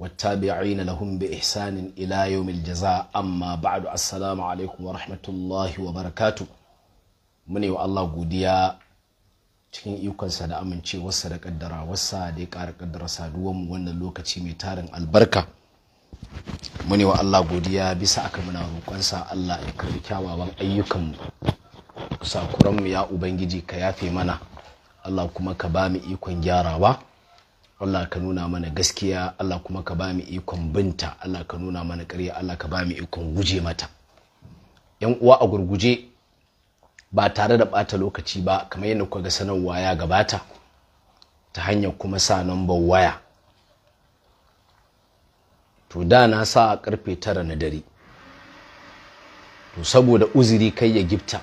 والتابعين لهم بإحسان إلى يوم الجزاء أما بعد السلام عليكم ورحمة الله وبركاته mune wa Allah godiya cikin ikonsa da amincewarsa da kaddara wasa da ya ƙara kaddara mu wannan lokaci mai tarin albarka mune wa Allah godiya bisa aka muna roƙonsa Allah ya karbi kyawawan ayyukanmu sakuranmu ya ubangiji ka yafe mana Allah kuma ka ba mu ikon gyarawa Allah ka nuna mana gaskiya Allah kuma ka ba mu ikon binta Allah ka nuna mana ƙarya Allah ka ba mu ikon guje mata yan uwa a gurguje ba tare da ɓata lokaci ba kamar yadda kuka ga sanarwa ya gabata ta hanyar kuma sa nambar waya to da na sa a karfe tara na dare to saboda uzuri kai ya gifta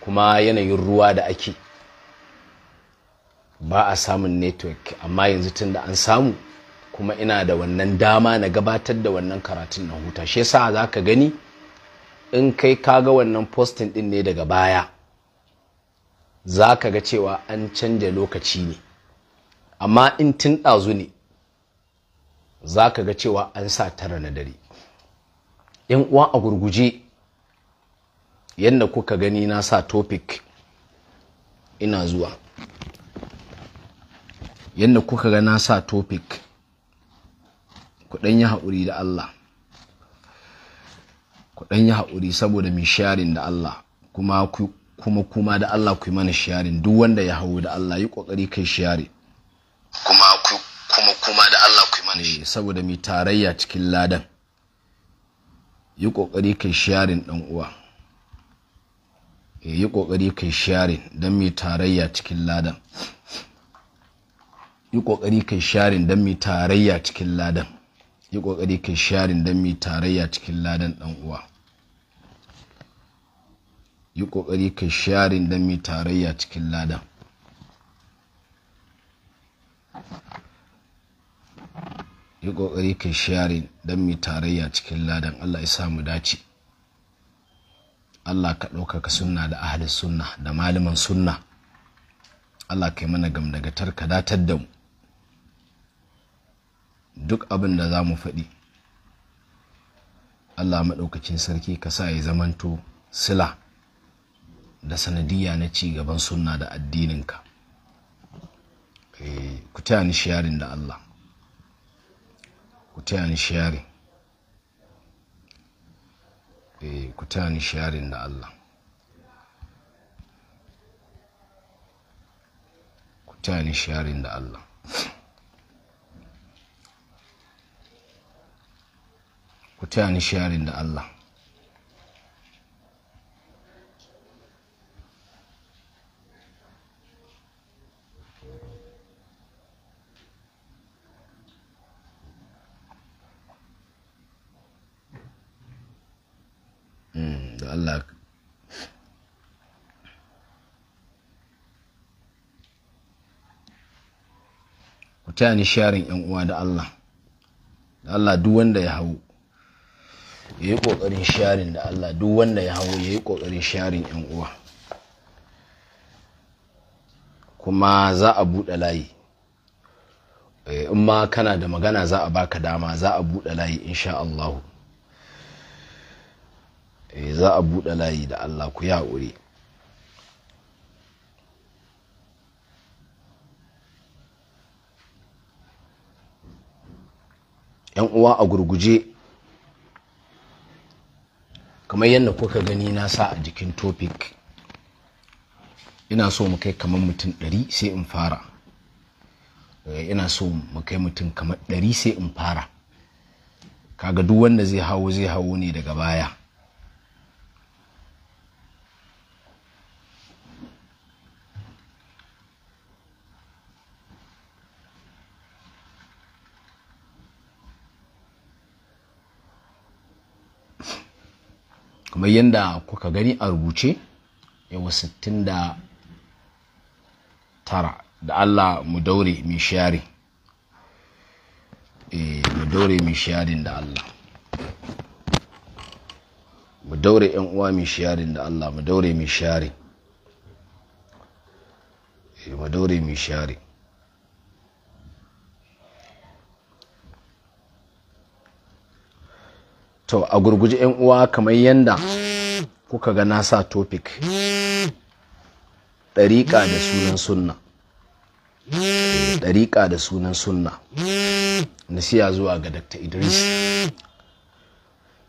kuma yanayin ruwa da ake ba a samun network amma yanzu tun da an samu kuma ina da wannan dama na gabatar da wannan karatun na huta shi yasa za ka gani in kai kaga wannan postin din ne daga baya za ka ga cewa an canja lokaci ne amma in tun ɗazu ne za ka ga cewa an sa tara na dare yan uwa a gurguje yadda kuka gani na sa topic ina zuwa yadda kuka ga na sa topic ku ɗan yi haƙuri da Allah ku yi haƙuri saboda mai sharing da Allah kuma kuma kuma da Allah ku yi mana sharing duk wanda ya hau da Allah yi ƙoƙari kai share kuma kuma kuma da Allah ku yi mana shi eh, saboda mai tarayya cikin ladan yi ƙoƙari kai sharing ɗan uwa eh, yi ƙoƙari kai sharing don mai tarayya cikin ladan yi kokari kai sharin dan mi tarayya cikin ladan yi kokari kai sharin dan mi tarayya cikin ladan dan uwa yi kokari kai sharin dan mi tarayya cikin ladan yi kokari kai sharin dan mi tarayya cikin ladan Allah ya sa mu dace Allah ka ɗaukaka sunna da ahli sunna da malaman sunna Allah kai mana gamdagatar ka datar da mu duk abin da za mu faɗi allah maɗaukacin sarki ka sa ya zamanto sila da sanadiyya na ci gaban sunna da addininka ku taya ni shiyarin da allah eh, ku taya ni shiyarin ku taya ni sharing da allah ku taya ni shiyarin eh, da allah ku taya ni sharing da Allah hmm, da Allah ku taya ni sharing yan uwa da Allah da Allah duk wanda ya hau ya yi ƙoƙarin sharin da Allah duk wanda ya hawo ya yi ƙoƙarin sharin yan uwa kuma za a buɗe layi eh, in ma kana da magana za a baka dama za a buɗe layi insha Allah eh, za a buɗe layi da Allah ku ya wuri yan uwa a gurguje kamar yadda kuka gani na sa a jikin topic ina so mu kai kamar mutum ɗari sai in fara eh, ina so mu kai mutum kamar ɗari sai in fara kaga duk wanda zai hawo zai hawo ne daga baya kuma yadda kuka gani a rubuce yawa sittin da tara da Allah mu daure mai shari eh, mu daure mai sharin da Allah mu daure yan uwa mai sharin da Allah mu daure mai share eh, mu daure mai share to a gurguje yan uwa kamar yanda kuka ga nasa topic ɗariƙa da sunan sunna eh, ɗariƙa da sunan sunna nasiya zuwa ga dr idris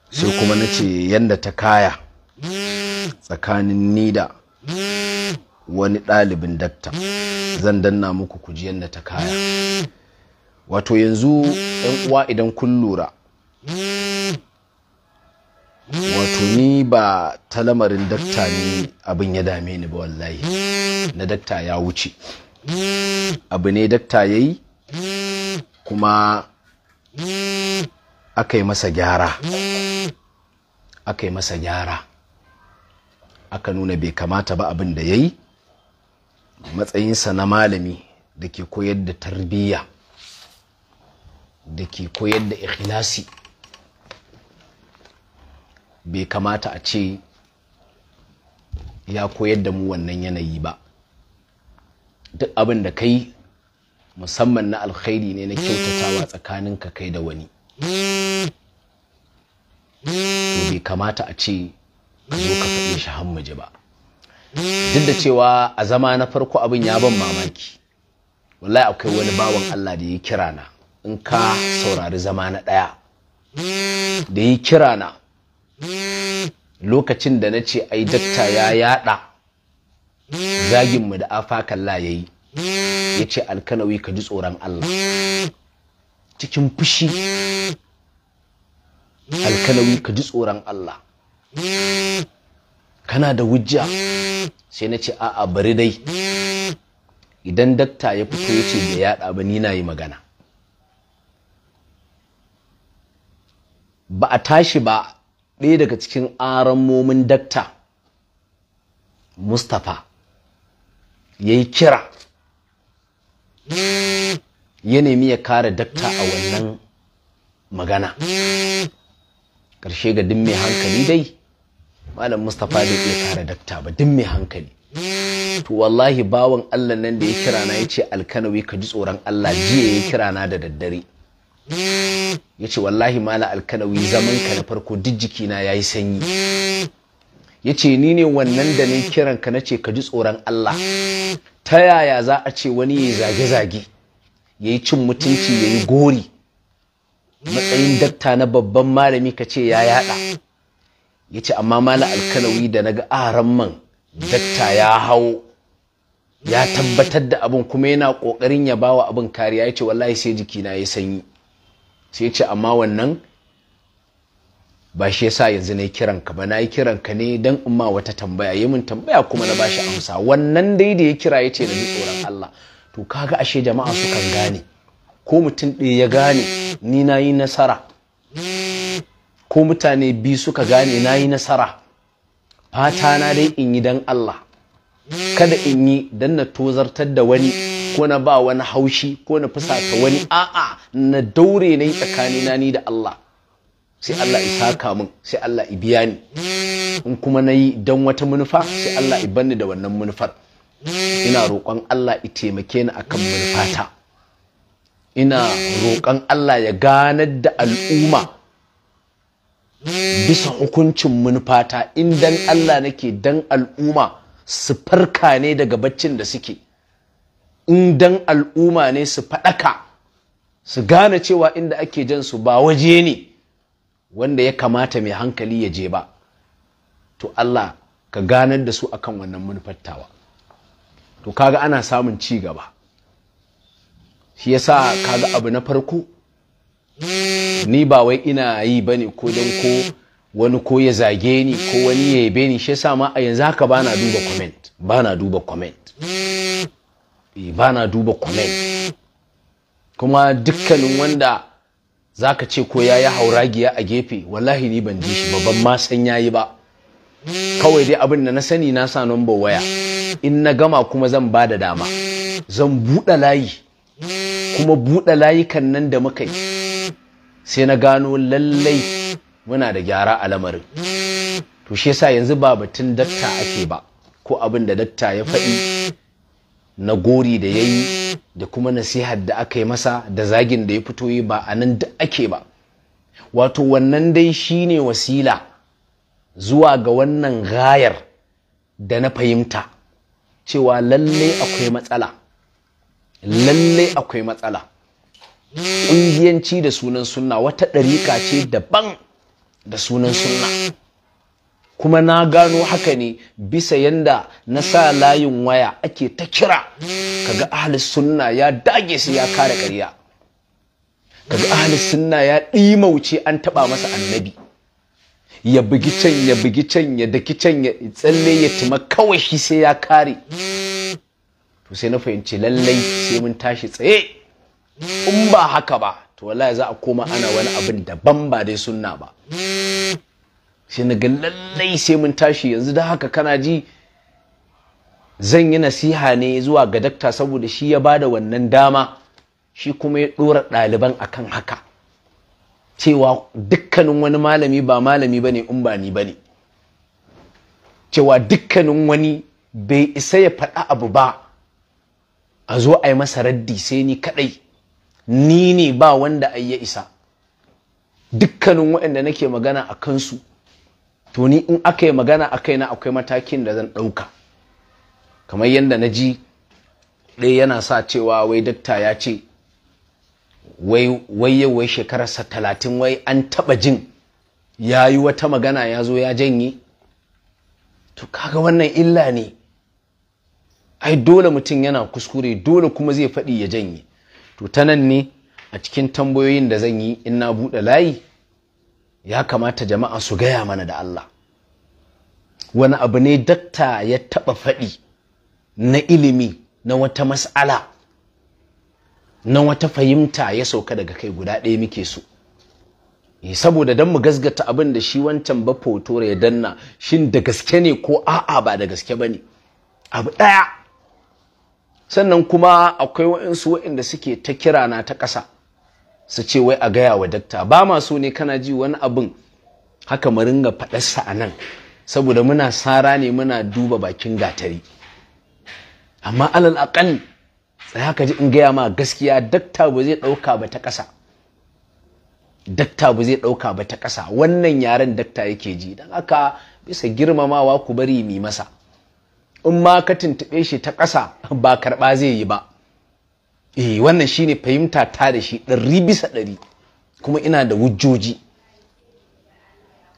sai kuma na ce yadda ta kaya tsakanin ni da wani ɗalibin dakta zan danna muku kuji yadda ta kaya wato yanzu 'yan uwa idan kun lura wato ni ba ta lamarin dakta ne abin ya dame ni ba wallahi na dakta ya wuce abu ne dakta ya yi kuma aka yi masa gyara aka yi masa gyara aka nuna bai kamata ba abin da ya yi matsayinsa na malami da ke koyar da tarbiyya da ke koyar da ikhlasi bai kamata a ce ya koyar da mu wannan yanayi ba duk abin da kai musamman na alkhairi ne na kyautatawa tsakanin ka kai da wani to bai kamata a ce ka zo ka faɗe shi hammaji ba duk da cewa a zama na farko abin ya ban mamaki wallahi akwai wani bawan Allah da ya kira na in ka saurari zama na ɗaya da ya kira na lokacin da na ce ai dakta ya yada zaginmu da afa kalla ya yi ya ce alkanawi ka ji tsoron Allah cikin fushi alkanawi ka ji tsoron Allah kana da wujja sai na ce a'a bari dai idan dakta ya fito ya ce yada ba ni na yi magana ba a tashi ba ɗaya daga cikin momin dakta mustapha ya yi kira ya nemi ya kare dakta a wannan magana ƙarshe ga duk mai hankali dai malam mustapha bai iya kare dakta ba duk mai hankali to wallahi bawan allah nan da ya kira na ya ce alkanawi ka ji tsoron allah jiya ya kira na da daddare ya ce wallahi mala alkalawi zaman ka na farko duk jikina ya yi sanyi ya ce ni ne wannan da ne kiran ka na ce ka ji tsoron Allah ta yaya za a ce wani ya zage-zage ya yi cin mutunci ya yi gori matsayin dakta na babban malami ka ce ya yada ya ce amma mala alkalawi da na ga aran man dakta ya hau ya tabbatar da abin kuma yana ƙoƙarin ya bawa abin kariya ya ce wallahi sai jikina ya sanyi sai ce amma wannan ba shi yasa yanzu na yi ka ba na yi kiranka ne don in ma wata tambaya yi min tambaya kuma na ba shi amsa wannan dai da ya kira ya ce na ji tsoron Allah to kaga ashe jama'a su kan gane ko mutum ɗaya ya gane ni na yi nasara ko mutane biyu suka gane na yi nasara fata na dai in yi don Allah kada in yi don na tozartar da wani ko na ba wani haushi ko na fusata wani a'a na daure na yi tsakanina ni da Allah sai Allah isa saka min sai Allah i biya ni in kuma na yi don wata manufa sai Allah i banni da wannan manufar ina roƙon Allah i taimake ni akan manufata ina roƙon Allah ya ganar da al'umma bisa hukuncin manufata in dan Allah nake dan al'umma su farka ne daga baccin da suke in dan al'umma ne su faɗaka su gane cewa inda ake jan su ba waje ne wanda ya kamata mai hankali ya je ba to Allah ka ganar da su akan wannan manufattawa to kaga ana samun ci gaba shi yasa kaga abu na farko ni ba wai ina yi bane ko dan ko wani ko ya zage ni ko wani ya yabe ni shi yasa ma a yanzu haka bana duba comment bana duba comment ba na duba comment kuma dukkanin wanda zaka ce ko yayi hauragiya a gefe wallahi ni ban ji shi babban ma san yayi ba kawai dai abin da na sani na sa number waya in na gama kuma zan ba da dama zan buɗe layi kuma buɗe layukan nan da muka yi sai na gano lallai muna da gyara a lamarin to shi yasa yanzu ba batun datta ake ba ko abin da datta ya faɗi na gori da ya yi da kuma nasihar da aka yi masa da zagin da ya fito yi ba a nan da ake ba wato wannan dai shine wasila zuwa ga wannan gayar da na fahimta cewa lallai akwai matsala lallai akwai matsala ƙungiyanci da sunan sunna wata ɗariƙa ce daban da sunan sunna kuma na gano haka ne bisa yanda na sa layin waya ake ta kira kaga ahli sunna ya dage su ya kare ƙarya kaga ahli sunna ya ɗimauce an taɓa masa annabi ya bugi can ya bugi can ya daki can ya tsalle ya tuma kawai shi sai ya kare to sai na fahimci lallai sai mun tashi tsaye in ba haka ba to wallahi za a koma ana wani abin daban ba dai sunna ba sai na lallai sai mun tashi yanzu da haka kana ji zan yi nasiha ne zuwa ga dakta saboda shi ya bada wannan dama shi kuma ya ɗora ɗaliban akan haka cewa dukkanin wani malami ba malami ba ne in ba ni ne cewa dukkanin wani bai isa ya faɗa abu ba a zo a yi masa raddi sai ni kaɗai ni ne ba wanda ai ya isa dukkanin waɗanda nake magana a kansu to ni in aka yi magana a kaina akwai matakin da zan ɗauka kamar yadda na ji ɗaya yana sa cewa wai dakta ya ce wai yau wai shekararsa talatin wai an taɓa jin ya yi wata magana ya zo ya janye to kaga wannan illa ne ai dole mutum yana kuskure dole kuma zai faɗi ya janye to ta nan ne a cikin tambayoyin da zan yi in na buɗe layi ya kamata jama'a su gaya mana da Allah wani abu ne dakta ya taɓa faɗi na ilimi na wata mas'ala na wata fahimta ya sauka daga kai guda ɗaya muke so eh, saboda don mu gasgata abin da shi wancan ba fotora ya danna shin da gaske ne ko a'a ba da gaske ba ne abu ɗaya sannan kuma akwai wa'insu wa'inda suke ta kirana ta ƙasa su ce wai a gaya wa dakta ba masu so ne kana ji wani abin haka mu ringa faɗarsa a nan saboda muna sara ne muna duba bakin gatari amma alal aƙal tsaya haka ji in gaya ma gaskiya dakta ba zai ɗauka ba ta ƙasa dakta ba zai ɗauka ba ta ƙasa wannan yaren dakta yake ji don haka bisa girmamawa ku bari mi masa in ma ka tuntuɓe shi ta ƙasa ba karɓa zai yi ba eh wannan shine fahimta ta da shi ɗari bisa ɗari kuma ina da wujjoji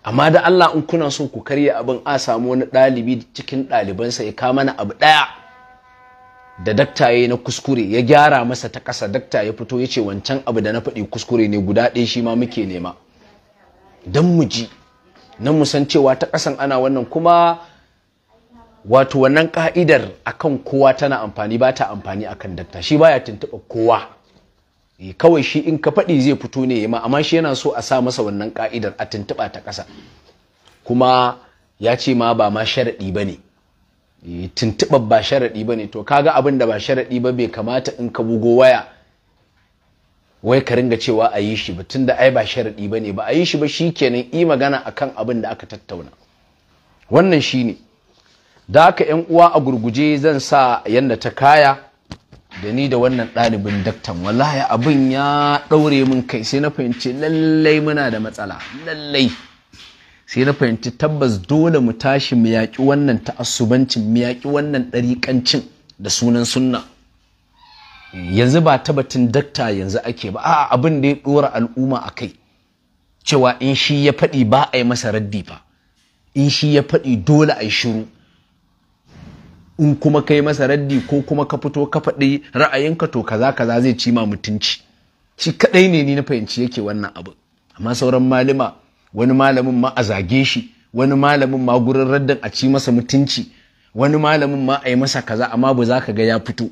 amma da Allah in kuna so ku karya abin a samu wani ɗalibi cikin ɗalibansa ya ka mana abu ɗaya da dakta ya na kuskure ya gyara masa ta ƙasa dakta ya fito ya ce wancan abu da na faɗi kuskure ne guda ɗaya shi ma muke nema don mu ji nan mu san cewa ta ƙasan ana wannan kuma wato wannan ka'idar akan kowa tana amfani ba ta amfani akan datta. shi baya tuntuɓa kowa eh, kawai shi in ka faɗi zai fito ne ma amma shi yana so a sa masa wannan ka'idar a tuntuɓa ta ƙasa kuma ya ce ma ba ma sharaɗi ba ne eh, tuntuɓar ba sharaɗi ba ne to kaga abin da ba sharaɗi ba bai kamata in ka bugo waya wai ka ringa cewa a yi shi ba tun da ai ba sharaɗi ba ne ba a yi shi ba shi kenan yi magana akan abin da aka tattauna wannan shi ne Daka haka yan uwa a gurguje zan sa yanda ta kaya da ni da wannan ɗalibin daktan wallahi abin ya ɗaure min kai sai na fahimci lallai muna da matsala lallai sai na fahimci tabbas dole mu tashi mu yaƙi wannan ta'assubancin mu yaƙi wannan ɗariƙancin da sunan sunna yanzu ba tabbatin dakta yanzu ake ba A'a abin da ya ɗora al'umma a kai cewa in shi ya faɗi ba a yi masa raddi ba, in shi ya faɗi dole a yi shiru in kuma kai masa raddi ko kuma ka fito ka faɗi ra'ayinka to kaza kaza zai ci ma mutunci shi kaɗai ne ni na fahimci yake wannan abu amma sauran malima wani malamin ma a zage shi wani malamin ma gurin raddin a ci masa mutunci wani malamin ma a yi masa kaza amma ba za ka ga ya fito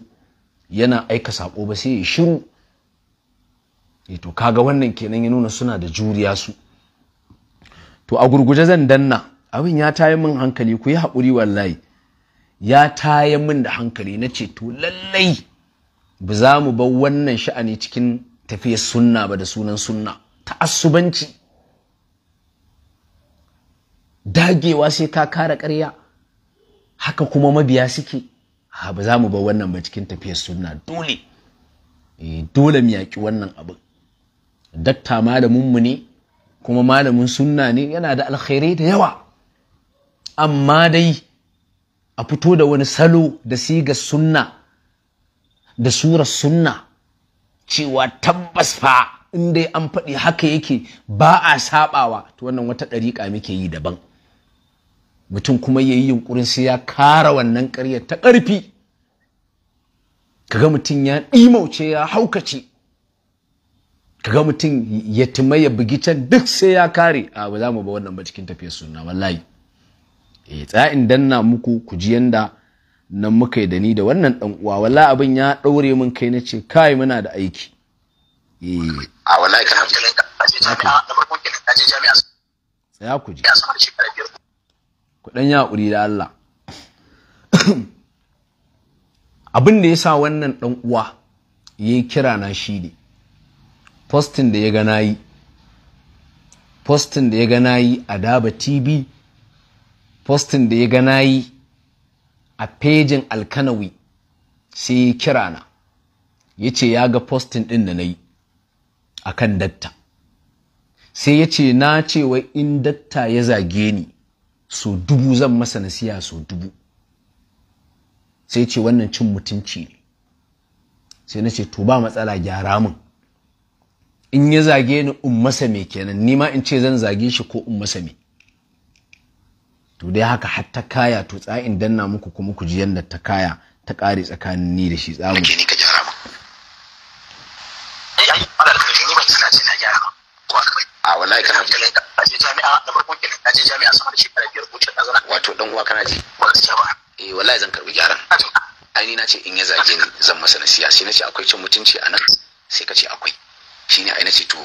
yana aika sako ba sai ya shiru E, to kaga wannan kenan ya nuna suna da juriya su to a gurguje zan danna abin ya tayi min hankali ku yi haƙuri wallahi ya taya min da hankali na ce to lallai ba za mu bar wannan sha'ani cikin tafiyar sunna ba da sunan sunna asubanci. dagewa sai ka kara karya haka kuma mabiya suke ha ba za mu bar wannan ba cikin tafiyar sunna dole eh, dole mu yaƙi wannan abin dakta mu ne kuma malamin sunna ne yana da alkhairai da yawa amma dai a fito da wani salo da siga sunna da sura sunna cewa tabbas fa in dai an faɗi haka yake ba a saɓawa to wannan wata ɗariƙa muke yi daban mutum kuma ya yi yunƙurin sai ya kara wannan ƙaryar ta ƙarfi kaga mutum ya ɗimauce ya haukace kaga mutum ya tima ya bugi can duk sai ya kare a ba za mu ba wannan ba cikin tafiyar suna wallahi eh tsa'in danna muku ku ji yanda nan muka yi da ni da wannan dan uwa wala abin ya daure min kai nace kai muna da aiki eh a wallahi ka hamdala ka je jami'a da farko kenan ka je jami'a tsaya ku ji ku dan ya hakuri da Allah abin da ya sa wannan ɗan uwa ya yi kira na shi ne postin da ya ga na yi postin da ya ga na yi a daba tv postin da ya ga na yi a fejin alkanawi sai ya kira na ya ce ya ga postin ɗin da na yi a kan datta sai ya ce na cewa in datta ya zage ni so dubu zan masa nasiya so dubu sai ce wannan cin mutunci ne sai na ce to ba matsala gyara min in ya zage ni in masa me kenan ni ma in ce zan zage shi ko in masa me to dai haka hatta kaya to tsa'in danna muku kuma ku ji yadda ta kaya ta kare tsakanin ni da shi tsamu nake ni ka gyara ba ai ana da kaje ni ba tsina ce na gyara ko aka bai a kana ji a je jami'a da farko kenan na je jami'a sama da shekara biyar ko ce na wato dan uwa kana ji ba gaskiya ba eh wallahi zan karbi gyaran aini na ce in ya zage ni zan masa siya sai na ce akwai cin mutunci a nan sai ka ce akwai shine ai na ce to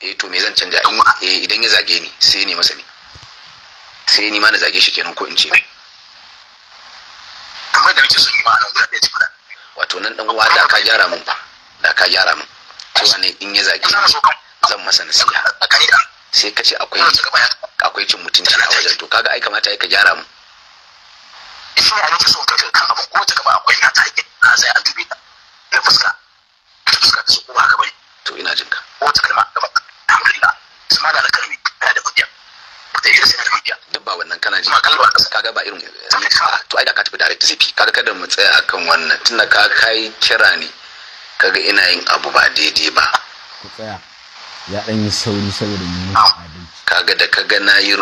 eh to me zan canja eh, idan ya zage ni sai ne masa ne sai ni ma na zage shi kenan ko in ce kamar da nake son yi ma nan guda ɗaya cikin wato nan dan uwa da ka gyara mun da ka gyara mun cewa ne in ya zage zan masa nasiha sai ka ce akwai akwai cin mutunci a wajen to kaga ai kamata ai ka gyara mu shi ne nake so kaka kan abu ko ta gaba akwai na ta yi na sai an dube ta na fuska ta fuska ta su ko ka bari, to ina jinka ko ta kalma gaba alhamdulillah sama da alkalmi ina da kudiya da idris yana da mabiya duk ba wannan kana ji kaga ba irin eh, to ai da ka tafi direct kaga kada mu tsaya akan wannan tunda ka kai kira ne kaga ina yin abu ba daidai ba ku tsaya ya dan yi sauri saboda yi adalci kaga da kaga na yi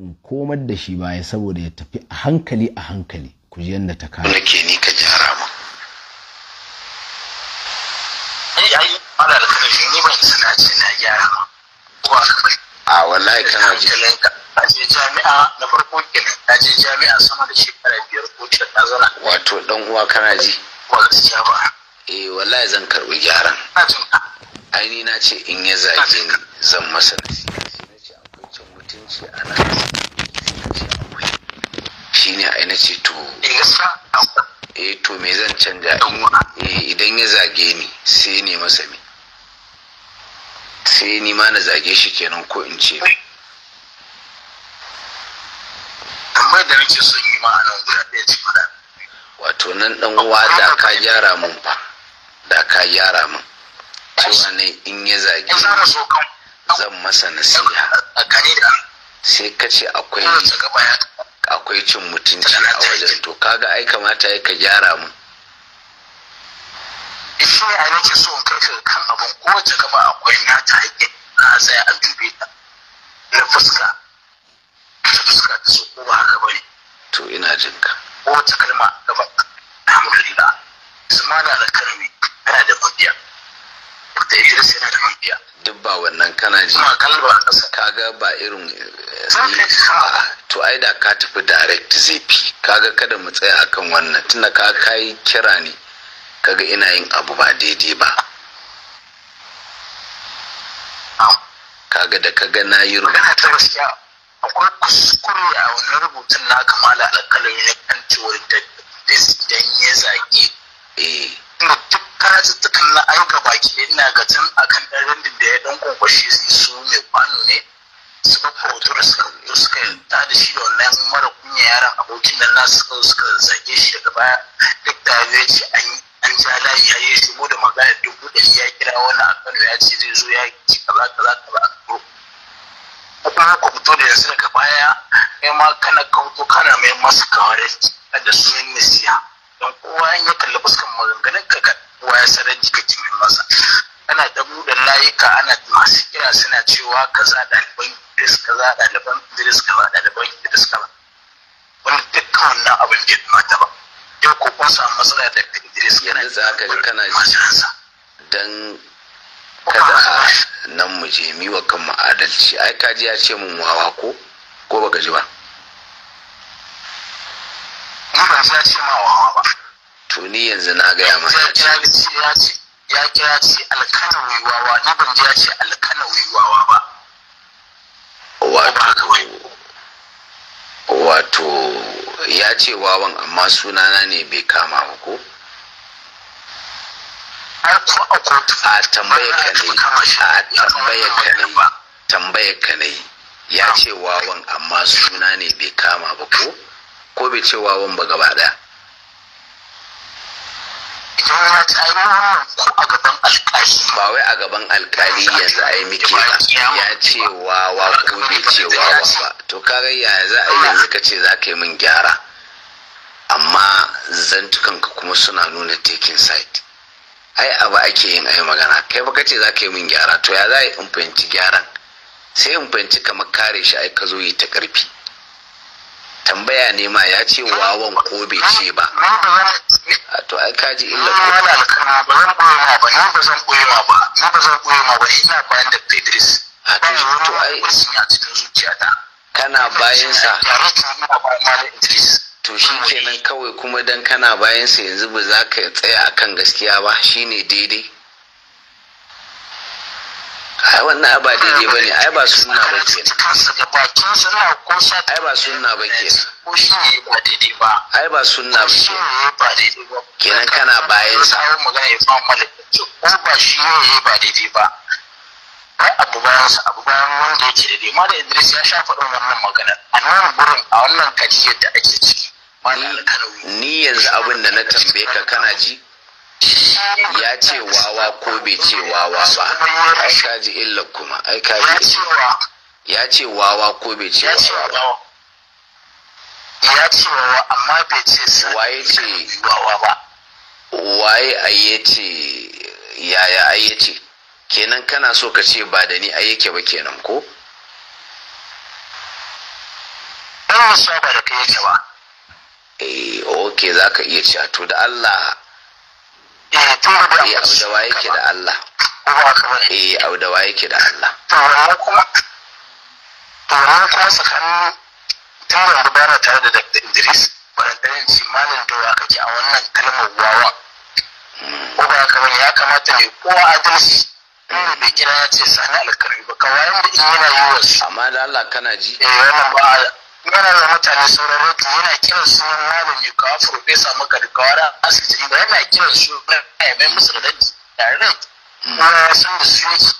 in komar da shi baya saboda ya tafi a hankali a hankali ku ji yadda ta kama nake ni ka gyara mu eh, ai ai ana da ni na gyara ko aka a wallahi kana ji a jami'a na farko kenan ta je jami'a sama da shekara biyar ko ce ta zana wato dan uwa kana ji wallahi ba eh wallahi zan karbi gyaran aini na ce in ya zage ni zan masa nasiha na ce akwai cin mutunci a nan shine ai na ce to eh, eh to me zan canja eh, idan ya zage ni sai ne masa mi sai ni ma na zage shi kenan ko in ce amma da nake son yi ma ana guda ɗaya ci fada wato nan dan uwa da ka gyara mun fa da ka gyara mun cewa ne in ya zage zan masa nasiha sai ka ce akwai akwai cin mutunci a wajen to kaga ai kamata ya ka gyara mun shi ne a nake so in karka kan abin kowace gaba akwai nata haƙƙi na tsaya an dube ta na fuska ta fuska ta so ko ba haka ba ne to ina jin ka kowace kalma gaba alhamdulillah sumana da kalmi yana da mabiya da idris yana da mabiya duk ba wannan kana ji kaga ba irin eh, to ai da ka tafi direct zai fi kaga kada mu tsaya akan wannan tunda ka kai kira ne kaga ina yin abu ba daidai ba kaga da kaga na yi rubutu akwai kuskure a wani rubutun na kamala alƙalin ne kan cewar da idan ya zaƙi. eh duk karatuttukan na aika baki ina ga tun akan ɗan rindin da ya ɗan kwankwashe su mai kwano ne suka hoto da suka yi suka ta da shi da wannan mara kunya yaran abokin nan nasu suka zage shi daga baya duk da ya ce an yi an ji ala ya yi shigo da magana dubu ɗari ya kira wani a kano ya ce zai zo ya ci kaza kaza kaza a kuro kuma ku fito da yanzu daga baya kai ma kana kauto kana mai masa kawarci da sunan nasiha don kowa in ya kalli fuskan maganganun ka kowa ya sanar da kake mai masa ana da buɗe layuka ana masu kira suna cewa kaza ɗaliban Idris kaza ɗaliban Idris kaza ɗaliban Idris kaza wani dukkan wannan abin bai mata ba yau ko kun samu matsala da Idris yana yanzu haka kana ji dan kada nan mu je mi wa kanmu adalci ai ka ji ya ce mu mu ko ko baka ji ba ni ba ya ce ma wawa ba to ni yanzu na gaya ma ya ce ya ce ya ce ya ce alkana wawa ni ban ji ya ce alkana wawa ba wato wato ya ce wawan amma sunana ne bai kama ba ko a tambaya ka ne a tambaya ka ne tambaya ka ne ya ce wawan amma suna ne bai kama ba ko ko bai ce wawan ba gaba daya a gaban alkali ba wai a gaban alkali yanzu ai miki ba ya ce wa ko bai ce wa ba to kaga ya za a yanzu ka ce za ka yi min gyara amma zantukanka kuma suna nuna taking side ai abu ake yin ai magana kai ka ce za ka yi min gyara to ya za a yi in fahimci gyaran sai in fahimci kamar kare shi ai ka zo yi ta karfi tambaya ne ma ya ce wawan ko bai ce ba a to ai kaji illa ko ba alkana ba zan koyi ma ba ni ba zan koyi ma ba ni ba zan koyi ma ba ina bayan da Idris a to to ai a cikin zuciyata kana bayan sa to shi kenan kawai kuma dan kana bayan sa yanzu ba za ka tsaya akan gaskiya ba shine daidai ai wannan ai ba daidai ba ne ai ba sunna ba ke ai ba sunna ba ke ai ba sunna ba ke kenan kana bayan sa ba shi ne ba daidai ba kai abu bayan sa abu bayan wanda yake daidai ma da Idris ya sha faɗin wannan magana a nan gurin a wannan kajiyar da ake ciki ni yanzu abin da na tambaye ka kana ji ya ce wawa ko bai ce wawa ba ai ka ji illa kuma ai ka ji ya ce wawa ko bai ce wawa ba ya ce wawa amma bai ce waye ce wawa ba waye ayyace yaya ayyace kenan kana so ka ce ba da ni ayyake ba kenan ko ba da kai yake ba eh okay zaka iya cewa to da Allah eh tun da bai abu da waye ke da Allah eh abu da waye ke da Allah to wannan kuma tsakanin tun da bana tare da Dr. Idris wannan dan shi malam da wa kake a wannan kalmar wawa hmm. ko ba haka bane ya kamata ne kowa adalci inda bai kira ya ce sani alkarbi ba kawai da in yana yi wasu amma da Allah kana ji eh wannan ba yana da mutane sauran rotu yana kiran sunan ya kawo profesa maka da kawara da asibiti ba yana kiran sunan na mai musu da tare na sun da su yake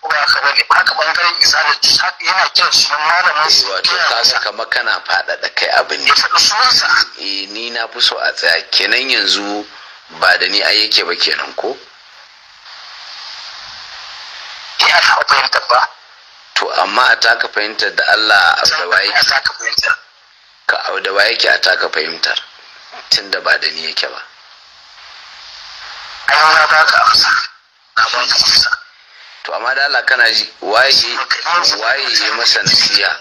ko ba ka bane ba ka bangaren isa da yana kiran sunan malamin su wato ka saka makana faɗaɗa kai abin ne eh ni na fi so a tsaya kenan yanzu ba da ni ai yake ba kenan ko ya ta fahimta ba to amma a taka fahimtar da Allah a da wa ke a taka fahimtar tun da ba da ni yake ba to amma da Allah kana ji waye waye ya masa nasiya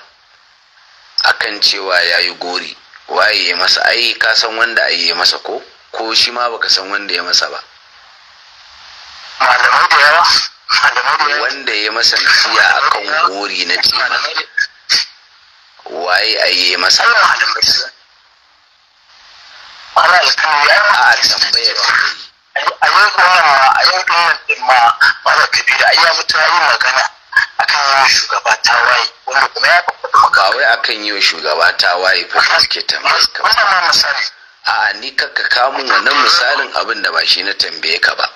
akan cewa ya yi gori waye ya masa ai ka san wanda ai ya masa ko ko shi ma baka san wanda ya masa ba malamai da yawa wanda ya masa nasiya akan gori na cima waye a yi masa a tambayar a yau yi wa shugaba ta waye wanda kuma ta waye ko suke tambayar ka a ni kaka kamun wannan misalin abin da ba shi na tambaye ka ba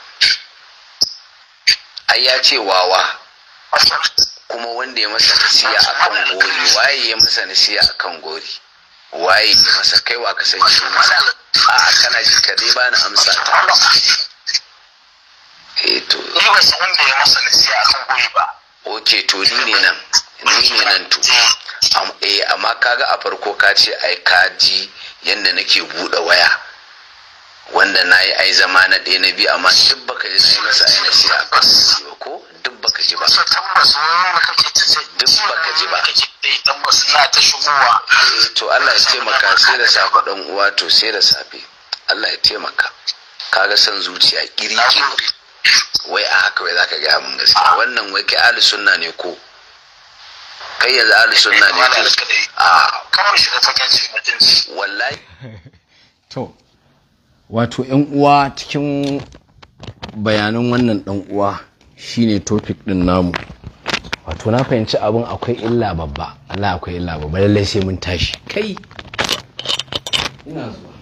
ai ya ce wawa kuma wanda ya masa nasiya kan gori waye ya masa nasiya kan gori waye ya masa kaiwa ka san shi masa a kana ji ka dai bani amsa ta eh to ni ba san wanda ya masa nasiya kan gori ba Ok, to ni ne nan ni ne nan to eh amma kaga a farko ka ce ai ka ji yanda nake buɗe waya wanda na yi ai zama na ɗaya na biyu amma duk baka ji na yi masa ai shi a kan ba ko duk baka ji ba duk baka ji ba eh, eh, to Allah ya taimaka sai da safe ɗan uwa to sai da safe Allah ya taimaka kaga san zuciya kiri wai a haka wai zaka gaya mun gaskiya wannan wai ke ahli sunna ne ko kai yanzu ahli sunna ne eh, ko a ah. kawai shiga fagen shi wallahi to wato yan uwa cikin bayanan wannan ɗan uwa shine topic din namu wato na fahimci abin akwai illa babba Allah akwai illa babba lallai sai mun tashi kai ina zuwa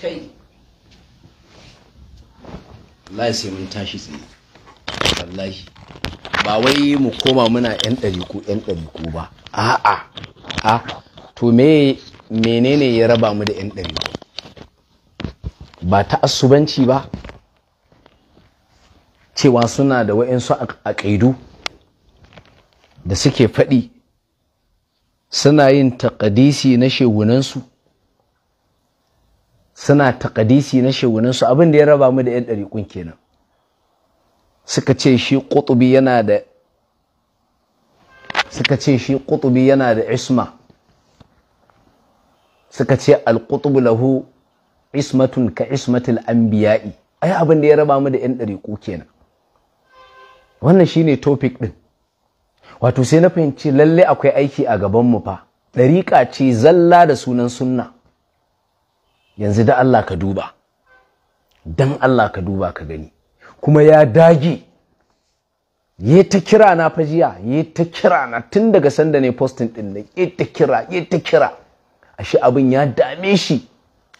kai wallahi sai mun tashi tsaye wallahi ba wai mu koma muna yan ɗariku yan ɗariku ba a'a a to me menene ya raba mu da yan ɗariku ba ta asubanci ba cewa suna da wa'insu ƙaidu da suke faɗi suna yin taƙadisi na shegunansu suna takadisi na shegunansu abin da ya raba mu da 'yan ɗariƙun kenan suka ce shi ƙutubi yana da suka ce shi ƙutubi yana da isma suka ce alƙutubu lahu ismatun ka ismatul anbiya'i ai abin da ya raba mu da 'yan ɗariƙu kenan wannan shine topic ɗin wato sai na fahimci lalle akwai aiki a gaban mu fa ɗariƙa ce zalla da sunan sunna yanzu da Allah ka duba dan Allah ka duba ka gani kuma ya dage ya ta kira na fajiya ya ta kira na tun daga sanda ne postin din nan ya ta kira ya ta kira ashe abin ya dame shi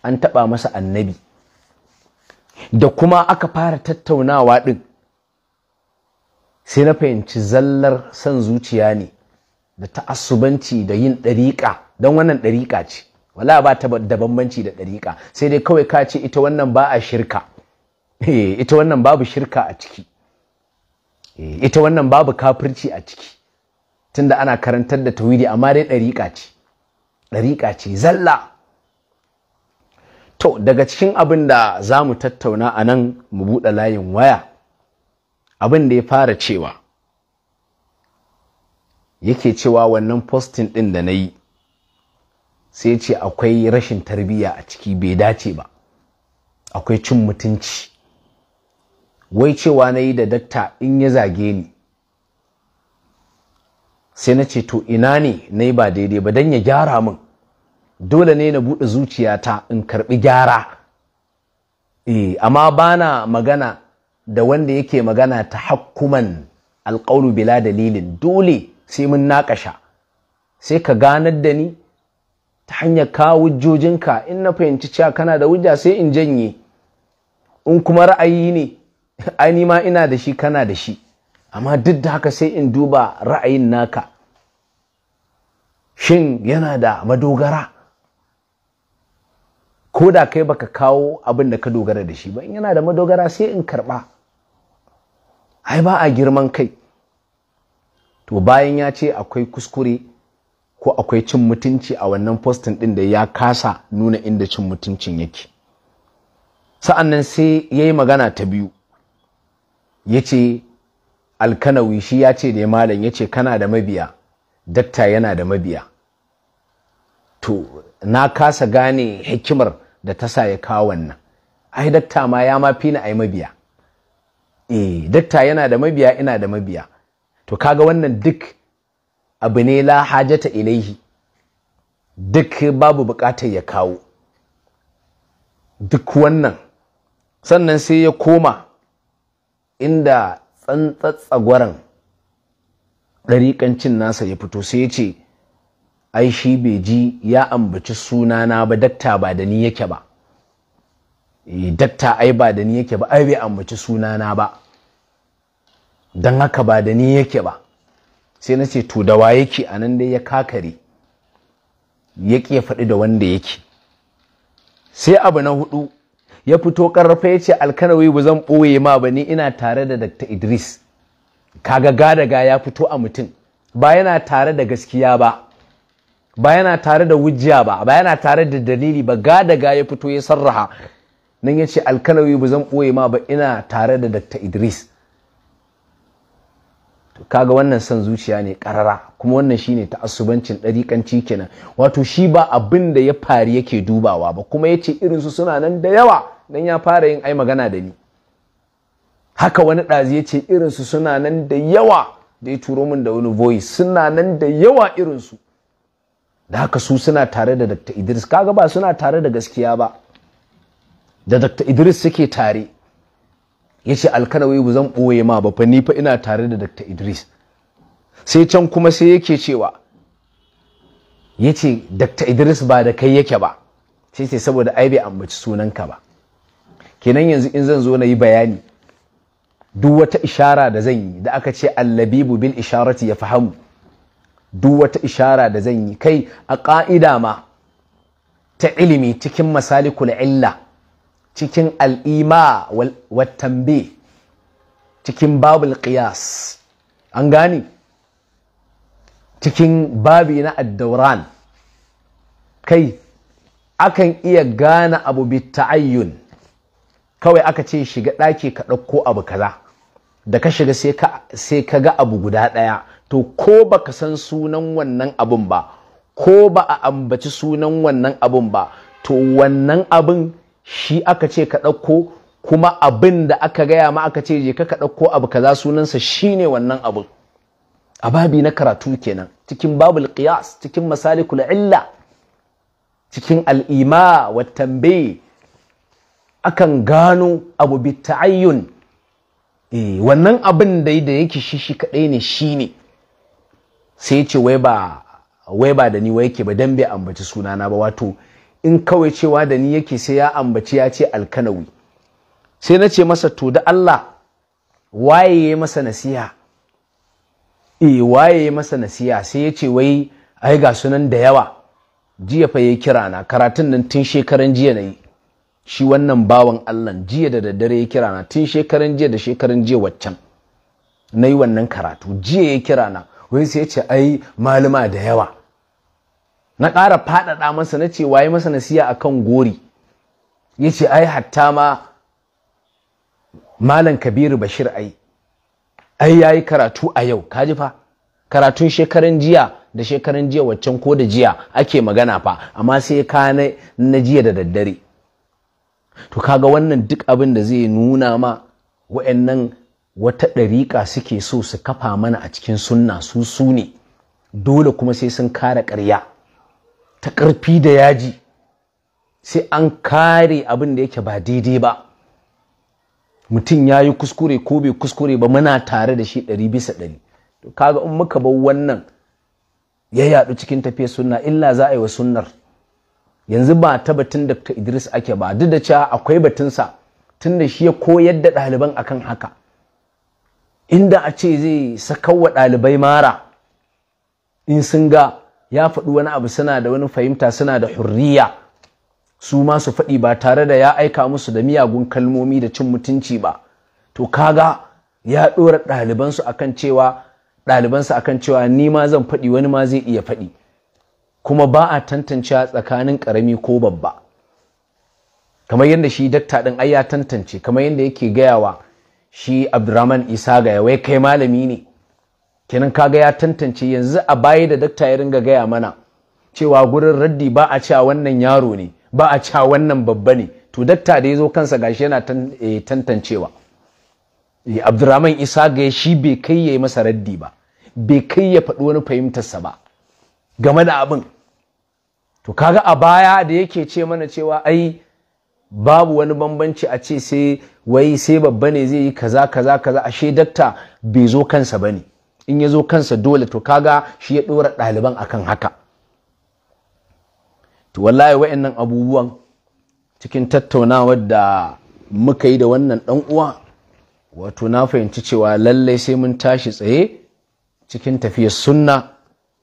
an taba masa annabi da kuma aka fara tattaunawa din sai na fahimci zallar son zuciya ne da ta'assubanci da yin ɗariƙa Dan wannan ɗariƙa ce wala ba ta da bambanci da ɗariƙa sai dai kawai ka ce ita wannan ba a shirka eh, ita wannan babu shirka a ciki eh, ita wannan babu kafirci a ciki tunda ana karantar da Tawidi, amma dai ɗariƙa ce ɗariƙa ce zalla to daga cikin abin da za mu tattauna a nan mu buɗe layin waya abin da ya fara cewa yake cewa wannan postin ɗin da na yi sai ce akwai rashin tarbiyya a ciki bai dace ba akwai cin mutunci wai cewa na yi da dakta in ya zage ni sai na ce to ina ne na yi ba daidai ba don ya gyara min dole ne na buɗe zuciyata in karɓi gyara eh amma bana magana da wanda yake magana ta hakkuman alƙawar bila dalilin dole sai mun naƙasha sai ka ganar da ni ta hanyar kawo hujjojinka in na fahimci cewa kana da wujja sai in janye in kuma ra'ayi ne ai ma ina da shi kana da shi amma duk da haka sai in duba ra'ayin naka shin yana da madogara ko da kai baka kawo abin da ka dogara da shi ba in yana da madogara sai in karɓa. ai ba a girman kai to bayan ya ce akwai kuskure ko akwai cin mutunci a wannan postin ɗin da ya kasa nuna inda cin mutuncin yake sa'an nan sai ya yi magana ta biyu ya ce alkanawi shi ya ce da ya malam ya ce kana da mabiya datta yana da mabiya to na kasa gane hikimar da ta sa ya kawo wannan ai datta ma ya ma fi na ai mabiya eh datta yana da mabiya ina da mabiya to kaga wannan duk abu ne la hajata ilaihi duk babu bukatar ya kawo duk wannan sannan sai ya koma inda tsantsatsagwaran ɗariƙancin nasa ya fito sai ya ce ai shi bai ji ya ambaci sunana ba dakta ba da ni yake ba eh, dakta ai ba da ni yake ba ai bai ambaci sunana ba don haka ba da ni yake ba sai na ce to da wa yake a nan dai ya kakare ya ya faɗi da wanda yake sai abu na hudu ya fito ƙarfa ya ce alkanawi ba zan ɓoye ma ba ni ina tare da dr idris kaga gadaga ya fito a mutum ba yana tare da gaskiya ba ba yana tare da wujiya ba ba yana tare da dalili ba gadaga ya fito ya sarraha nan ya ce alkanawi ba zan ɓoye ma ba ina tare da dr idris to kaga wannan son zuciya ne karara kuma wannan shine asubancin ɗarikanci kenan wato shi ba abin da ya fari yake dubawa ba kuma yace irin su suna nan da yawa dan ya fara yin ai magana da ni haka wani ɗazi yace irin su suna nan da yawa da ya turo min da wani voice suna nan da yawa irinsu da haka su suna tare da Dr. Idris kaga ba suna tare da gaskiya ba da Dr. Idris suke tare yace alkanawi ba zan ɓoye ma ba fa ni fa ina tare da Dr. Idris sai can kuma sai yake cewa yace Dr. Idris ba da kai yake ba sai ce saboda ai bai ambaci sunanka ba kenan yanzu in zan zo na yi bayani duk wata ishara da zan yi da aka ce allabibu bil isharati ya fahamu duk wata ishara da zan yi kai a ƙa'ida ma ta ilimi cikin masalikul illa cikin al'ima watambe cikin babul qiyas an gani cikin babi na addauran kai akan iya gane abu ayyun kawai aka ce shiga ɗaki ka ɗauko abu kaza da ka shiga sai ka ga abu guda ɗaya to ko ba ka san sunan wannan abun ba ko ba a ambaci sunan wannan abun ba to wannan abun shi aka ce ka ɗauko kuma abin da aka gaya ma aka ce je ka ka ɗauko abu kaza sunansa shine wannan abu a babi na karatu kenan cikin babul qiyas cikin masalikul illa cikin al'ima wa tambaye akan gano abu bi ta'ayyun eh, wannan abin da da yake shi shi kadai ne shine sai ce wai ba da ni wai yake ba dan bai ambaci sunana ba wato in kawai cewa da ni yake sai ya ambaci ya ce alkanawi sai na ce masa to da Allah waye ya yi masa nasiha e waye ya yi masa nasiha sai ya ce wai ai ga sunan da yawa jiya fa ya kira na karatun nan tun shekaran jiya na yi shi wannan bawan Allah jiya da daddare ya kira na tun shekaran jiya da shekaran jiya waccan na yi wannan karatu jiya ya kira na wai sai ya ce ai malama da yawa na ƙara faɗaɗa masa na ce waye masa nasiya akan gori ya ce ai hatta ma malam kabiru bashir ai ai ya yi karatu a yau kaji fa karatun shekaran jiya da shekaran jiya waccan ko da jiya ake magana fa amma sai ka na jiya da daddare to kaga wannan duk abin da zai nuna ma wa'annan wata ɗariƙa suke so su kafa mana a cikin sunna su su ne dole kuma sai sun kare ƙarya ta ƙarfi da yaji sai an kare abin da yake ba daidai ba mutum ya yi kuskure ko bai kuskure ba muna tare da shi ɗari bisa ɗari to kaga in muka bar wannan ya yaɗu cikin tafiya sunna illa za a yi wa sunnar yanzu ba ta batun da idris ake ba duk da cewa akwai batunsa tun da shi ya koyar da ɗaliban akan haka inda a ce zai sakawa ɗalibai mara in sun ga ya faɗi wani abu suna da wani fahimta suna da hurriya su ma su faɗi ba tare da ya aika musu da miyagun kalmomi da cin mutunci ba to kaga ya ɗora ɗalibansu akan cewa ɗalibansu akan cewa ni ma zan faɗi wani ma zai iya faɗi kuma ba a tantancewa tsakanin ƙarami ko babba kamar yadda shi dakta ɗin ai ya tantance kamar yadda yake gayawa shi abdurrahman isa ga wai kai malami ne kenan kaga ya tantance yanzu a baya da dakta ya ringa gaya mana cewa gurin raddi ba a cewa wannan yaro ne ba a cewa wannan babba ne to dakta da ya zo kansa gashi yana eh, tantancewa eh, abdurrahman isa ga shi bai kai ya yi masa raddi ba bai kai ya faɗi wani fahimtarsa ba game da abin to kaga a baya da yake ce mana cewa ai babu wani bambanci a ce sai wai sai babba ne zai yi kaza kaza kaza ashe dakta bai zo kansa ba ne in ya zo kansa dole to kaga shi ya ɗora ɗaliban akan haka to wallahi wa'annan abubuwan cikin tattaunawar da muka yi da wannan ɗan uwa wato na fahimci cewa lallai sai mun tashi tsaye cikin tafiyar sunna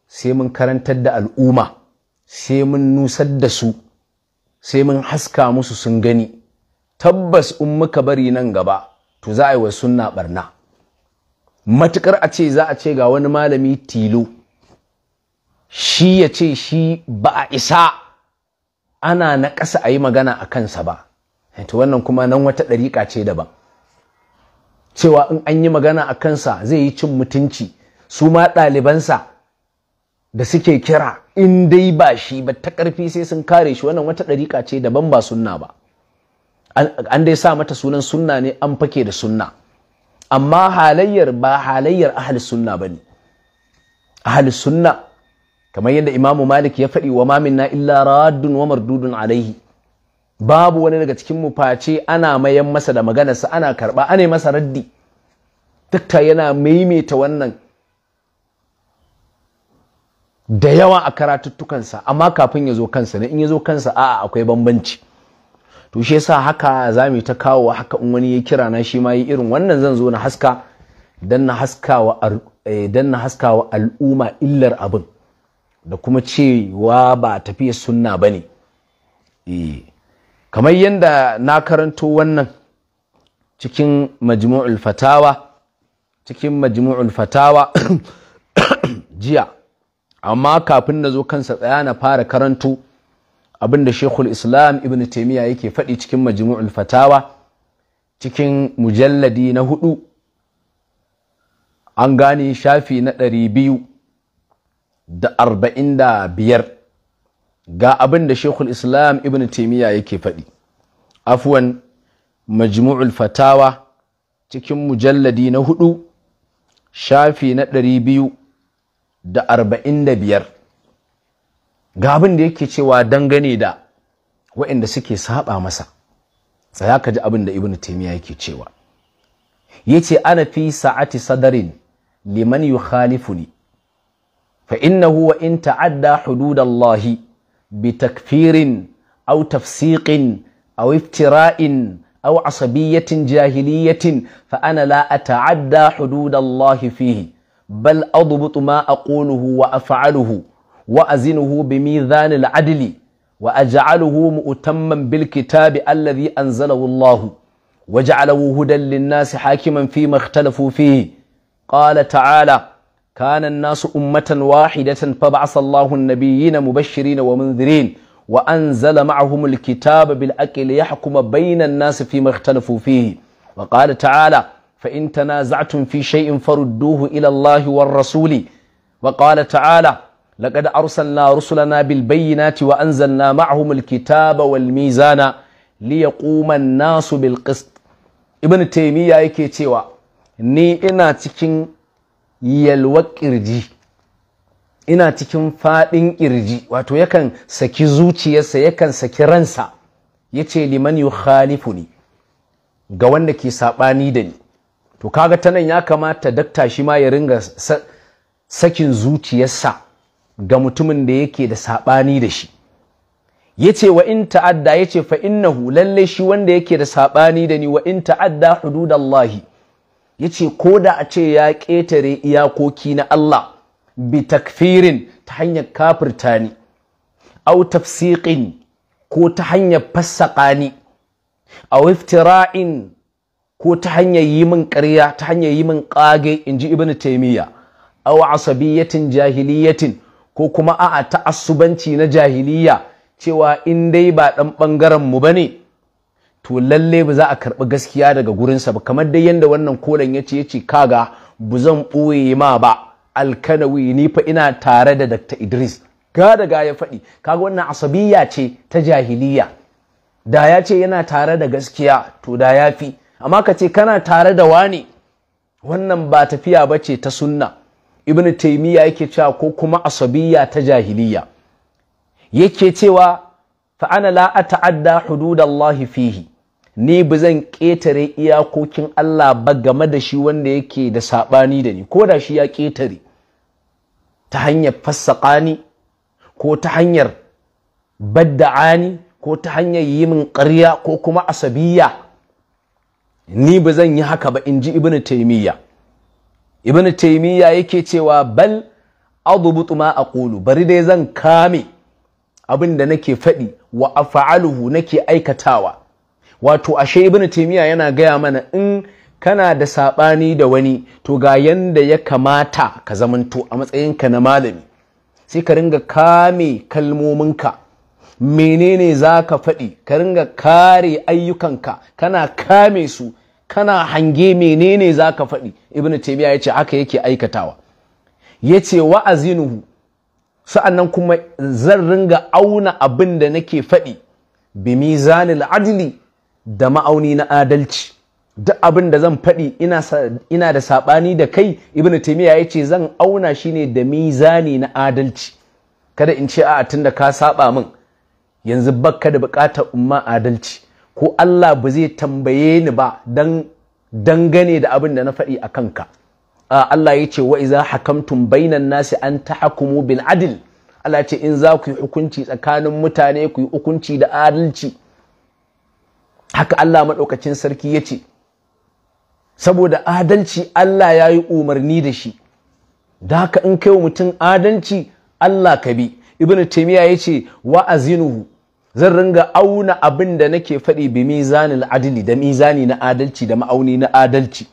sai mun karantar da al'umma sai mun nusar da su sai mun haska musu sun gani tabbas in muka bari nan gaba to za a yi wa sunna barna matukar a ce za a ce ga wani malami tilo shi ya ce shi ba a isa ana na ƙasa a yi magana a kansa ba to wannan kuma nan wata ɗariƙa ce daban cewa in an yi magana a kansa zai yi cin mutunci su ma ɗalibansa da suke kira in dai ba shi ba ta ƙarfi sai sun kare shi wannan wata ɗariƙa ce daban ba sunna ba an dai sa mata sunan sunna ne an fake da sunna amma halayyar ba halayyar ahli sunna ne. ahli sunna kamar yadda imamu malik ya faɗi wa na illa raddun wa mardudun alaihi babu wani daga cikin mu face ana mayan masa da maganarsa ana karɓa ana masa raddi ta yana maimaita wannan da yawa a karatuttukansa amma kafin ya zo kansa ne in ya zo kansa a'a akwai bambanci to shi yasa haka za ta kawo haka in wani ya kira na shi ma yi irin wannan zan zo na haska dan na wa eh, dan na wa al'umma illar abin da kuma cewa ba tafiya sunna bane eh kamar yadda na karanto wannan cikin majmu'ul fatawa cikin majmu'ul fatawa jiya amma kafin na zo kansa tsaya na fara karanto abinda shekul islam ibn taimiyya yake faɗi cikin majmu'ul fatawa cikin mujalladi na hudu an gane shafi na ɗari biyu da arba'in da biyar ga abinda shekul islam ibn taimiyya yake faɗi afuwan majmu'ul fatawa cikin mujalladi na hudu shafi na ɗari biyu da arba'in da biyar ga abin da yake cewa dangane da waɗanda suke saba masa tsaya ka ji abin da ibnu taymiya yake cewa yace ana fi sa'ati sadarin liman yukhalifuni fa innahu wa in ta'adda hududallahi bi takfirin aw tafsiqin aw iftira'in aw asabiyatin jahiliyatin fa ana la ata'adda hududallahi fihi bal adbutu ma aquluhu wa af'aluhu وأزنه بميزان العدل وأجعله مؤتما بالكتاب الذي أنزله الله وجعله هدى للناس حاكما فيما اختلفوا فيه قال تعالى كان الناس أمة واحدة فبعث الله النبيين مبشرين ومنذرين وأنزل معهم الكتاب بالأكل ليحكم بين الناس فيما اختلفوا فيه وقال تعالى فإن تنازعتم في شيء فردوه إلى الله والرسول وقال تعالى لقد أرسلنا رسلنا بالبينات وأنزلنا معهم الكتاب والميزان nasu الناس بالقسط ابن تيمية yake cewa ni ina cikin yalwar ƙirji ina cikin faɗin ƙirji wato yakan saki zuciyarsa yakan saki ransa yace khalifu ne. ga wanda ke saɓani da ni to kaga ta nan ya kamata dakta shi ma ya ringa sakin zuciyarsa ga mutumin da yake da saɓani da shi Ya ce wa in ta'adda yace fa innahu lalle shi wanda yake da saɓani da ni wa in ta'adda hududallahi ce ko da a ce ya ƙetare iyakoki na Allah bi takfirin ta hanyar kafirta ni au tafsiqin ko ta hanyar fassaƙa ni a iftira'in ko ta hanyar yi min ƙarya ta hanyar yi min ƙage in ji ibnu taymiya aw asabiyatin jahiliyatin ko kuma a'a ta'assubanci na jahiliya cewa in dai ba ɗan ɓangaren mu bane to lalle ba za a karɓi gaskiya daga gurinsa ba kamar dai yadda wannan kolan ya ce ya ce kaga bu zan ɓoye ma ba alkanawi ni fa ina tare da Dr. Idris ga daga ya faɗi kaga wannan Asabiyya ce ta jahiliya da ya ce yana tare da gaskiya to da ya fi amma ka ce kana tare da wani wannan ba tafiya ba ce ta sunna ibn taimiyya yake cewa ko kuma asabiyya ta jahiliya yake cewa fa ana la ata'adda hududallahi fihi ni ba zan ƙetare iyakokin Allah ba game da shi wanda yake da saɓani da ni ko da shi ya ƙetare ta hanyar fassaƙa ni? ko ta hanyar ni? ko ta hanyar yi min ƙarya ko kuma asabiyya? ni ba zan yi haka ba in ji ibn taimiyya ibn taimiyya yake cewa bal adubutu ma aqulu bari dai zan kame abin da nake faɗi wa afa'aluhu nake aikatawa wato ashe ibn taimiyya yana gaya mana in kana da saɓani da wani to ga yanda ya kamata ka zamanto a matsayinka na malami sai ka ringa kame kalmominka menene za ka faɗi ka ringa kare ayyukanka kana kame su kana hange menene za ka faɗi ibnu taymiya yace haka yake aikatawa ya ce wa'azinuhu sa'annan kuma zan ringa auna abin da nake faɗi bi mizanil adli da ma'auni na adalci duk abin da zan faɗi ina da saɓani da kai ibnu taymiya yace zan auna shi ne da mizani na adalci kada in ce a'a tunda ka saba min yanzu bakka da buƙatar umma adalci ko Allah ba zai tambaye ni ba dan dangane da abin da na faɗi a kanka Allah ya ce wa iza hakamtum bainan nasi an hakumu bin adil. Allah ce in za ku yi hukunci tsakanin mutane ku yi hukunci da adalci haka Allah maɗaukacin sarki ya ce saboda adalci Allah ya yi umarni da shi da haka in kai wa mutum adalci Allah ka bi ibn taymiya ya ce wa zan ringa auna abin da nake faɗi bi mizanil adili da mizani na adalci da ma'auni na adalci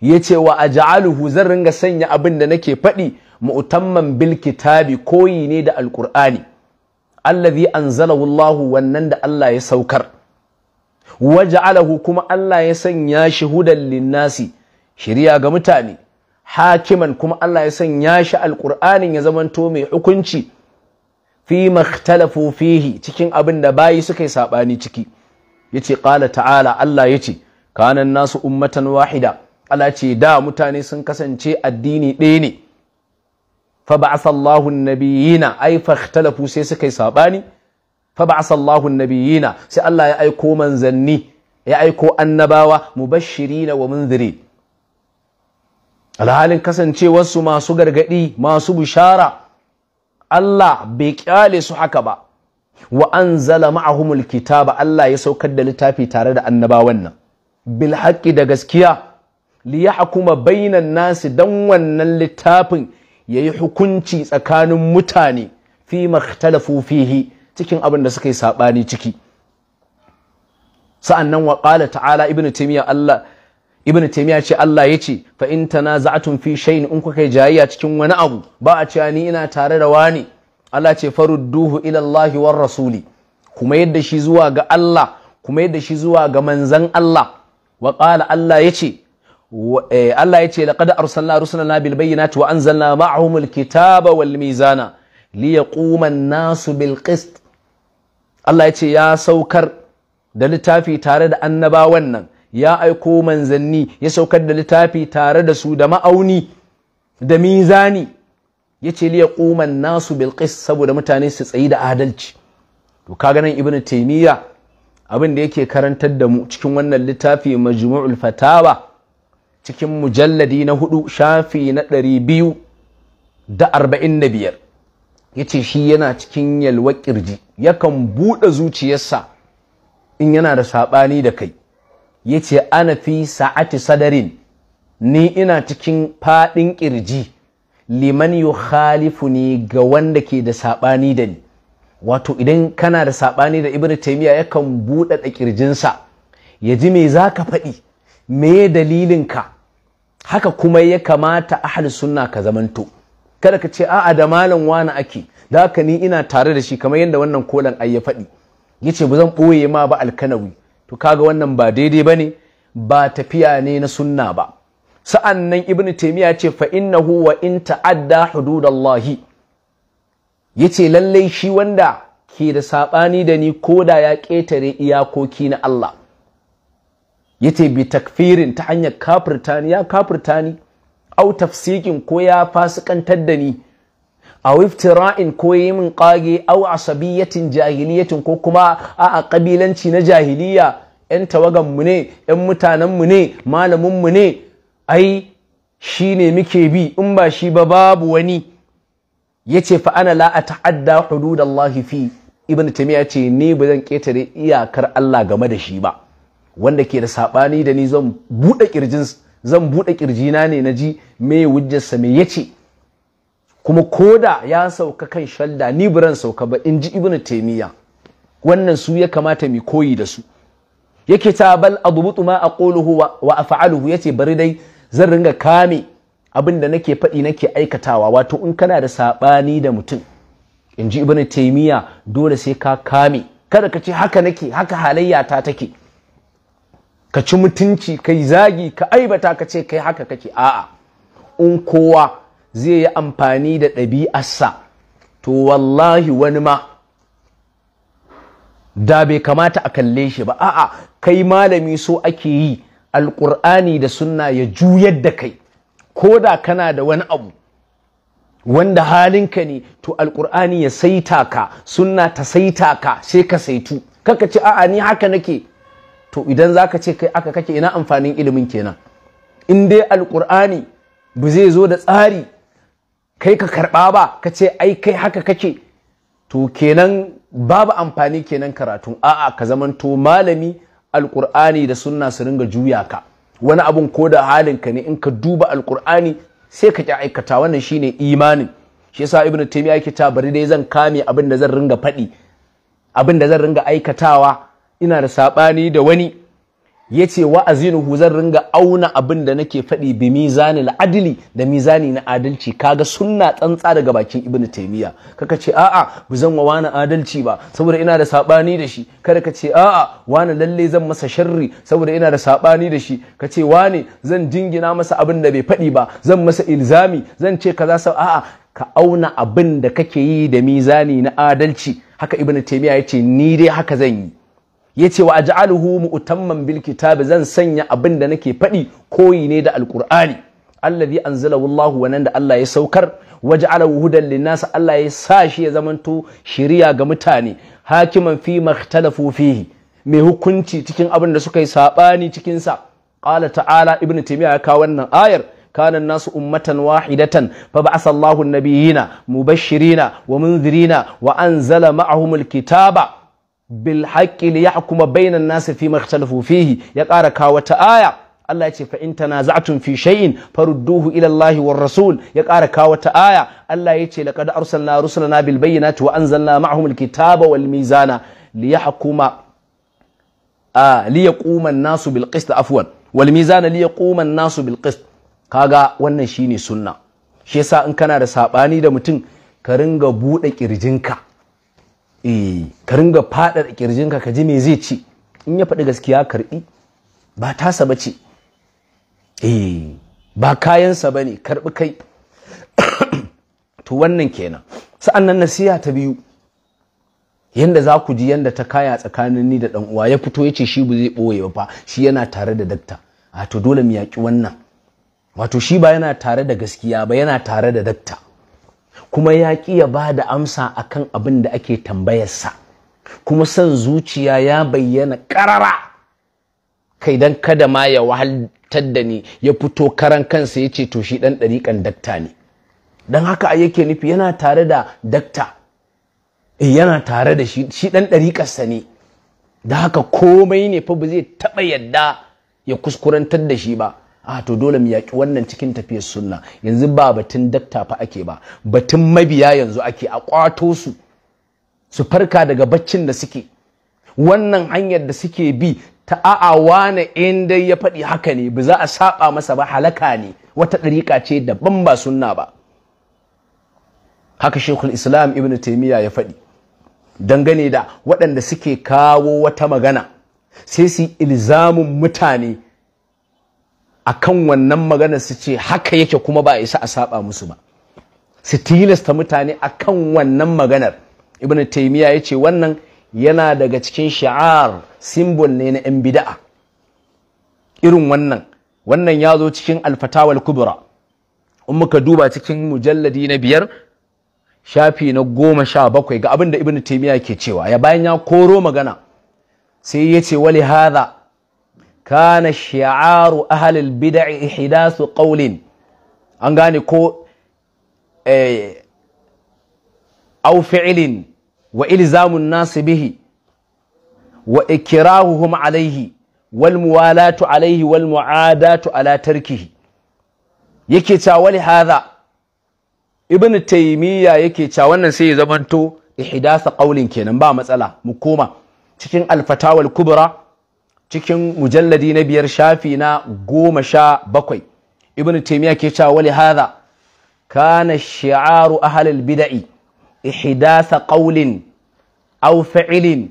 ya ce wa aj'aluhu zan ringa sanya abin da nake faɗi Mu'utamman bil kitabi koyi ne da alqur'ani an anzalahu Allahu wannan da Allah ya saukar waj'alahu kuma Allah ya sanya shi hudan linnasi shiriya ga mutane hakiman kuma Allah ya sanya shi alqur'anin ya zamanto mai hukunci fi makhtalafu fihi cikin abin da bayi suka yi saɓani ciki yace qala ta'ala Allah yace kana nasu ummatan wahida Allah ce da mutane sun kasance addini ɗaya ne fa ba'atha Allahu an-nabiyina ay fa ikhtalafu sai suka yi saɓani. fa ba'atha Allahu an-nabiyina sai Allah ya aiko manzanni ya aiko annabawa mubashirina wa munzirin alhalin kasancewarsu masu gargadi masu bishara Allah bai kyale su haka ba wa anzala ma'ahumul kitaba Allah ya saukar da littafi tare da annabawan nan bil haqqi da gaskiya li yahkuma bainan nasi dan wannan littafin yayi hukunci tsakanin mutane fi makhtalafu fihi cikin abin da suka yi sabani ciki sa'annan wa qala ta'ala ibnu taymiya Allah ibn taymiya ce Allah ya ce fa in tanaza'tum fi shay'in in kuka yi jayayya cikin wani abu ba a cewa ni ina tare da wani Allah ce farudduhu ila Allah war rasuli kuma yadda shi zuwa ga Allah kuma yadda shi zuwa ga manzan Allah wa qala Allah ya ce eh, Allah ya ce laqad arsalna rusulana bil bayyinati wa anzalna ma'ahumul kitaba wal mizana liyaquma an-nasu bil qist Allah ya ce ya saukar da littafi tare da annabawan nan ya aiko manzanni ya saukar da littafi tare da su da ma'auni da mizani ya ce liya ƙuman nasu Bilkis saboda mutane su tsayi da adalci to kaga nan ibnu taimiyya abin da yake karantar da mu cikin wannan littafi majmu'ul fatawa cikin mujalladi na hudu shafi na ɗari biyu da arba'in da biyar ya ce shi yana cikin yalwa ƙirji yakan buɗe zuciyarsa in yana da saɓani da kai ya ce ana fi sa'ati sadarin ni ina cikin fadin kirji liman yu ne ga wanda ke da sabani da ni wato idan kana da saɓani da ibn taimiyya yakan da kirjinsa ya ji me za ka faɗi me dalilinka haka kuma ya kamata ahal sunna ka zamanto kada ka ce a'a da malam wani ake da haka ni ina tare da shi kamar yadda wannan kolan ai ya faɗi yace ba zan ɓoye ma ba alkanawi to kaga wannan ba daidai bane ba tafiya ne na sunna ba Sa'annan nan ibnu taymiya ce fa innahu wa in ta'adda hududallahi yace lallai shi wanda ke da saɓani da ni ko da ya ƙetare iyakoki na Allah yace bi takfirin ta hanyar kafirtani ya ni? au tafsikin ko ya fasikantar da ni a iftira'in ko yi min ƙage au asabiyyatin jahiliyatin ko kuma a kabilanci na jahiliya ‘yan tawaganmu ne ‘yan mu ne mu ne ai shi ne muke bi in ba shi ba babu wani ya ce fa ana la a ta'adda hududallahi fi ibn tamiya ce ni ba zan ƙetare iyakar Allah game da shi ba wanda ke da saɓani da ni zan buɗe ƙirjin zan buɗe ƙirjina ne na ji me wujjarsa me yace kuma koda ya sauka kan shalda ni buran sauka ba in ji ibnu taymiya wannan su ya kamata mu koyi da su yake ta bal adbutu ma aquluhu wa af'aluhu yace bari dai zan ringa kame abin da nake faɗi nake aikatawa wato in kana da sabani da mutum in ji ibnu taymiya dole sai ka kame kada ka ce haka nake haka halayya ta take ka ci mutunci kai zagi ka aibata ka ce kai haka kake a'a in kowa zai yi amfani da ɗabi'arsa to wallahi wani ma da bai kamata a kalle shi ba a'a kai malami so ake yi alƙur'ani da sunna ya juyar da kai ko da kana da wani abu wanda halinka ne to alƙur'ani ya saita ka sunna ta saita ka sai ka saitu kaka ce a'a ni haka nake to idan zaka ce kai aka kake ina amfanin ilimin kenan in dai alƙur'ani ba zai zo da tsari kai ka karɓa ba ka ce ai kai haka kake to kenan babu amfani kenan karatun a'a ka zamanto malami Alƙur'ani da sunna su ringa juya ka wani abun ko da halin ka ne in ka duba alkur'ani sai ka ki aikata wannan shine imanin shi yasa ibnu taymiya yake ta bari dai zan kame abin da zan ringa faɗi abin da zan ringa aikatawa ina da saɓani da wani ya ce wa'azinuhu zan ringa auna abin da nake faɗi bi na adili da mizani na adalci kaga sunna tsantsa daga bakin ibn taymiya kaka ce a'a bu zan wa wani adalci ba saboda ina da sabani da shi kada ka ce a'a wani lalle zan masa sharri saboda ina da saɓani da shi ka ce wani zan jingina masa abin da bai faɗi ba zan masa ilzami zan ce kaza sau a'a ka auna abin da kake yi da mizani na adalci haka ibn taymiya ya ce ni dai haka zan yi Ya ce wa aj'aluhu mu'tamman bil kitabi zan sanya abin da nake faɗi koyi ne da alqur'ani alladhi anzalahu Allah wannan da Allah ya saukar waj'alahu hudan linnas Allah ya sa shi ya zamanto shiriya ga mutane hakiman fi makhtalafu fihi mai hukunci cikin abin da suka yi sabani cikin sa qala ta'ala ibnu taymiya ya kawo wannan ayar كان الناس أمة واحدة فبعث الله النبيين مبشرين ومنذرين وأنزل معهم الكتاب bil haqqi li yahkuma bainan nasi fi ma ikhtalafu fihi ya ƙara kawo wata Allah ya ce fa in tanaza'tum fi shay'in farudduhu ila Allah war rasul ya ƙara kawo wata aya Allah ya ce laqad arsalna rusulana bil bayyinati wa anzalna ma'ahum al kitaba wal mizana li yahkuma a li yaquma nasu bil qist afwan wal mizana nasu bil qist kaga wannan shine sunna shi yasa in kana da saɓani da mutum ka ringa bude kirjinka Eh, ka ringa da kirjinka ka ji me zai ci in ya faɗi gaskiya karɓi ba tasa bace ce eh, ba kayansa ba ne karɓi kai to wannan kenan sa'an nan nasiha ta biyu yanda za ku ji yanda ta kaya tsakanin ni da ɗan uwa ya fito ya ce shi ba zai ɓoye ba shi yana tare da dakta a ah, dole mu yaki wannan wato shi ba yana tare da gaskiya ba yana tare da dakta kuma ya ƙi ya ba da amsa a kan abin da ake tambayarsa kuma son zuciya ya bayyana ƙarara kai don kada ma ya wahaltar da ni ya fito karan kansa ya ce to shi ɗan ɗariƙan dakta ne don haka a yake nufi yana tare da dakta eh, yana tare da shi shi ɗan ɗariƙarsa ne da haka komai ne fa ba zai taɓa yadda ya kuskurantar da shi ba a to dole mu yaƙi wannan cikin tafiyar sunna yanzu ba batun dakta fa ake ba batun mabiya yanzu ake a ƙwato su su farka daga baccin da suke wannan hanyar da suke bi ta a'a wane in dai ya faɗi haka ne ba za a saba masa ba halaka ne wata ɗariƙa ce daban ba sunna ba haka shekul islam ibn taimiyya ya faɗi dangane da waɗanda suke kawo wata magana sai su ilzamin mutane akan wannan magana su ce haka yake kuma ba a isa a saba musu ba su tilasta mutane akan wannan maganar ibn taymiya yace wannan yana daga cikin shi'ar simbol ne na 'yan bida'a irin wannan wannan ya zo cikin alfatawal kubra in muka duba cikin mujalladi na biyar shafi na goma sha bakwai ga abin da ibn taimiyya ke cewa ya bayan ya koro magana sai ya ce wali hada kana shi'aru ahlul bid'i ihdasu qawlin an gane ko eh aw fi'lin wa ilzamun nas bihi wa ikrahuhum alayhi wal muwalatu alayhi wal mu'adatu ala tarkihi yake cewa wali hadha ibn taymiya yake cewa wannan sai ya zamanto ihdasa qawlin kenan ba matsala mu koma cikin al-fatawa al-kubra cikin mujalladi na biyar shafi na goma sha bakwai ibn taimiyya ke cewa wali hada. kana shi'aru ahlul bida'i ihdasa qawlin aw Ya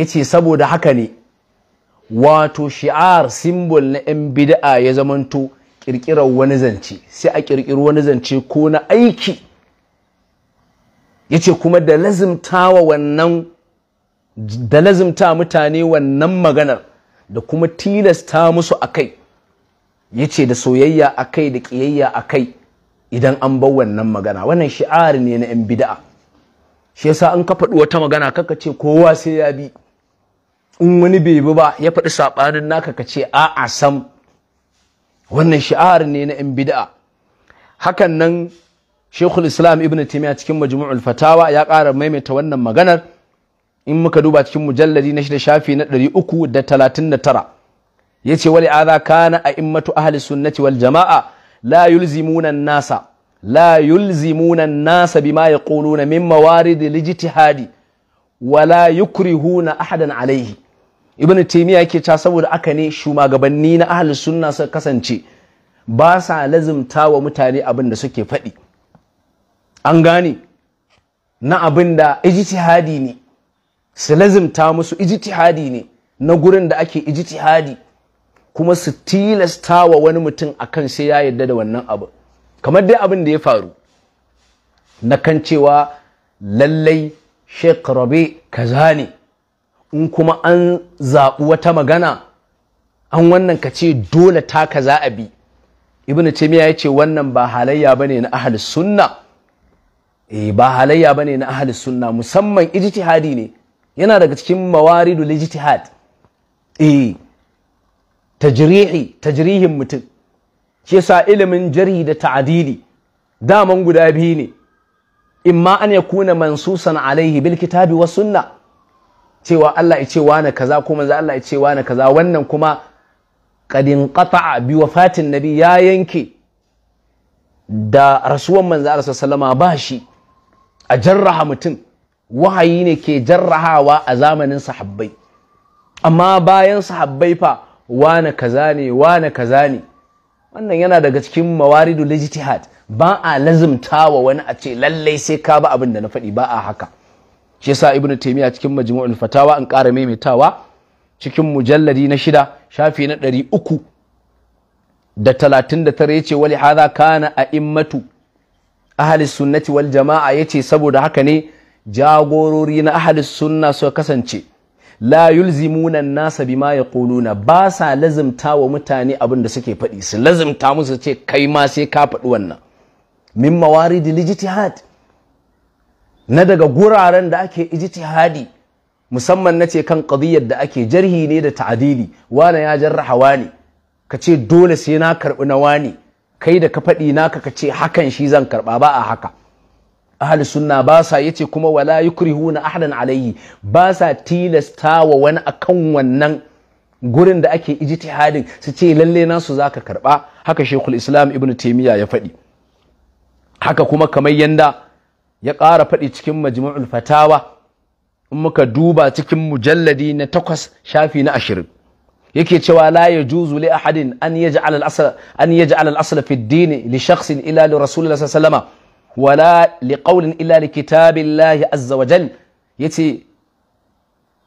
yace saboda haka ne wato shi'ar simbol na yan bida'a ya zamanto ƙirƙirar wani zance sai a kirkiri wani zance ko na aiki yace kuma da lazimtawa wannan da lazimta mutane wannan maganar da kuma tilasta musu a akai ce da soyayya akai da ƙiyayya akai idan an bar wannan magana wannan sha'ar ne na 'yan bida'a shi yasa an ka faɗi wata magana kaka ce kowa sai ya bi in wani bai bi ba ya faɗi saɓanin naka ka ce a'a sam wannan sha'ar ne na 'yan bida'a hakan nan shekul islam ibn taimiyya cikin majmu'ul fatawa ya ƙara maimaita wannan maganar in muka duba cikin mujalladi na shida shafi na ɗari uku da talatin da tara ya ce wali aza kana a immatu ahli sunnati wal jama'a la yulzimuna nasa la yulzimuna nasa bima yaquluna min mawarid lijitihadi wala yukrihuna ahadan alaihi ibn taymiya yake ta saboda aka ne shugabanni na ahli sunna su kasance ba sa lazimta wa mutane abin da suke faɗi an gane na abin da ijtihadi ne su lazimta musu ijtihadi ne na gurin da ake ijtihadi kuma su tilasta wa wani mutum akan sai ya yarda da wannan abu kamar dai abin da ya faru na kan cewa lallai Sheikh Rabi kaza ne in kuma an zaɓi wata magana an wannan ka ce dole ta kaza a bi ibn taymiya ya ce wannan ba halayya bane na ahli sunna eh ba halayya bane na ahli sunna musamman ijtihadi ne yana daga cikin mawaridu lijitihad eh tajrihi tajrihin mutum shi yasa ilimin jarhi da ta'dili daman guda biyu ne imma an ya kuna mansusan alaihi bil kitabi wa sunna cewa Allah ya ce wani kaza ko manzo Allah ya ce wani kaza wannan kuma qadin qata'a bi wafatin nabi ya yanke da rasuwan manzo Allah sallama ba shi a jarraha mutum wahayi ne ke jarrahawa a zamanin sahabbai amma bayan sahabbai fa wane kaza ne wane kaza ne wannan yana daga cikin mawaridu lijtihad ba a lazimtawa wani a ce lallai sai ka ba abin da na faɗi ba a haka shi yasa ibnu taymiya cikin majmu'ul fatawa an ƙara maimaitawa cikin mujalladi na shida shafi na ɗari uku da talatin da tara yace wali hadha kana a immatu ahli sunnati wal jama'a yace saboda haka ne jagorori na ahalis sunna su kasance la yulzimuna nasa bima yaquluna ba sa lazimta wa mutane abin da suke faɗi su lazimta musu ce kai ma sai ka faɗi wannan min mawaridi lijtihad na daga guraren da ake ijtihadi musamman na ce kan qadiyar da ake jarhi ne da ta'adili wani ya jarraha wani ka ce dole sai na karɓi na wani kai da ka faɗi naka ka ce hakan shi zan karɓa ba a haka ahli sunna ba sa yace kuma wala yukrihuna ahadan alayhi ba sa tilastawa wani akan wannan gurin da ake ijtihadin su ce lalle nasu zaka karba haka shekul islam ibnu taimiyya ya faɗi haka kuma kamar yanda ya ƙara faɗi cikin majmu'ul fatawa in muka duba cikin mujalladi na takwas shafi na ashirin yake cewa la ya juzu li ahadin an yaj'al al-asl an yaj'al al-asl fi ad-din li shakhsin ila li sallallahu alaihi wasallam wala liqaulin illa likitabillahi azza wa jal yace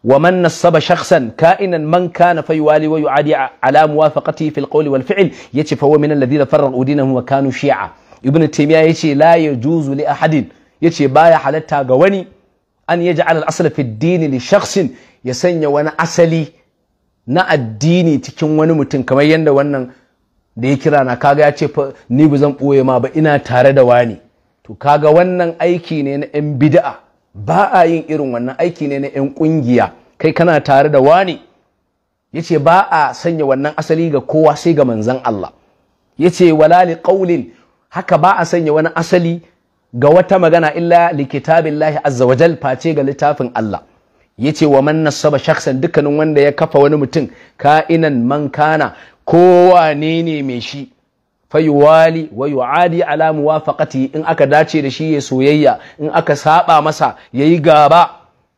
wa man nasaba shakhsan ka'inan man kana fayuwali wa yu'adi ala muwafaqatihi fil qawli wal fi'l yace fa huwa min alladhina farraqu dinahum wa kanu shi'a ibnu taymiya yace la yajuzu li ahadin yace baya halatta ga wani an yaj'al al asla fi shakhsin ya sanya wani asali na addini cikin wani mutum kamar yadda wannan da ya kira na kaga ya ce ni ba zan ɓoye ma ba ina tare da wani to kaga wannan aiki ne na 'yan bida'a ba a yin irin wannan aiki ne na 'yan ƙungiya kai kana tare da wani ya ce ba a sanya wannan asali ga kowa sai ga manzan Allah ya ce wala li haka ba a sanya wani asali ga wata magana illa li kitabillahi azza wajal face ga littafin Allah ya ce wa man nasaba shaksan dukkanin wanda ya kafa wani mutum ka'inan man kana kowa ne ne mai shi fayuwali wa yu'adi ala muwafaqati in aka dace da shi ya soyayya in aka saba masa yayi gaba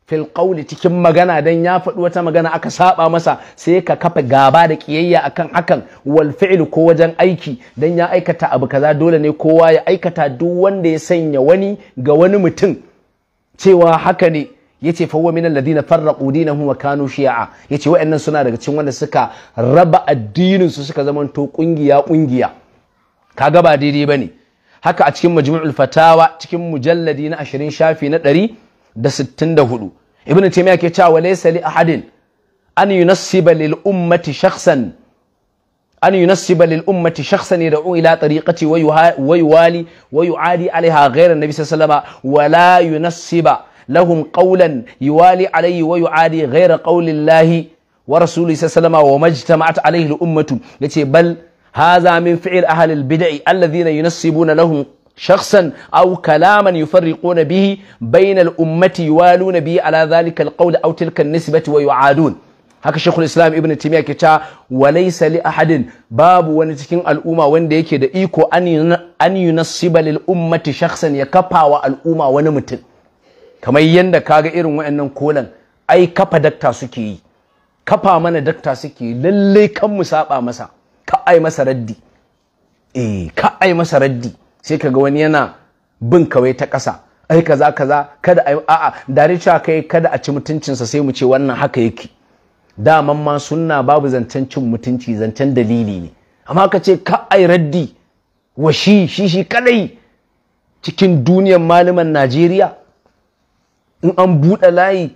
fil qawli cikin magana dan ya faɗi wata magana aka saba masa sai ka kafa gaba da kiyayya akan hakan wal fi'l ko wajen aiki dan ya aikata abu kaza dole ne kowa ya aikata duk wanda ya sanya wani ga wani mutum cewa haka ne yace fa huwa min alladhina farraqu dinahum wa kanu shi'a yace wa'annan suna daga cikin wanda suka raba addinin su suka zamanto kungiya kungiya kaga ba daidai bane haka a cikin majmu'ul fatawa cikin mujalladi na 20 shafi na 164 ibnu taymiya ke cewa laysa li ahadin an yunassiba lil ummati shakhsan an yunassiba lil ummati shakhsan yad'u ila tariqati wa yuwali wa yu'adi alaiha ghayra nabi sallallahu alaihi wasallam wa la yunassiba lahum qawlan yuwali alaihi wa yu'adi ghayra qawli llahi wa rasulihi sallallahu alaihi wasallam wa majtama'at alaihi al ummatu yace bal haza min fi'il ahlil bid'i alladhina yunassibuna lahum شخصا أو كلاما يفرقون به بين الأمة يوالون به على ذلك القول أو wa النسبة ويعادون haka shekul islam ibn timiya ke ta walaisa li ahadin babu wani cikin al'umma wanda yake da iko an yunassiba lil ummati shakhsan ya kafawa wa al'umma wani mutum kamar yadda ka ga irin wayannan kolan ai kafa dakta suke yi kafa mana dakta suke yi lalle kan mu saba masa Ka'ai masa raddi eh ka masa raddi sai kaga wani yana bin kawai ta ƙasa ai kaza kaza kada ai a'a dare kai kada a ci mutuncinsa sai mu ce wannan haka yake daman ma sunna babu zancen cin mutunci zancen dalili ne amma ka ce ka'ai raddi wa shi shi shi kadai cikin duniyar malaman Najeriya in an buɗe layi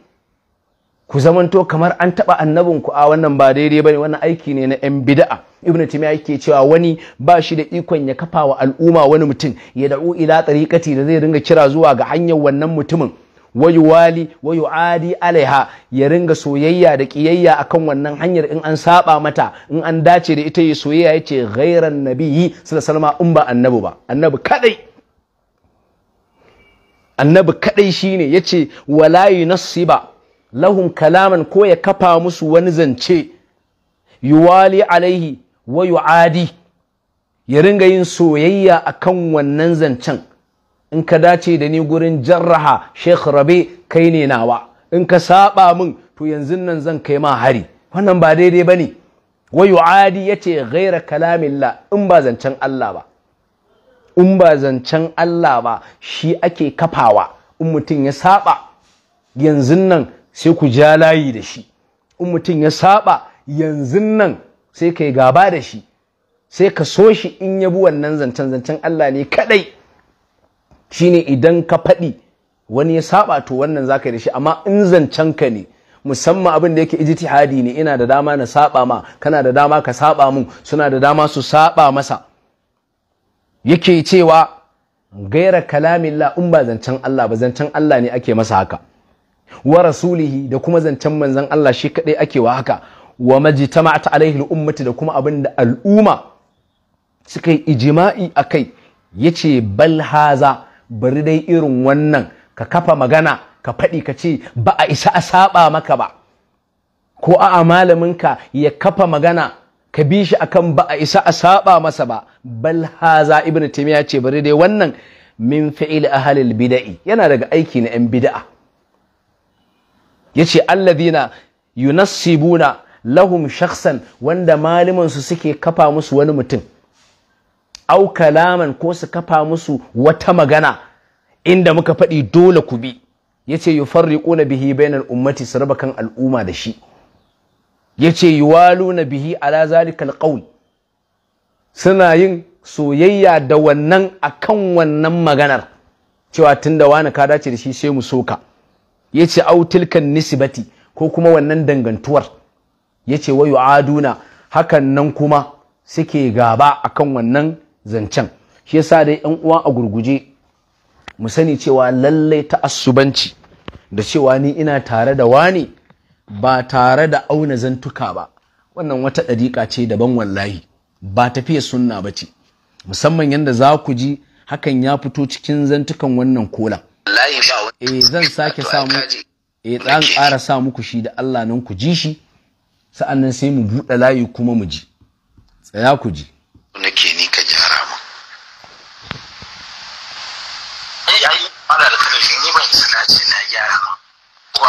ku zamanto kamar an taɓa annabinku a wannan ba daidai bane wannan aiki ne na 'yan bida'a ibnu timiya yake cewa wani ba shi da ikon ya kafa wa al'umma wani mutum ya da'u ila tariqati da zai ringa kira zuwa ga hanyar wannan mutumin Wayu Wali, wayu Adi alaiha ya ringa soyayya da kiyayya akan wannan hanyar in an saba mata in an dace da ita ya soyayya yace ghairan nabiyyi sallallahu alaihi in ba annabi ba annabi kadai annabi kadai shine yace wala yunsiba lahum kalaman ko ya kafa musu wani zance yuwali alaihi wa yu'adi ya ringa yin soyayya akan wannan zancen in ka dace da ni gurin jarraha Sheikh Rabe kai ne nawa in ka saba min to yanzu nan zan kai ma hari wannan ba daidai bane wa yu'adi yace ghaira kalamillah in ba zancen Allah ba in ba zancen Allah ba shi ake kafawa in mutum ya saba yanzu nan sai ku ja layi da shi in mutum ya saba yanzu nan sai ka yi gaba da shi sai ka so shi in ya bi wannan zancen zancen Allah ne kadai shine idan ka faɗi wani ya saba to wannan zaka yi da shi amma in zancen ka ne musamman abin da yake ijtihadi ne ina da dama na saba ma kana da dama ka saba mun suna da dama su saba masa yake cewa gaira kalamin in ba zancen Allah ba zancen Allah ne ake masa haka wa rasulihi da kuma zancen manzon Allah shi kaɗai ake wa haka wa majtama'at alaihi al-ummati da kuma abin da al'umma suka yi ijima'i akai yace bal haza bari dai irin wannan ka kafa magana ka faɗi ka ce ba a isa a saba maka ba ko a malaminka ya kafa magana ka bi shi akan ba a isa a saba masa ba bal haza ibnu taymiya ce bari dai wannan min fi'il ahlil bid'i yana daga aiki na yan bida'a. yace alladhina yunassibuna lahum shaksan wanda maliman su suke kafa musu wani mutum au kalaman ko su kafa musu wata magana inda muka faɗi dole ku bi yace yufarriquna bihi bainal ummati su raba kan al'umma da shi yace yuwaluna bihi ala zalikal qawl suna yin soyayya da wannan akan wannan maganar cewa tunda wani ka dace da shi sai mu soka ya ce au tilkan nisibati ko kuma wannan dangantuwar ya ce wa aduna hakan nan kuma suke gaba akan wannan zancen shi yasa dai yan uwa a gurguje mu sani cewa lallai ta'assubanci da cewa ni ina tare da wani ba tare da auna zantuka ba wannan wata ɗariƙa ce daban wallahi ba tafiya sunna ba ce musamman yadda za ku ji hakan ya fito cikin zantukan wannan kolan. layi ba wani eh zan sake samu eh dan ƙara sa muku shi da Allah nan ku ji shi sa'annan sai mu bude layi kuma mu ji tsaya ku ji nake ni ka jara mu eh ai mala da kashi ni ba isa na ce na gyara mu ko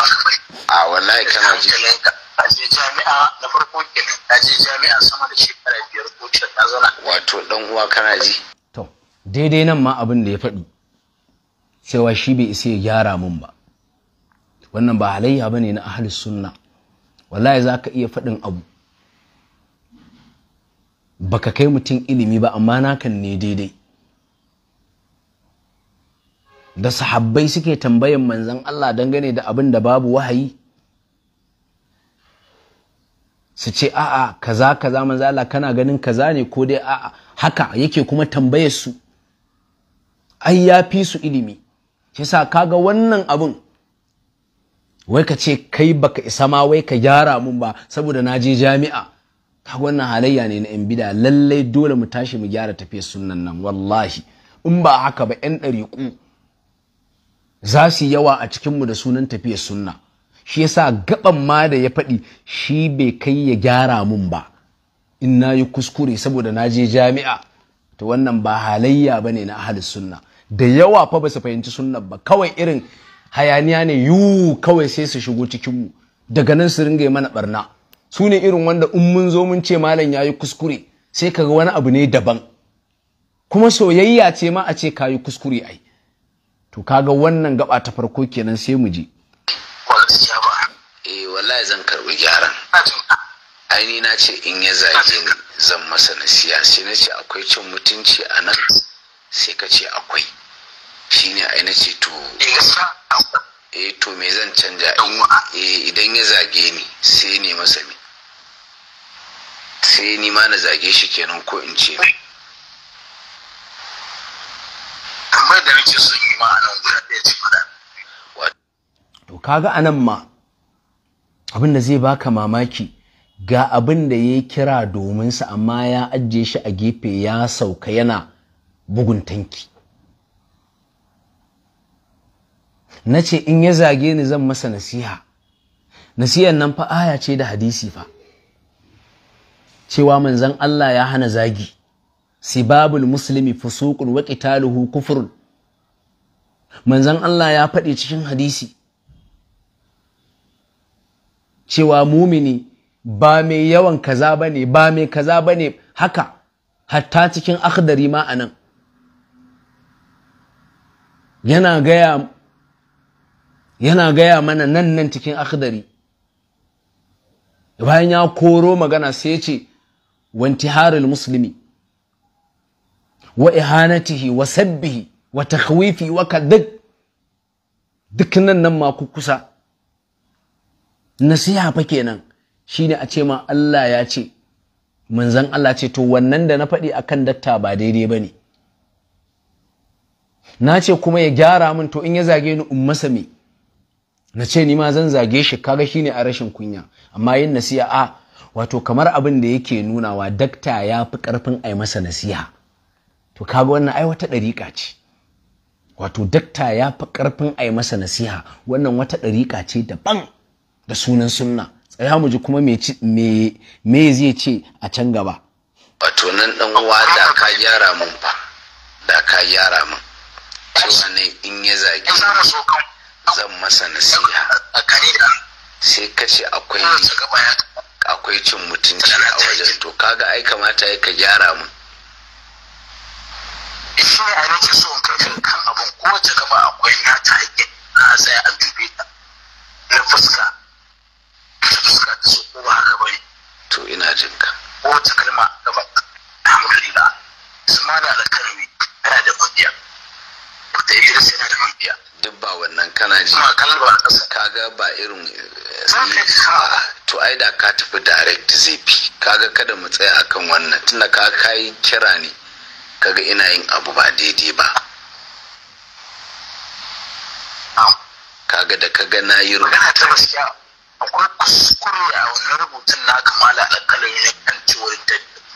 a wallahi kana ji a je jami'a na farko kenan ta je jami'a sama da shekara biyar ko ta zana wato dan uwa kana ji to daidai nan ma abin da ya faɗi cewa shi bai isa ya gyara mun ba wannan ba halayya bane na ahlus sunna wallahi za ka iya faɗin abu baka kai mutum ilimi ba amma nakan ne daidai da sahabbai suke tambayan manzan Allah dangane da abin da babu wahayi su ce a'a kaza kaza manzo Allah kana ganin kaza ne ko dai a'a haka yake kuma tambayar su ai ya fi su ilimi yasa kaga wannan abun wai ka ce kai baka isa ma wai ka gyara mun ba saboda na je jami'a ka wannan halayya ne na yan bida lallai dole mu tashi mu gyara tafiyar sunnan nan wallahi in ba haka ba yan ɗariƙu za su yawa a cikin mu da sunan tafiyar sunna shi yasa gaban ma da ya faɗi shi bai kai ya gyara mun ba in na yi kuskure saboda na je jami'a to wannan ba halayya ba ne na ahalus sunna da yawa fa ba su fahimci sunnan ba kawai irin hayaniya ne yu kawai sai su shigo cikinmu daga nan su ringa mana barna su ne irin wanda in mun zo mun ce malam ya yi kuskure sai ka ga wani abu ne daban kuma soyayya ce ma a ce ka yi kuskure ai to kaga wannan gaba ta farko kenan sai mu je eh, wallahi zan karɓi gyaran aini na ce in ya zage ni zan masa nasiya sai na ce akwai cin mutunci a nan sai ka ce akwai shine ai na ce to eh, eh to me zan canja eh, idan ya zage ni sai ne masa me sai ni ma na zage shi kenan ko in ce Amma da nake so yi ma anan guda ɗaya ce mana to kaga anan ma abin da zai baka mamaki ga abin da ya kira domin sa amma ya ajiye shi a gefe ya sauka yana bugun tanki na ce in ya zage ni zan masa nasiha nasihan nan fa aya ce da hadisi fa cewa manzon Allah ya hana zagi sibabul muslimi fusuqun wa qitaluhu kufrun manzon Allah ya faɗi cikin hadisi cewa mumini ba mai yawan kaza bane ba mai kaza bane haka hatta cikin akhdari ma anan yana gaya yana gaya mana nan nan cikin akhdari bayan ya koro magana sai ya ce intiharul muslimi wa ihanatihi wa sabbihi wa takhwifi wa kadhib duk nan nan ma kusa nasiha fa kenan shine a ce ma Allah ya ce manzon Allah ce to wannan da na faɗi akan datta ba daidai bane na ce kuma ya gyara min to in ya zage ni in me na ce ni ma zan zage shi kaga ne a rashin kunya amma yin nasiya a wato kamar abin da yake nunawa dakta ya fi karfin yi masa nasiha to kaga wannan ai wata ɗariƙa ce wato dakta ya fi karfin yi masa nasiha wannan wata ɗariƙa ce daban da sunan sunna tsaya mu ji kuma me me zai ce a can gaba wato nan dan uwa da ka gyara mun fa da ka gyara mun cewa ne in ya zage zan masa nasiha sai kace akwai akwai cin mutunci a wajen to kaga ai kamata ya ka gyara mu shi ne a nake so in kan abin kowace gaba akwai nata haƙƙin na sai an dube ta na fuska ta fuska ta so kuma haka bane to ina jin ka kowace kalma gaba alhamdulillah su ma da alkalmi ana da kudiya Dr. Idris yana da biya. Duk ba wannan kana ji. Kuma kalba a ƙasa. Kaga ba irin to ai da ka tafi direct zai fi kaga kada mu tsaya akan wannan tunda ka kai kira ne kaga ina yin abu ba daidai ba. Kaga da ka ga na yi rubutu. ta gaskiya akwai kuskure a wannan rubutun na kamala alƙalami na kan cewar da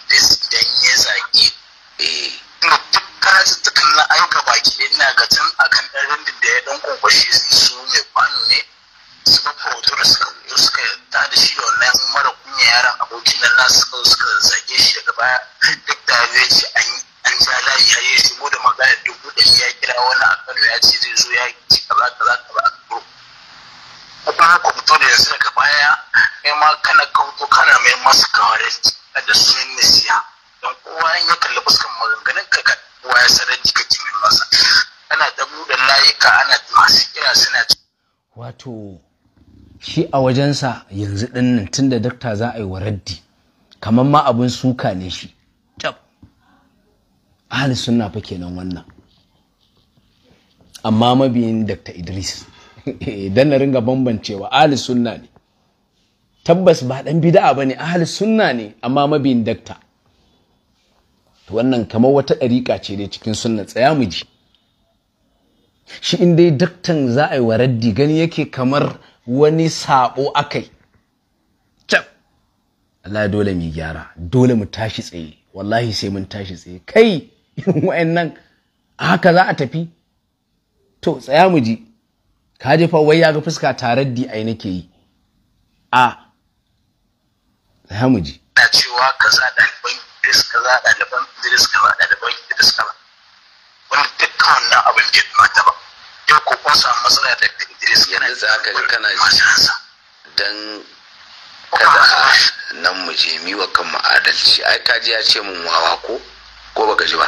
idan ya zaƙi. Eh. ina duk kazuttukan na aika baki ina ga can akan ɗan rindin da ya ɗan kwakwashe su su mai kwano ne suka hoto da suka hoto suka ta da shi wannan mara kunya yaran abokin nan nasu suka suka zage shi daga baya duk da ya ce an ja layi ya yi shigo da magana dubu da ya kira wani a kano ya ce zai zo ya ci kaza kaza kaza a kuro kuma ku fito da yanzu daga baya kai ma kana kauto kana mai masu kawarin da sun nisiya don uwa ya kalli fuskan maganganun ka kowa ya sanar jika kimin masa ana da buɗe layuka ana masu kira suna wato shi a wajensa yanzu ɗin nan tun da dakta za a yi wa raddi kamar ma abin suka ne shi tab ahli sunna fa kenan wannan amma mabiyin dakta idris idan na ringa bambancewa ahli sunna ne tabbas ba dan bid'a bane ahli sunna ne amma mabiyin dakta to wannan kamar wata ɗariƙa ce dai cikin sunna tsaya mu ji shi in dai daktan za a yi wa raddi gani yake kamar wani aka yi can Allah dole mu gyara dole mu tashi tsaye wallahi sai mun tashi tsaye kai a haka za a tafi to tsaya mu ji ka jefa wai ya ga fuska taraddi ai nake yi a tsaya mu ji na cewa kaza ɗalibai Idris kaza ɗaliban Idris kaza ɗaliban Idris kaza wanda dukkan wannan abin bai ta ba yau ko kun samu matsala da Idris yana yanzu haka ji kana dan kada nan mu je mi wa kan adalci ai ka ji ya ce mun wawa ko ko baka ji ba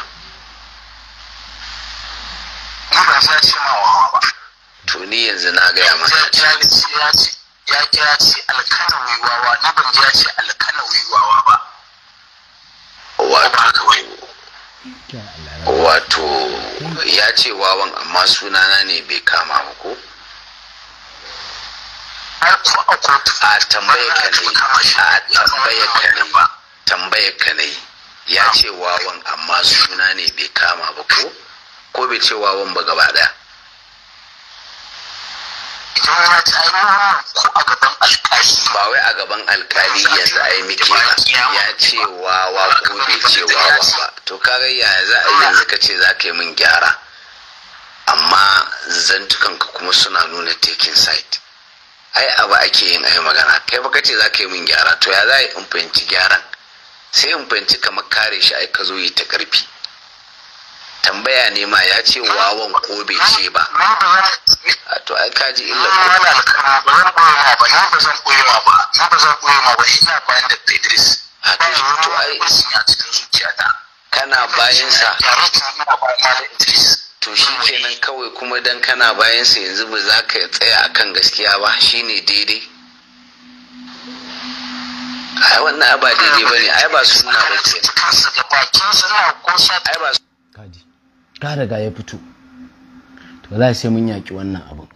ni ba sa ce ma wawa ba to ni yanzu na gaya masa ya ce ya ce alkanawi wawa na ban ji ya ce alkanawi wawa ba wato ya ce wawan amma sunana ne bai kama ba ko a tambaya ka ne a tambaya ka ne tambaya ka ne ya ce wawan amma suna ne bai kama ba ko ko bai ce wawan ba gaba daya na a gaban alkali ba wai a gaban alkali yanzu ai miki ya ce wa ko bai ce wa ba to kare ya za a yanzu ka ce za ka yi min gyara amma zantukan ka kuma suna nuna tekin side ai abu ake yin ai magana kai baka ce za ka yi min gyara to ya za a yi in fahimci gyaran sai in fahimci kamar kare shi ai ka zo yi ta karfi tambaya ne ma ya ce wawan ko bai ce ba a to ai kaji illa ko ba ina bayan da Idris kana bayan sa to shi kenan kawai kuma dan kana bayan sa yanzu ba za ka tsaya akan gaskiya ba shine daidai ai wannan ba daidai bane ai ba sunna bace ai ba kaji ka riga ya fito to wallahi sai mun yaki wannan abin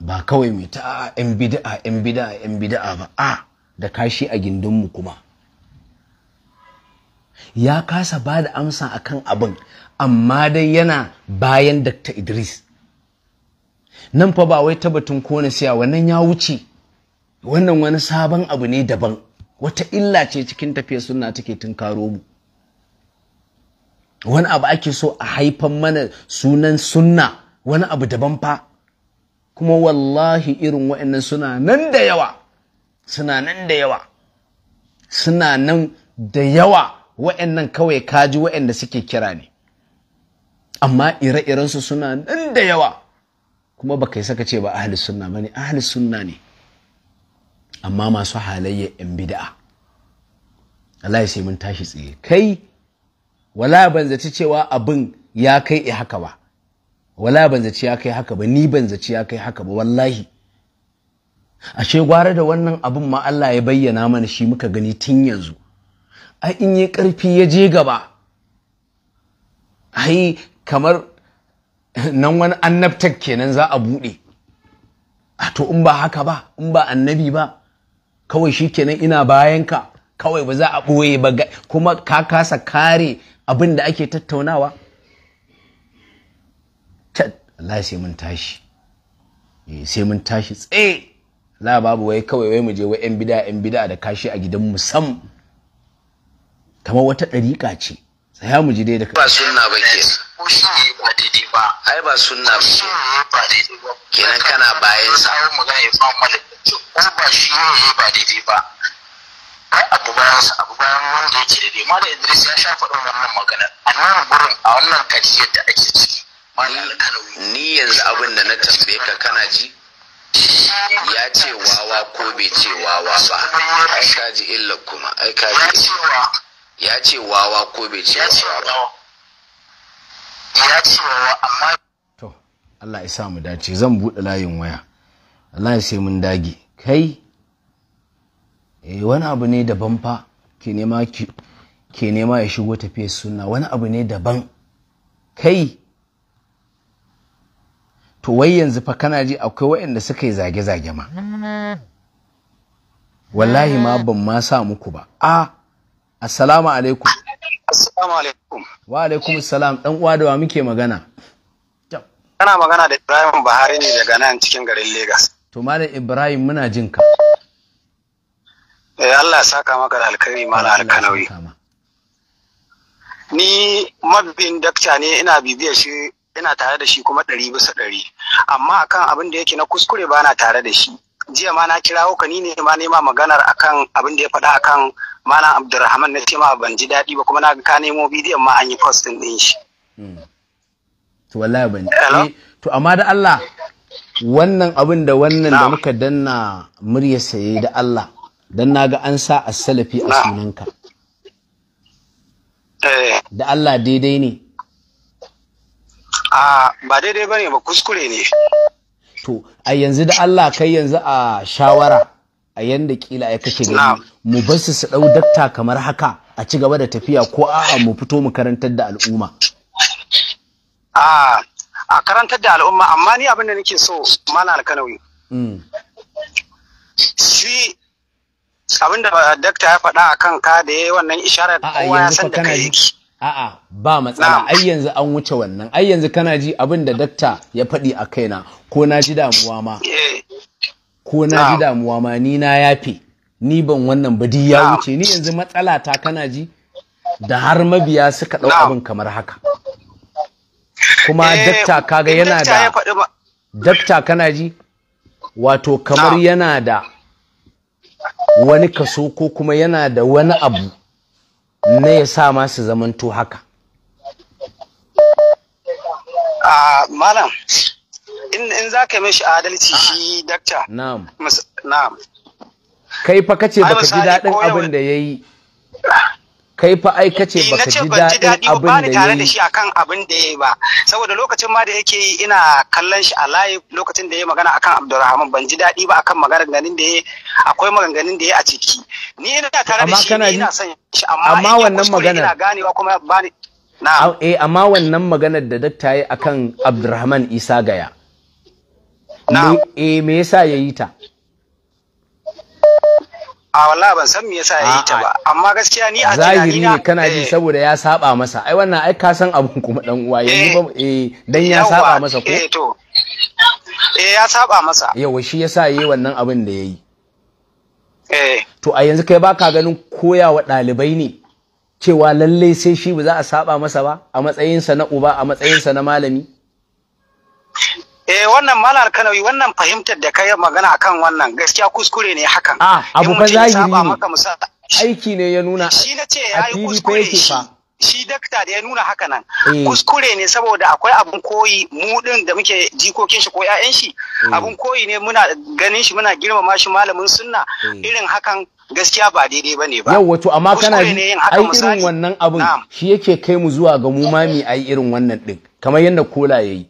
ba kawai mai ta yan bid'a yan bid'a yan bid'a ba a da kashi a gindinmu kuma ya kasa ba da amsa akan abin amma dai yana bayan Dr. Idris nan fa ba wai tabbatun kona siya wannan ya wuce wannan wani sabon abu ne daban wata illa ce cikin tafiyar sunna take tunkaro mu wani abu ake so a haifan mana sunan sunna wani abu daban fa kuma wallahi irin wa'annan suna nan da yawa suna nan da yawa suna nan da yawa wa'annan kawai kaji wa'anda suke kira ne amma ire-irensu suna nan da yawa kuma baka yi saka ce ba ahli sunna bane ahli sunna ne amma masu halayya yan bid'a Allah ya sai mun tashi tsaye kai wala ban zaci cewa abin ya kai haka ba wala ban zaci ya kai haka ba ni ban zaci ya kai haka ba wallahi ashe gwara da wannan abin ma Allah ya bayyana mana shi muka gani tun yanzu ai in yi ƙarfi ya je gaba ai kamar nan wani annabtar kenan za a buɗe a to in ba haka ba in ba annabi ba kawai shi kenan ina bayanka kawai ba za a ɓoye ba kuma ka kasa kare abin da ake tattaunawa Allah sai mun tashi eh, sai mun tashi tsaye a babu wai kawai wai mu je wai yan bida yan bida da kashi a gidan mu sam kamar wata ɗariƙa ce tsaya mu ji dai da ba ba ke ba daidai ba ai ba sunna ba ke kenan kana bayan sa ko ba shi ba daidai ba ai abu bayan abu bayan wanda yake da dai malam Idris ya sha faɗin wannan maganar a nan gurin a wannan kadiyar da ake ciki ni yanzu abin da na tambaye ka kana ji ya ce wawa ko bai ce wawa ba ai ka ji illa kuma ai ka ji ya ce wawa ko bai ce wawa ba ya ce wawa amma to Allah ya sa mu dace zan buɗe layin waya Allah ya sai mun dage kai Eh, wani abu ne daban fa ke nema ya shigo tafiyar sunna wani abu ne daban kai to wai yanzu fa kana ji akwai waɗanda suka yi zage-zage ma wallahi ma ban ma sa muku ba a assalamu alaikum assalamu alaikum wa alaikum assalam dan uwa da wa muke magana kana magana da Ibrahim Bahari ne daga nan cikin garin Legas. to malam Ibrahim muna jin ka Eh Allah ya saka maka da alkhairi mana alkanawi. Ni mabin dakta ne ina bibiya shi ina tare da shi kuma ɗari bisa ɗari. Amma akan abin da yake na kuskure bana tare da shi. Jiya ma na kirawo ka ni ne ma nema maganar akan abin da ya faɗa akan mana Abdulrahman na ce ma ban ji daɗi ba kuma na ka nemo bidiyon ma an yi postin ɗin shi. Hmm. To wallahi ban eh, To amma da Allah wannan abin da wannan da muka danna murya saye da Allah don naga an sa as-salafi a sunanka eh. da Allah daidai ne ah ba daidai bane ba kuskure ne to a yanzu da Allah kai yanzu a shawara a yanda kila ya kake gani mu bar su su dau datta kamar haka a ci gaba da tafiya ko a'a mu fito mu karantar da al'umma a a karantar da al'umma amma ni abin da nake so mana alkanawi mm. shi abin da uh, dakta ya faɗa a kan ka da ya yi wannan isharar kowa ya san da kai yake a'a ba matsala ai yanzu an wuce wannan ai yanzu kana ji abin da dakta ya faɗi a kaina ko na ji damuwa ma eh. ko na ji damuwa ma ni na yafe ni ban wannan ba ya wuce ni yanzu matsala ta kana ji da har mabiya suka ɗau abin kamar haka kuma eh, dakta kaga yana da dakta kana ji wato kamar yana da wani kaso ko kuma yana da wani abu na ya sa masu zamanto haka a ah, malam in za ka yi mashi adalci ah. shi dakta na'am na'am kai fa kace baka ji daɗin abin da ya yi. Ah. kai fa ai kace eh, baka ji daɗin abin da tare da shi akan abin da yayi ba saboda lokacin ma da yake yi ina kallon shi a live lokacin da yayi magana akan Abdulrahman ban ji daɗi ba akan ganin da yayi akwai maganganun da yayi a ciki ni ina tare da shi ina son shi amma amma wannan magana ina ganewa kuma ba ni na'am eh amma wannan maganar da dakta yayi akan Abdulrahman Isa Gaya na'am eh me yasa yayi ta a wallah ban san me yasa yayi ta ba amma gaskiya ni a tunani na kana ji eh. saboda ya saba masa ai wannan ai ka san abun kuma dan uwa yanzu eh. ba eh dan ya saba masa ko eh to eh ya saba masa yawa shi yasa yayi wannan abin da yayi eh to a yanzu kai baka ganin koya wa ɗalibai ne cewa lalle sai shi ba za a saba masa ba a matsayinsa na uba a matsayinsa na malami Eh wannan malar kanawi wannan fahimtar da kai magana akan wannan gaskiya kuskure ne hakan. Ah, abu ba zahiri aiki ne ya nuna shi na ce ya yi kuskure shi dakta da ya nuna haka nan eh. kuskure ne saboda akwai abun koyi mu din da muke jikokin shi ko ƴaƴan shi eh. abun koyi ne muna ganin shi muna girmama shi malamin sunna eh. irin hakan gaskiya ba daidai bane ba yau wato amma kana ai irin wannan abun shi yake kai mu zuwa ga mu mami ai irin wannan din kamar yadda kola yayi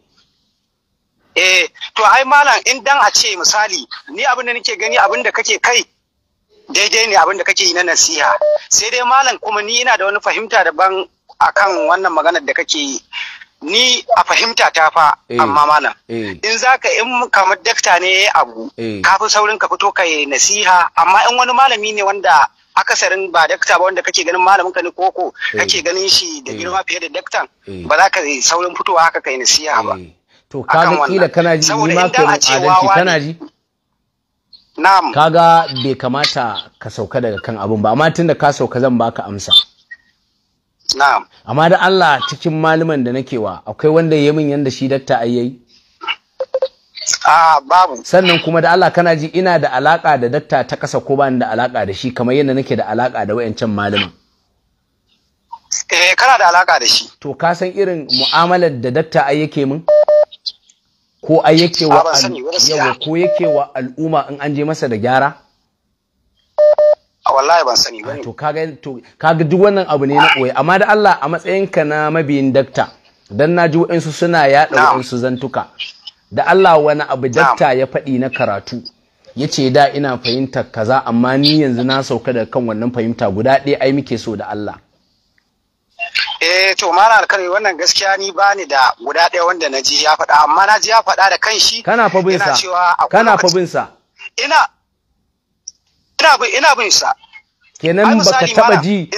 eh to ai malam in dan a ce misali ni abin da nake gani abin da kake kai daidai ne abin da kake yi na nasiha sai dai malam kuma ni ina da wani fahimta daban akan wannan maganar da kake yi ni a fahimta ta fa eh, amma malam eh. in zaka in kamar dakta ne abu eh. kafi saurin ka fito kai nasiha amma in wani malami ne wanda akasarin ba dakta ba wanda kake ganin malamin ka ne koko kake ganin shi da girma fiye da daktan ba za ka saurin fitowa haka kai nasiha ba to kaga kila kana ji ni ma ko adalci kana ji na'am kaga bai kamata ka sauka daga kan abun ba amma tunda ka sauka zan baka amsa na'am amma da Allah cikin malaman da nake wa akwai wanda ya min yanda shi dakta ayyayi Ah, babu. Sannan kuma da Allah kana ji ina da alaka da dakta ta kasa ko ba ni da alaka da shi kamar yadda nake da alaka da wayancan malamin. Eh kana da alaka da shi. To ka san irin mu'amalar da dakta ayyake min? ko ai yake wa yawa ko yake wa al'umma in an je masa da gyara wallahi ban sani bane to kaga to kaga duk wannan abu ne na koyi amma da Allah a matsayinka na mabiyin dakta dan naji wa'ansu suna yaɗa wa'ansu zantuka da Allah wani abu dakta ya faɗi na karatu ya ce da ina fahimtar kaza amma ni yanzu na sauka daga kan wannan fahimta guda ɗaya ai muke so da Allah eh to mara alkari wannan gaskiya ni bani da guda ɗaya wanda na ji ya faɗa amma na ji ya faɗa da kanshi kana fa bin sa kana fa bin sa ina ina bin ina bin sa kenan baka taba ji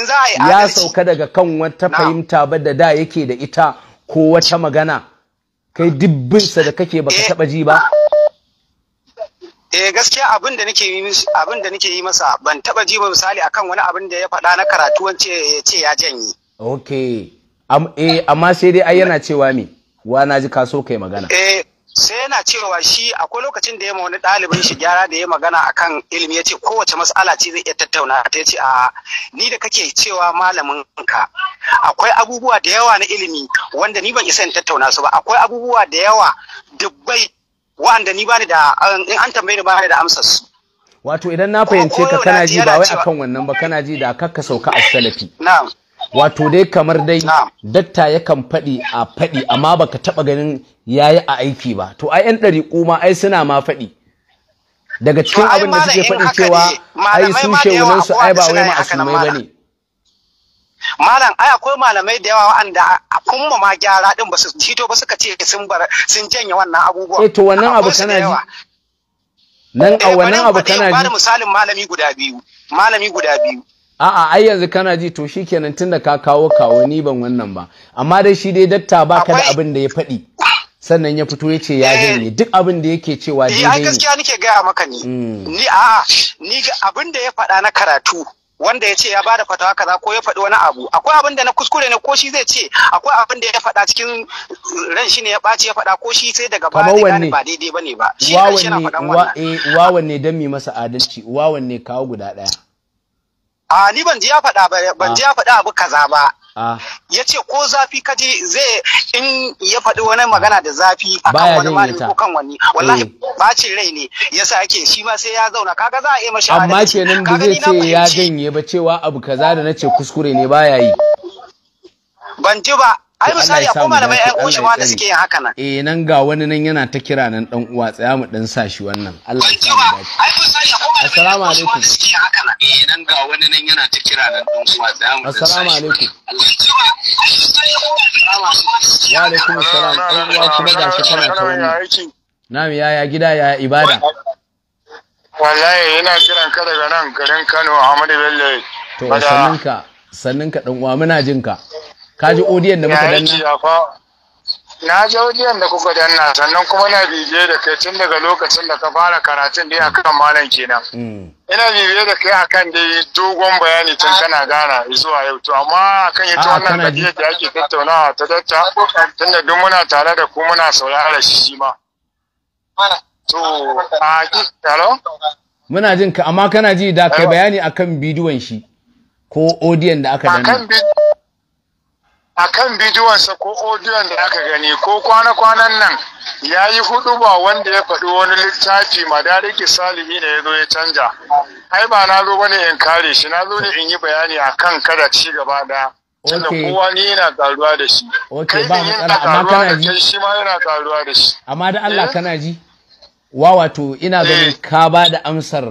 ya sauka daga kan wata fahimta ba da da yake da ita ko wata magana kai sa da kake baka eh. taba ji ba eh gaskiya abin da nake yi abin da nake yi masa ban taba ji ba misali akan wani abin da ya faɗa na karatu wance ya ce ya janye ok eh, amma sai dai ai yana cewa me wa na ji ka so kai magana eh sai yana cewa shi akwai lokacin da ya wani ɗalibin shi gyara da ya magana akan ilimi ya ce kowace mas'ala ce zai iya tattauna ta ce a ni da kake cewa malamin ka akwai abubuwa da yawa na ilimi wanda ni ban isa in tattauna su ba akwai abubuwa da yawa dubbai wanda ni bani da in an tambaye ni bani da amsar su wato idan na fahimce ka kana ji ba wai akan wannan ba kana ji da kakka sauka a salafi na'am wato dai kamar dai datta yakan faɗi a faɗi amma baka taɓa ganin yayi a aiki ba to ai yan dari kuma ai suna ma faɗi daga cikin abin da suke faɗi cewa ai su shewunan su ai ba wai ma asumai bane malam ai akwai malamai da yawa wanda a kuma ma gyara din ba su tito ba suka ce sun bar sun janye wannan abubuwa eh to wannan abu kana ji nan a eh, wannan abu kana ji misalin malami guda biyu malami guda biyu a'a ai yanzu kana ji to shikenan tunda ka kawo kawo ni ban wannan ba amma dai shi dai datta ba ka da abin da ya faɗi sannan ya fito ya ce ya eh. janye duk abin da yake cewa daidai ne gaskiya nake gaya maka ni hmm. ni a'a ni abin da ya faɗa na karatu wanda ya ce ya bada fatawa kaza ko ya faɗi wani abu akwai abin da na kuskure ne ko shi zai ce akwai abin da ya faɗa cikin ran shi ne ya ɓaci ya faɗa ko shi sai daga baya gane ba daidai bane ba shi na faɗan wannan eh, wawanne dan mi masa adalci wawanne kawo guda ɗaya a ni ban ji ya faɗa ba ban ji ya faɗa abu kaza ba ya ce ko zafi ka je zai in ya faɗi wani magana da zafi a kan wani malami ko kan wani wallahi eh. bacin rai ne yasa yake shi ma sai ya zauna kaga za a yi mashi amma kenan da zai ce ya janye ba cewa abu kaza da na ce kuskure ne baya yi ban ji ba ai misali akwai malamai ai uwan shi ma da suke yin haka nan eh nan ga wani nan yana ta kira nan dan uwa tsaya mu dan sa shi wannan Allah ya kiyaye dace ai misali akwai malamai assalamu alaikum suke yin haka nan eh nan ga wani nan yana ta kira nan dan uwa tsaya mu dan sa assalamu alaikum wa alaikum assalam dan uwa kuma ga shi kana ta wani mi yaya gida ya ibada wallahi yana kiran ka daga nan garin Kano Ahmadu Bello to sanninka sanninka dan uwa muna jinka ka ji odiyon da muka danna na ji odiyon da kuka danna sannan kuma na bibiye da kai tun daga lokacin da ka fara karatun dai akan malam kenan mm. ina bibiye da kai akan dai dogon bayani tun kana gana zuwa yau to amma akan yato ah, wannan gajiyar da ake tattaunawa ta datta tun da duk muna tare da ku muna saurara shi shi ma to a halo muna jin ka amma kana ji da kai bayani akan bidiyon shi ko odiyon da aka danna a kan bidiyonsa ko odiyon da aka gani ko kwana-kwanan nan ya yi hudu ba wanda ya faɗi wani littafi madariki salihi ne ya zo ya canja ai ba na zo ne in kare shi na zo ne in yi bayani a kan kada ci gaba da tunda kowa ni yana taruwa da shi kai yin yana taruwa da kai shi ma yana taruwa da shi amma da Allah eh? kana ji wa wato ina eh. ganin ka ba da amsar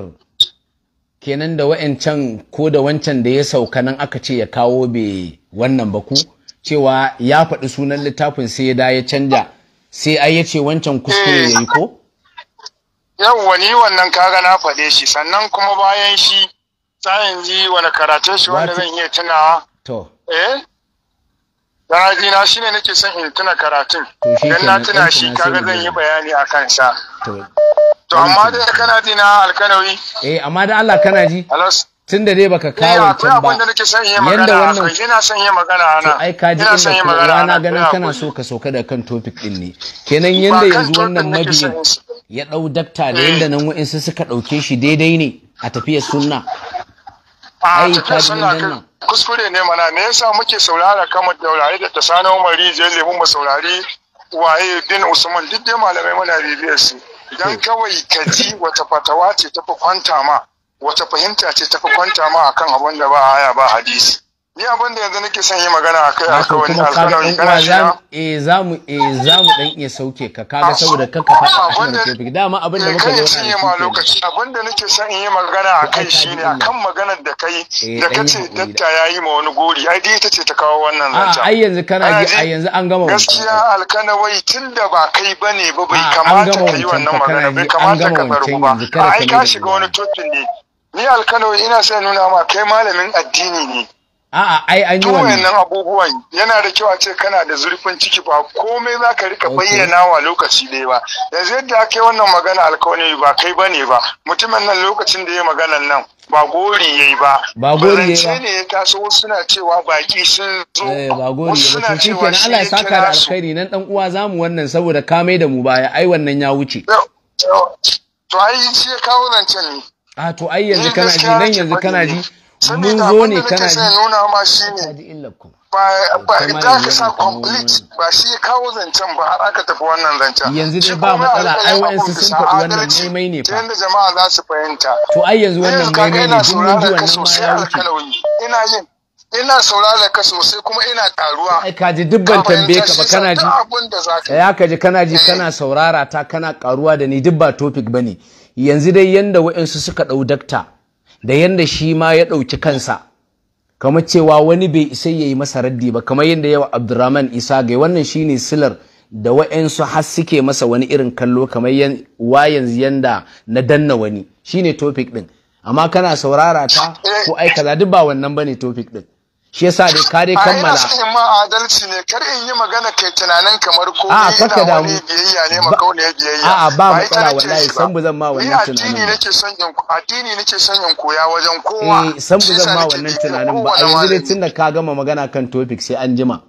kenan da wa'ancan ko da wancan da ya sauka nan aka ce ya kawo be wannan ba ku cewa ya faɗi sunan littafin sai ya da ya canja sai ai ya ce wancan kuskure eh. ya yi ko? yawwa ni wannan kaga na faɗe shi sannan kuma bayan shi tsayin ji wani karatu shi wanda zan iya tunawa to eh Garaji na shine nake son in tuna karatun dan na tuna shi kaga zan yi bayani a kansa to amma da kana ji na alkanawi eh amma da Allah kana ji tun da dai baka kawo can ba yanda wannan ina son yi magana ana ai ka ji yi magana ana ganin kana so ka sauka da kan topic din ne kenan yanda yanzu wannan mabiyin ya dau dakta da yanda eh. nan su suka dauke shi daidai ne a tafiyar sunna ai ka ji wannan kuskure ne mana me yasa muke saurara kamar daurare da tasana umari je lemu mu saurari waye bin usman duk dai malamai muna bibiyar su idan kawai ka ji wata fatawa ce ta kwanta ma wata fahimta ce ta kwanta ma akan abin da ba haya ba hadisi ni abin da yanzu nake son yi magana a kai alkawari alkawari kana shi na eh za mu eh za mu dan iya sauke ka kaga saboda kanka fa a cikin topic dama abin da muka yi wani ma lokaci abin da nake son yi magana a kai shine akan maganar da kai eh, da kace dakta yayi ma wani gori ai dai tace ce ta kawo wannan zanta ai yanzu kana ji ai yanzu an gama gaskiya alkanawai tunda ba kai bane ba bai kamata kai wannan magana bai kamata ka tsargu ba ai ka shiga wani topic ne ni alkano ina sai nuna ma kai malamin addini ne a'a ai an yi wannan abubuwan yana da kyau a ce kana da zurfin ciki ba komai za ka rika bayyana wa lokaci ɗaya ba yanzu yadda aka yi wannan magana alkawani ba kai ba ne ba mutumin nan lokacin da ya maganan nan ba gori ya ba ba gori yayi ba ne ya taso wasu suna cewa baki sun zo eh, ba gori ya ba shi kenan Allah ya saka da alkhairi nan dan uwa mu wannan saboda ka mai da mu baya ai wannan ya wuce to ai shi ya kawo zancen ne a to ai yanzu kana ji nan yanzu kana ji mun zo ne kana ji nuna ma ba ba ka sa complete ba shi kawo zancen ba har aka tafi wannan zancen yanzu dai ba matsala ai wa'ansu sun faɗi wannan maimai ne fa yanda jama'a za yanzu wannan maimai ne duk mun ji wannan ina saurara ka sosai kuma ina karuwa ai ka ji dubban tambaye ka ba kana ji ya ka ji kana ji eh. kana saurara ta kana karuwa da ni dubba topic bane yanzu dai yanda waɗansu suka ɗau dakta da yanda shi ma ya ɗauki kansa kama cewa wani bai isa ya yi masa raddi ba kamar yadda yawa abdurrahman isa gai wannan shine silar da waɗansu har suke masa wani irin kallo kamar wa yanzu yanda na danna wani shine topic ɗin. amma kana saurara ta ko aikata, duk ba wannan bane topic ɗin. shi yasa dai ka kammala a yi ma adalci ne kar in yi magana kai tunanin kamar ko ne n'a wani biyayya ne ma kauniyar biyayya a ba mu kala wallahi san bu zan ma wannan tunanin addini nake son in addini nake son in koya wajen kowa eh san bu zan ma wannan tunanin ba a yanzu dai tunda ka gama magana kan topic sai an jima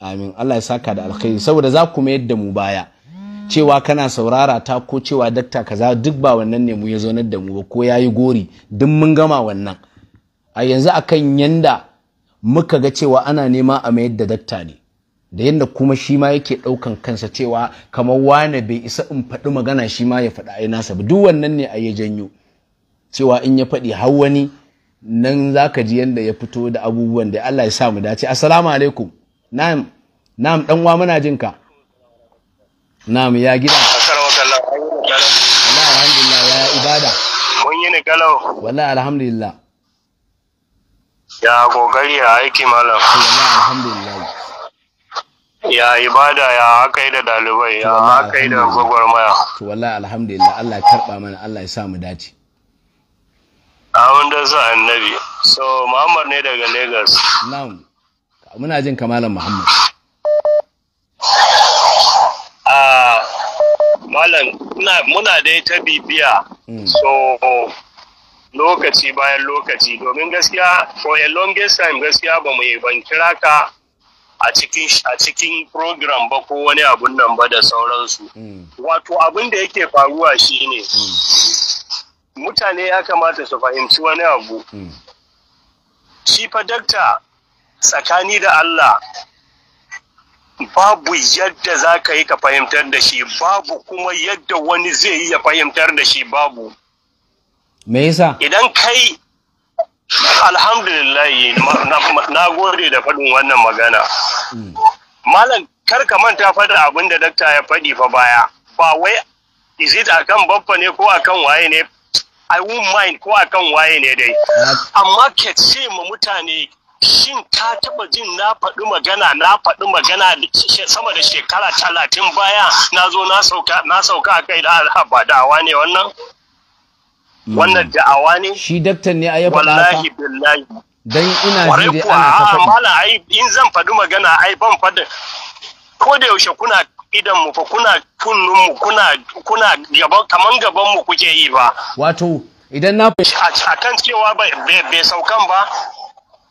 Amin Allah ya saka da alkhairi saboda za ku mayar da mu baya cewa kana saurara ta ko cewa dakta kaza duk ba wannan ne mu ya zo da mu ba ko yayi gori duk mun gama wannan a yanzu akan yanda muka ga cewa ana nema a mayar da dakta ne da yadda kuma shi ma yake ɗaukan kansa cewa kamar wane bai isa in faɗi magana shi ma ya faɗa ai nasa ba duk wannan ne a ya janyo cewa in ya faɗi har wani nan za ka ji yadda ya fito da abubuwan da Allah ya sa mu dace assalamu alaikum na'am na'am dan muna jin ka na'am ya gida alhamdulillah ya ibada mun yi alhamdulillah ya kokari a aiki malam ya ibada ya akai da dalibai ya akai da gwagwarmaya to wallahi alhamdulillah Allah ya karba mana Allah ya sa mu dace Amin da sa annabi so Muhammad ne daga Lagos na'am muna jin kamalan Muhammad ah malam muna dai ta bibiya mm. so lokaci bayan lokaci domin gaskiya for a longest time gaskiya ba mu ban kira ka a cikin a program ba ko wani abun nan ba da sauransu hmm. wato abin da yake faruwa shine hmm. mutane ya kamata su fahimci wani abu hmm. shi fa dakta tsakani da Allah babu yadda za ka yi ka fahimtar da shi babu kuma yadda wani zai yi ya fahimtar da shi babu me yasa idan kai alhamdulillah na gode da faɗin wannan magana hmm. malam kar ka manta faɗin abin da dakta ya faɗi fa baya ba wai is it akan babba ne ko akan waye ne i won't mind ko akan waye ne dai amma ke ce ma mutane shin ka taba jin na faɗi magana na faɗi magana sama da shekara talatin baya na zo na sauka a kai da abadawa ne wannan wannan da'awa ne shi daktar ne a yi faɗa wallahi billahi dan ina ji da ana ta faɗi mala ai in zan faɗi magana ai ban faɗi ko da yaushe kuna idan mu fa kuna kunnun mu kuna kuna gaban kaman gaban mu kuke yi ba wato idan na A kan cewa bai saukan ba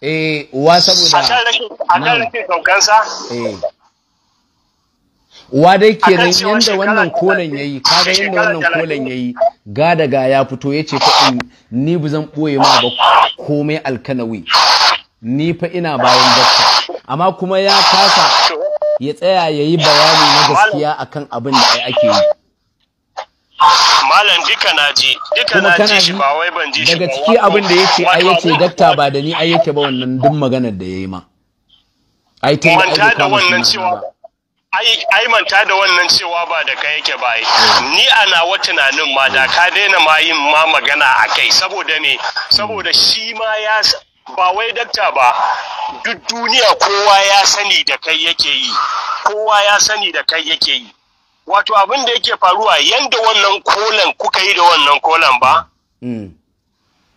eh wa saboda a kan rashin saukansa eh wa dai kenan yanda wannan kolan yayi kaga yanda wannan kolan yayi ga daga ya fito yace fa in ni bu zan boye ma ba komai alkanawi ni fa ina bayan bakka amma kuma ya kasa ya tsaya yayi bayani na gaskiya akan abin da ai ake yi Malam duka na ji, duka na shi ba wai ban ji shi Daga ciki abin da yake ai yake dakta ba da ni ai yake ba wannan duk maganar da yayi ma. Ai ta yi wannan cewa aimanta da wannan cewa ba da ka yake ba hmm. ni a nawa tunanin ma da ka daina ma yin ma magana a kai saboda ne. saboda shi ma ya ba wai dakta ba duk duniya kowa ya sani da kai yake yi kowa ya sani da kai yake yi wato abin da yake faruwa yanda wannan kolan kuka yi da wannan kolan ba hmm.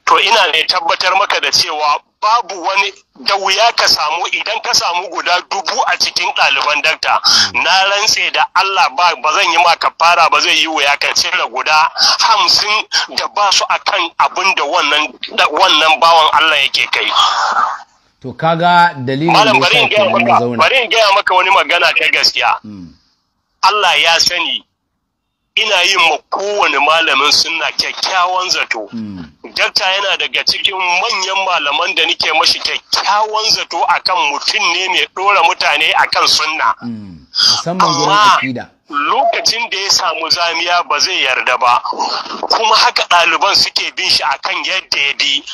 to ina ne tabbatar maka da cewa babu wani da wuya ka samu idan ka samu guda dubu a cikin ɗaliban dakta hmm. na rantse da Allah ba zan yi maka fara ba zai yi wuya ka cire guda hamsin da ba su akan abin da wannan bawan Allah yake kai to kaga dalilin da yasa bari in gaya maka wani magana ta gaskiya hmm. Allah ya sani ina yin ma kowane malamin suna kyakkyawan zato hmm. dakta yana daga cikin manyan malaman da nike mashi kyakkyawan zato akan mutum ne mai ɗora mutane akan sunna hmm. amma lokacin da ya samu zamiya ba zai yarda ba kuma haka ɗaliban suke bin shi akan yadda ya bi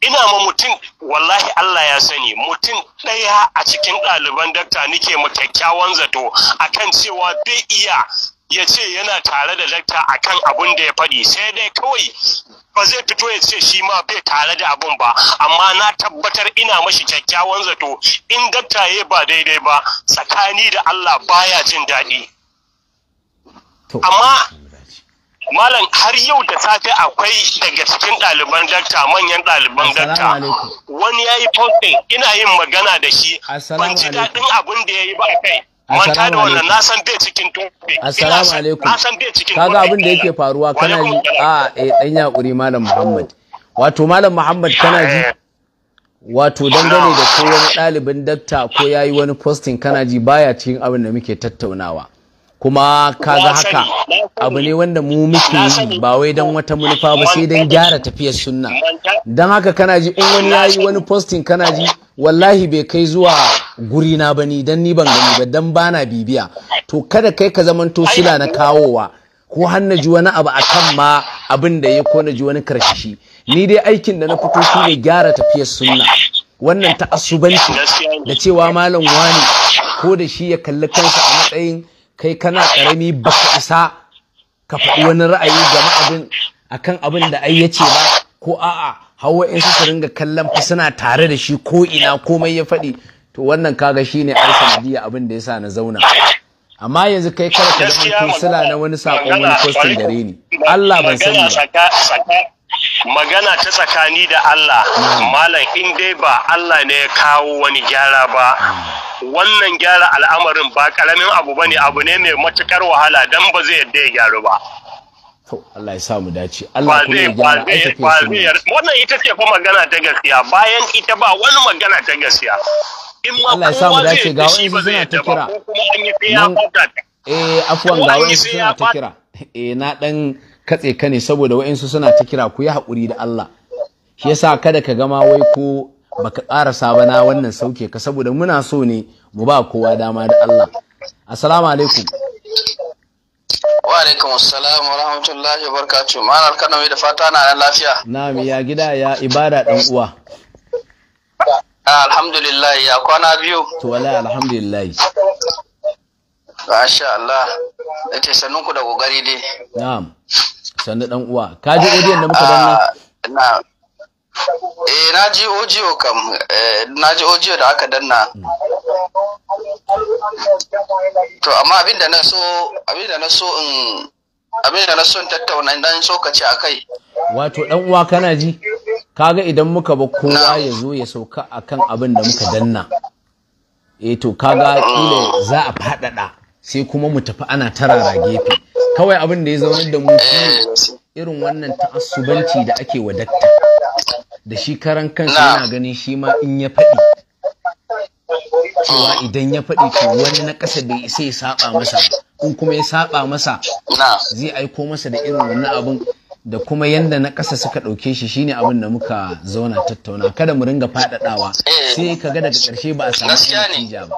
ina ma mutum wallahi Allah ya sani mutum ɗaya a cikin ɗaliban dakta nike ma kyakkyawan zato akan cewa bai iya ya ce yana tare da a kan abun da ya faɗi sai dai kawai ba zai fito ya ce shi ma bai tare da abun ba amma na tabbatar ina mashi kyakkyawan zato in ya ba daidai ba tsakani da Allah baya jin daɗi amma malam har yau da safe akwai daga cikin ɗaliban dakta manyan ɗaliban dakta wani ya yi posting ina yin magana da shi ban ji daɗin abin da ya yi ba kai manta alaikum, na san bai cikin assalamu alaikum kaga abin da yake faruwa kana ji a ah, eh dan yakuri malam muhammad wato malam muhammad kana ji eh. wato dangane da ko wani ɗalibin dakta ko yayi wani posting kana ji baya cikin abin da muke tattaunawa kuma kaga haka abu ne wanda mu muke yi ba wai dan wata manufa ba sai dan gyara tafiyar sunna Dan haka kana ji in wani yayi wani posting kana ji wallahi bai kai zuwa guri na ba ni dan ni ban gani ba dan bana bibiya to kada kai ka zamanto sila na kawowa ko har ji wani abu akan ma abin da ya ko na ji wani karshe ni dai aikin da na fito shi ne gyara tafiyar sunna wannan ta asubanci da cewa malam wani ko da shi ya kalli kansa a matsayin kai kana karami baka isa ka faɗi wani ra'ayi game abin akan abin da ai yace ba ko a'a hawa in su ringa kallon fa suna tare da shi ko ina komai ya faɗi to wannan kaga shine ai sanadiyya abin da yasa na zauna amma yanzu kai kada ka zama sila na wani sako wani postin gare ni Allah ban sani ba magana ta tsakani da Allah malam in dai ba Allah ne ya kawo wani gyara ba wannan gyara al'amarin ba karamin abu bane abu ne mai matukar wahala dan ba zai yadda ya gyaru ba To Allah ya samu dace. Allah kuma ya gyara aikata su. Wannan ita ce fa magana ta gaskiya bayan ita ba wani magana ta gaskiya. Allah ya samu dace ga wani suna ta kira. Eh afwan ga wani suna ta kira. Eh na dan katse ka ne saboda su suna ta kira ku yi haƙuri da Allah. Shi yasa kada ka gama wai ko baka ƙarasa ba na wannan sauke ka saboda muna so ne mu ba kowa dama da Allah. Assalamu alaikum. wa alaikum assalam wa rahmatullahi wa barakatuh malar kanawi da fata na nan lafiya Na ya gida ya ibada dan uwa ah, alhamdulillah ya kwana biyu to wala alhamdulillah masha Allah nace sannun ku da gogari dai na'am sannu dan uwa ka ji odiyon da muka ah, danna na'am eh na ji kam eh, na ji audio da aka danna to amma abin da na so abin na so in abin da na so in tattauna dan tsokaci a kai wato dan uwa kana ji kaga idan muka ba kowa ya zo ya sauka akan abin da muka danna eh to kaga kila za a faɗaɗa sai kuma mu tafi ana tarara gefe kawai abin da ya zaunar da mu eh, irin wannan ta'assubanci da ake wadatta da shi karan kansa yana ganin shi ma in ya faɗi cewa idan ya faɗi to wani na ƙasa bai isa ya saba masa in kuma ya saba masa zai aiko masa da irin wannan abin da kuma yanda na ƙasa suka ɗauke shi shine abin da muka zauna tattauna kada mu ringa faɗaɗawa eh. sai ka ga daga ƙarshe ba a samu natija ba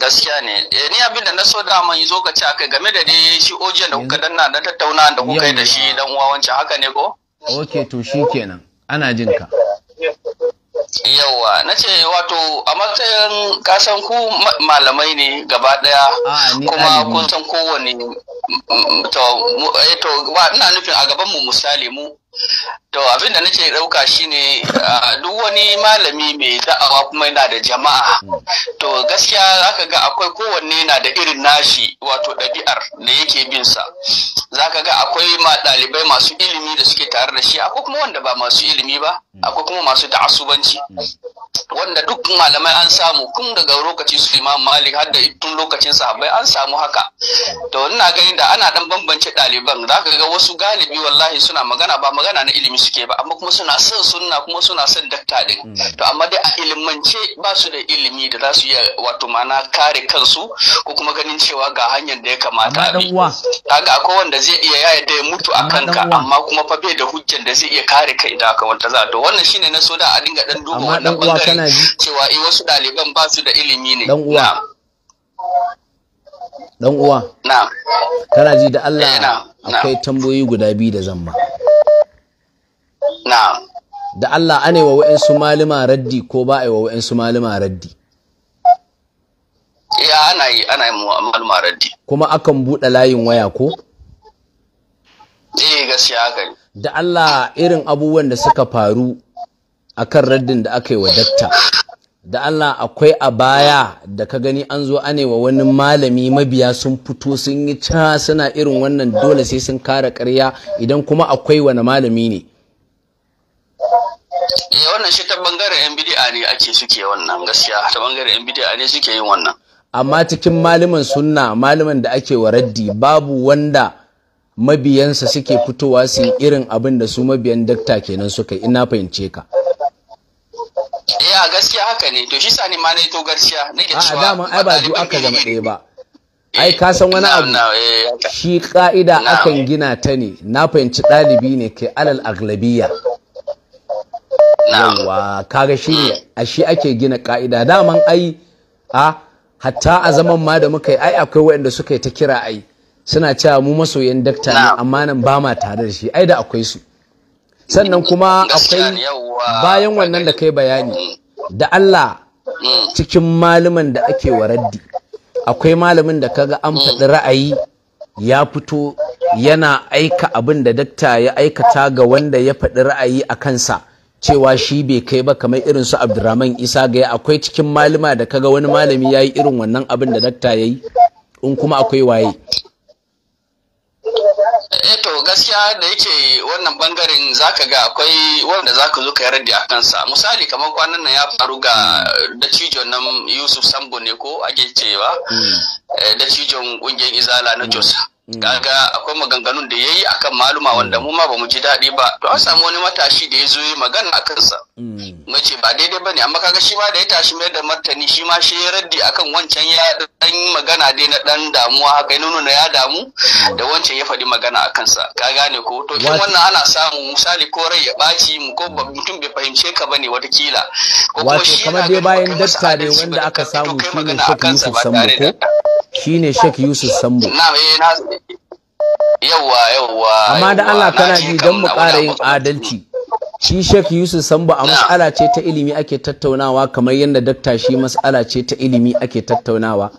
gaskiya ne eh, ni abin da na so da man zo ka ci akai game da ne shi ojiya da kuka danna da tattauna da kuka yi da shi dan uwa wancan haka ne ko ok to shi kenan ana jin ka yawa na ce wato a matsayin kasan ku malamai ne gaba daya kuma kun san kowane to eh, ina nufin a gaban mu misali mu To abin da nake ɗauka shine duk wani malami mai da'awa kuma yana da jama'a. To gaskiya zaka ga akwai kowanne yana da irin nashi wato ɗabi'ar da yake bin sa. Zaka ga akwai ma ɗalibai masu ilimi da suke tare da shi akwai kuma wanda ba masu ilimi ba akwai kuma masu ta'assubanci. Wanda duk malamai an samu kun daga lokacin su Imam Malik har da tun lokacin sahabbai an samu haka. To ina ganin da ana dan bambance ɗaliban zaka ga wasu galibi wallahi suna magana ba magana magana na ilimi suke ba amma kuma suna son sunna kuma suna son dakta din hmm. to amma dai a ilimance ba su da ilimi da za su yi wato mana kare kansu ko kuma ganin cewa ga hanyar da ya kamata bi kaga akwai wanda zai iya yaya da ya mutu a kanka amma kuma fa bai da hujjar da zai iya kare kai da aka wanda za to wannan shine na so da a dinga dan duba wannan bangare cewa eh wasu ɗaliban ba su da ilimi ne na'am dan uwa kana ji da Allah eh, akwai tambayoyi guda biyu da zan ma da Allah an yi wa wa'insu malima raddi ko ba a yi wa wa'insu malima raddi ya ana yi ana yi malima raddi kuma akan buɗe layin waya ko eh gaskiya haka yi da Allah irin abubuwan da suka faru a kan raddin da aka yi wa datta da Allah akwai a baya da ka gani an zo ane wa wani malami mabiya sun fito sun yi ca suna irin wannan dole sai sun kara karya idan kuma akwai wani malami ne eh wannan shi ta bangaren yan bid'a ne ake suke wannan gaskiya ta bangaren yan bid'a ne suke yin wannan amma cikin malaman sunna malaman da ake wa raddi babu wanda mabiyansa suke fitowa su irin abin da su mabiyan dakta kenan suka yi ina fahimce ka eh gaskiya haka ne to shi sani ma na to gaskiya nake cewa a dama ai ba du aka zama ɗaya ba ai ka san wani eh, abu eh, shi ka'ida akan eh. gina ta ne na fahimci ɗalibi ne ke alal aglabiya yawa kaga shi ne a shi ake gina ka'ida daman ai a hatta a zaman ma da muka yi ai akwai waɗanda suka yi ta kira ai suna cewa mu masoyan dakta ne amma nan ba ma tare da shi ai da akwai su sannan kuma akwai bayan wannan da kai bayani da Allah cikin malaman da ake wa raddi akwai malamin da kaga an faɗi ra'ayi ya fito yana aika abin da dakta ya aikata ga wanda ya faɗi ra'ayi a kansa cewa shi bai kai ba kamar irin su abdurrahman isa gaya akwai cikin malama da kaga wani malami ya yi irin wannan abin da dakta ya yi in kuma akwai waye eh to gaskiya da yake wannan bangaren zaka ga akwai wanda zaka zo ka yarda da kansa misali kamar kwanan nan ya faru ga dacijon nan yusuf sambo ne ko ake cewa hmm. eh, dacijon kungiyar izala na Jos. kaga akwai maganganun da yayi akan maluma wanda mm. mu ma bamu ji daɗi ba to an mm. samu wani matashi da ya zo yi magana a kansa mace mm. ba daidai bane amma kaga shi ma da ya tashi mai da martani shi ma shi ya raddi akan wancan ya dan magana dai na dan damuwa haka ya nuna ya damu da wancan ya faɗi magana a kansa ka gane ko to in wannan ana samu misali ko rai ya ɓaci mu ko mutum bai fahimce ka bane watakila ko kuma shi kamar dai bayan datta ne wanda aka samu shine Sheikh Yusuf Sambo ko shine Sheikh Yusuf Sambo yawa yawa amma da Allah kana ji don mu ƙara yin adalci shi Sheikh Yusuf Sambo a mas'ala ce ta ilimi ake tattaunawa kamar yadda dakta shi mas'ala ce ta ilimi ake tattaunawa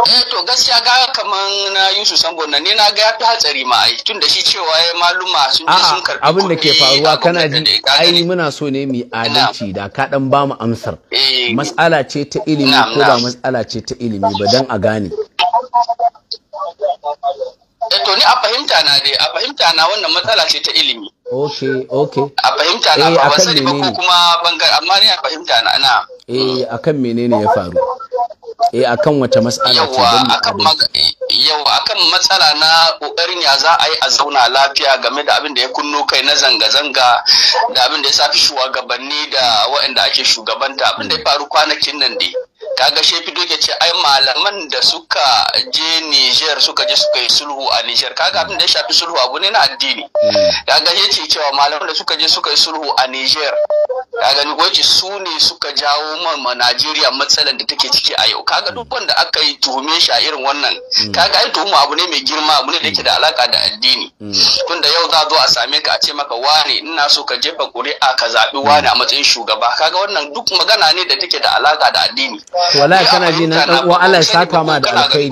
eh to gaskiya ga kaman na Yusuf Sambo nan ne na ga ya fi hatsari ma ai tunda shi cewa ya maluma sun ji sun karbi abin da ke faruwa kana ji ai muna so ne mu adalci da ka dan ba mu amsar eh. mas'ala ce ta ilimi ko ba mas'ala ce ta ilimi ba dan a gane Eto eh, ni a fahimta na dai a fahimta na wannan matsala ce ta ilimi okay okay a fahimta na eh, ba wasu ne ko kuma bangar amma ni a fahimta na na eh akan menene ya faru eh akan wata matsala ce yawa akan matsala na kokarin ya za a yi a zauna lafiya game da abin da ya kunno kai na zanga-zanga da abin da ya safi shugabanni da waɗanda ake shugabanta abin da ya faru kwanakin nan dai kaga shefi doke ce ai malaman da suka je Niger suka je suka yi sulhu a Niger kaga abin da ya shafi sulhu abu ne na addini kaga eh. ya ce cewa malaman da suka je suka yi sulhu a Niger kaga ni gwaji su ne suka jawo ma Najeriya matsalar da take ciki a yau kaga duk wanda aka yi tuhume shi a irin wannan hmm. kaga ai tuhuma abu ne mai girma abu ne da yake da hmm. alaka da addini hmm. tunda yau za zo a same ka a ce maka wane ina so ka jefa kuri'a ka zaɓi wane a matsayin shugaba kaga wannan duk magana ne da take da alaka da addini wallahi kana ji na dan uwa Allah saka ma da alkhairi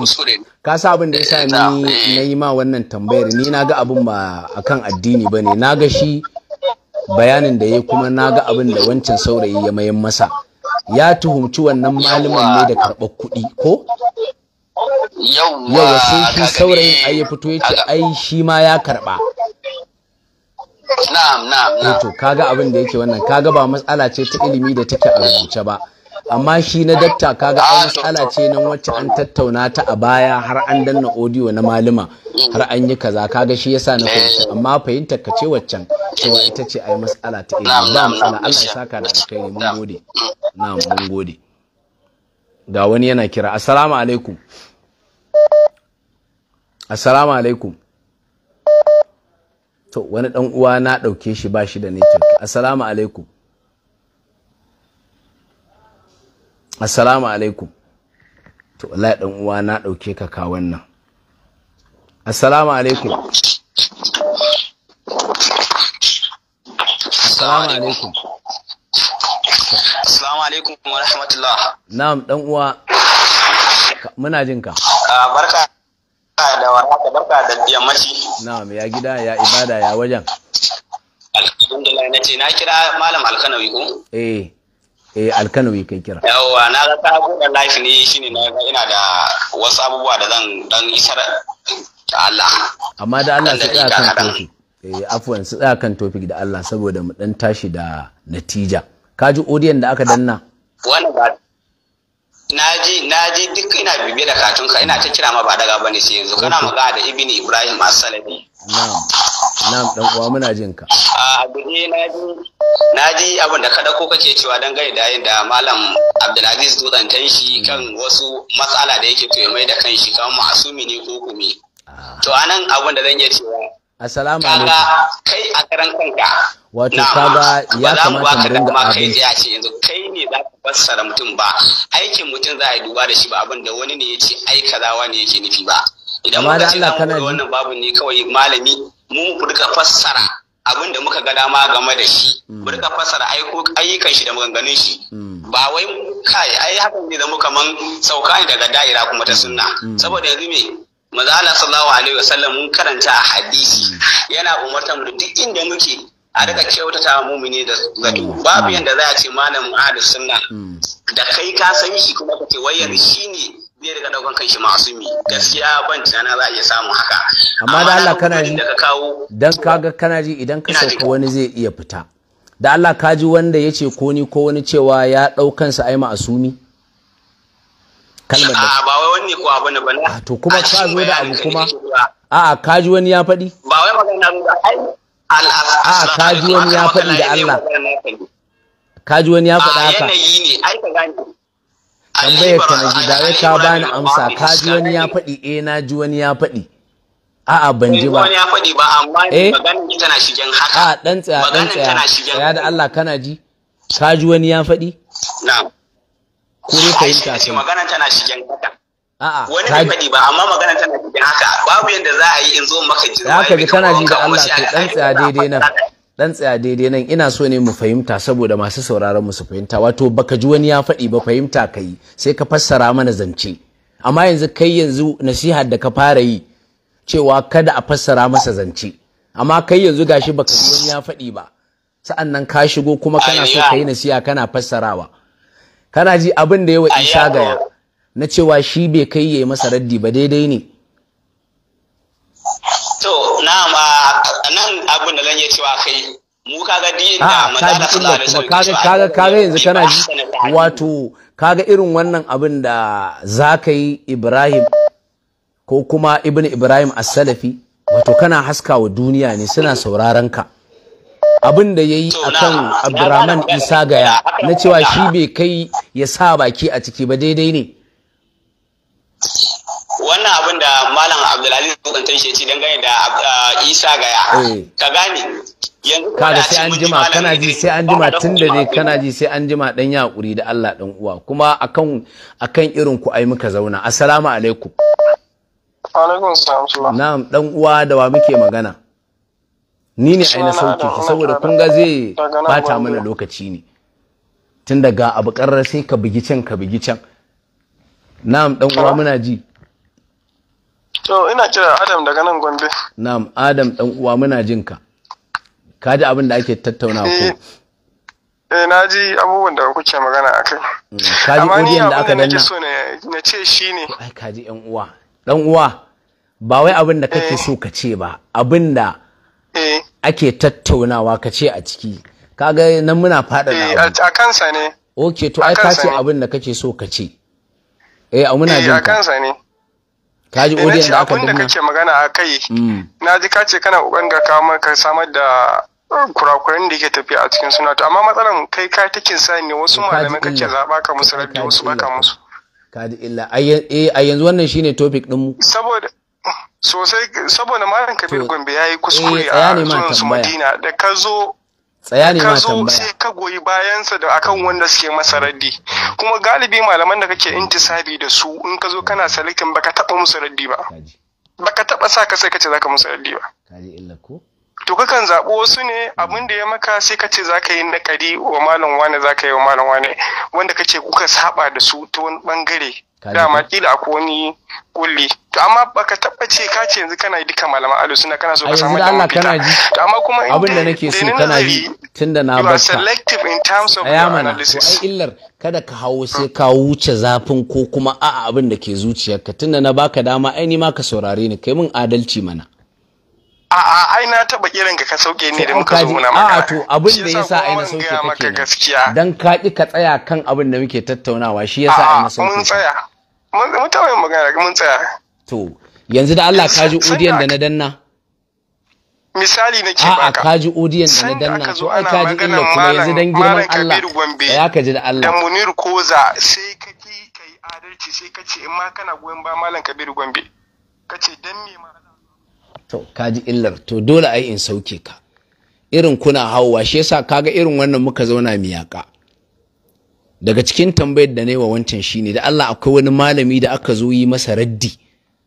ka sa abin da yasa eh, ni eh. na yi ma wannan tambayar ni na ga abin ba akan addini bane na ga shi bayanin da ya kuma na ga abin da wancan saurayi ya mayan masa ya tuhumci wannan malaman ne da karɓar kuɗi ko yawa sai shi saurayin ai ya fito ya ai shi ma ya karɓa na'am na'am eh, na'am to kaga abin da yake wannan kaga ba matsala ce ta ilimi da take a rubuce ba amma shi na dakta kaga an matsala ce nan wacce an tattauna ta a baya har an danna audio na malama har an yi kaza kaga shi yasa na fahimta amma fahimta ka ce waccan cewa ita ce ai matsala ta ilimi da matsala Allah ya saka da kai mun gode na mun gode ga wani yana kira assalamu alaikum assalamu alaikum to wani dan uwa na dauke shi ba shi da network assalamu alaikum assalamu alaikum to wallahi dan uwa na dauke ka ka wannan assalamu alaikum assalamu alaikum assalamu alaikum wa rahmatullah na'am dan uwa muna jin ka ah, barka da warhaka barka da yammaci na'am ya gida ya ibada ya wajen alhamdulillah nace na kira malam alkanawi ko eh eh alkanawi kai kira yawwa na ga ta buɗe life ne shine na ga ina da wasu abubuwa da zan dan isar da Allah amma da Allah su tsaya kan topic eh afwan su tsaya kan topic da Allah saboda mu dan tashi da natija ka ji audio da aka danna wannan ba naji naji duk ina bibiye da katunka ina ta kira ma ba daga bane sai yanzu kana magana da ibni ibrahim as na'am na'am dan uwa muna jin ka a guje eh, na ji na ji abin da kada ko kake cewa dangane da da malam Abdulaziz dutsen shi kan wasu matsala da yake to mai da kanshi kamar masumi ne ko kumi ah. to anan abin da zan iya cewa Assalamu alaikum. kai a karan kanka. Wato kaga ya kamata mu dinga abin. Ya ce yanzu kai ne za ka fassara mutum ba. Aikin mutum za a yi duba da shi ba abin da wani ne ya ce ai kazawa ne yake nufi ba. idan muka ce kana mu wannan babu ne kawai malami mu mu rika fassara abin da muka ga dama game da shi mm. mu rika fassara ayyukan shi da maganganun shi mm. ba wai kai ai hakan ne da muka man sauka ne daga da'ira kuma ta mm. sunna saboda yanzu me manzo Allah sallallahu alaihi wasallam mun karanta a hadisi yana umartar mu duk inda muke a rika kyautata mumini da zato babu yanda za a ce malamin ahlus sunna da kai ka san shi kuma kake wayar shi ne zai riga daukan kai shi masumi gaskiya ban tunanin za a iya samu haka amma da Allah kana ji dan kaga kana ji idan ka sauka wani zai iya fita da Allah ka ji wanda ya ce ko ni ko wani cewa ya daukan sa ai ma'asumi kalmar da ba wai wani ko abu ne bane. to kuma ka zo da abu kuma a'a ka ji wani ya faɗi ba wai magana da ai a'a ka ji wani ya faɗi da Allah ka ji wani ya fada haka yanayi ne ai ka gani tambayar ka na gida wai ka bani amsa ka ji wani ya faɗi eh na ji wani ya faɗi a ban ji ba wani ya faɗi ba amma eh? maganar tana shigen haka a'a dan tsaya dan tsaya ya da Allah kana ji ka ji wani ya faɗi na'am ko dai ka yi ta ce maganar tana shigen haka a'a wani bai faɗi ba amma maganar tana shigen haka babu yanda za a yi in zo maka ji haka ji kana ji da Allah to dan tsaya daidai na dan tsaya daidai nan ina so ne mu fahimta saboda masu sauraron mu su fahimta wato baka ji wani ya faɗi ba fahimta ka sai ka fassara mana zance amma yanzu kai yanzu nasihar da ka fara yi cewa kada a fassara masa zance amma kai yanzu gashi baka ji wani ya faɗi ba sa'an nan ka shigo kuma kana so ka yi nasiha kana fassarawa kana ji abin da yawa isa gaya na cewa shi bai kai yayi masa raddi ba daidai ne to na'am a nan abin da lanye cewa kai mu kaga din da sallallahu alaihi wasallam kaga kaga yanzu kana ji wato kaga irin wannan abin da zaka yi Ibrahim ko kuma Ibn Ibrahim as-Salafi wato kana haskawa duniya ne suna sauraron ka abin da yayi akan Abdurrahman Isa gaya na cewa shi bai kai ya sa baki a ciki ba daidai ne wannan abin da malam abdulaziz bukantar shi ci dangane da ah, isa gaya eh. ka gane yanzu kada sai an jima kana ji sai an jima tun da ne kana ji sai an jima dan yaƙuri da Allah dan uwa kuma akan akan irin ku ai muka zauna assalamu alaikum alaikum na'am dan uwa da wa muke magana ni ne ai na sauke ki saboda kun ga zai bata mana lokaci ne tun daga abu karra sai ka bugi can ka bugi can na'am dan uwa muna ji To ina kira Adam daga nan Gombe. Na'am Adam dan uwa muna jin ka. Ka ji abin da ake tattauna ko? Eh, eh na ji abubuwan da kuke magana akai. Mm, ka ji odiyan da aka danna. Amma ni so na ce shi ne. Ai ka ji ƴan uwa. Dan uwa ba wai abin da kake eh. so ka ce ba, abin da eh. ake tattaunawa ka ce a ciki. Kaga nan muna faɗa na A kansa ne. Ok, to ai ka ce abin da kake so ka ce. Eh, a muna jin ka. a kansa ne. kaji odiyan eh, da aka dinga kake magana a kai mm. na ji ka ce kana kokarin ga kawo maka samar da uh, kurakuran da ke tafiya a cikin suna to amma matsalan kai ka take sa ne wasu malamai kake zaba ka musu rabbi wasu baka musu kaji illa eh, a yanzu wannan shine topic din mu saboda sosai saboda malam Kabir Gombe yayi kuskure eh, a zuwan su Madina da ka zo tsaya ne ma tambaya sai ka goyi bayansa da akan wanda suke masa raddi kuma galibi malaman da kake intisabi da su in ka zo kana salikin baka taba musu raddi ba baka taba sa ka sai kace zaka musu raddi ba kaji illa ko to kakan zaɓo wasu ne abin da ya maka sai ka ce zaka yi naƙari wa malam wane zaka yi wa malam wane wanda kace kuka saba da su ta wani bangare dama kila akwai wani kulli to amma baka tabbace ka ce yanzu kana duka malama alu suna kana so ka samu da Allah kana ji to amma kuma abin da nake so kana ji tunda na ba selective in terms of analysis ai illar kada ka hawo sai ka wuce zafin ko kuma a abin da ke zuciyarka tunda na baka dama ai ni ma ka saurare ni kai mun adalci mana a a ai na taba kiran ka ka sauke ni da muka zo muna magana. a to abin da yasa ai na sauke kake. Dan ka ka tsaya kan abin da muke tattaunawa shi yasa ai na sauke. Mun tsaya. mun magana mun tsaya to yanzu da Allah ka ji odiyan da na danna misali nake baka a'a ka ji odiyan da na danna to ai ka ji illa kuma yanzu dan girman Allah ya ka ji da Allah Dan Munir Koza sai ka ki kai adalci sai ka ce in ma kana goyon ba malam Kabiru Gombe ka ce dan me ma to ka ji illar to dole ai in sauke ka irin kuna hawa shi yasa kaga irin wannan muka zauna miyaka daga cikin tambayar da wa wancan shine da Allah akwai wani malami da aka zo yi masa raddi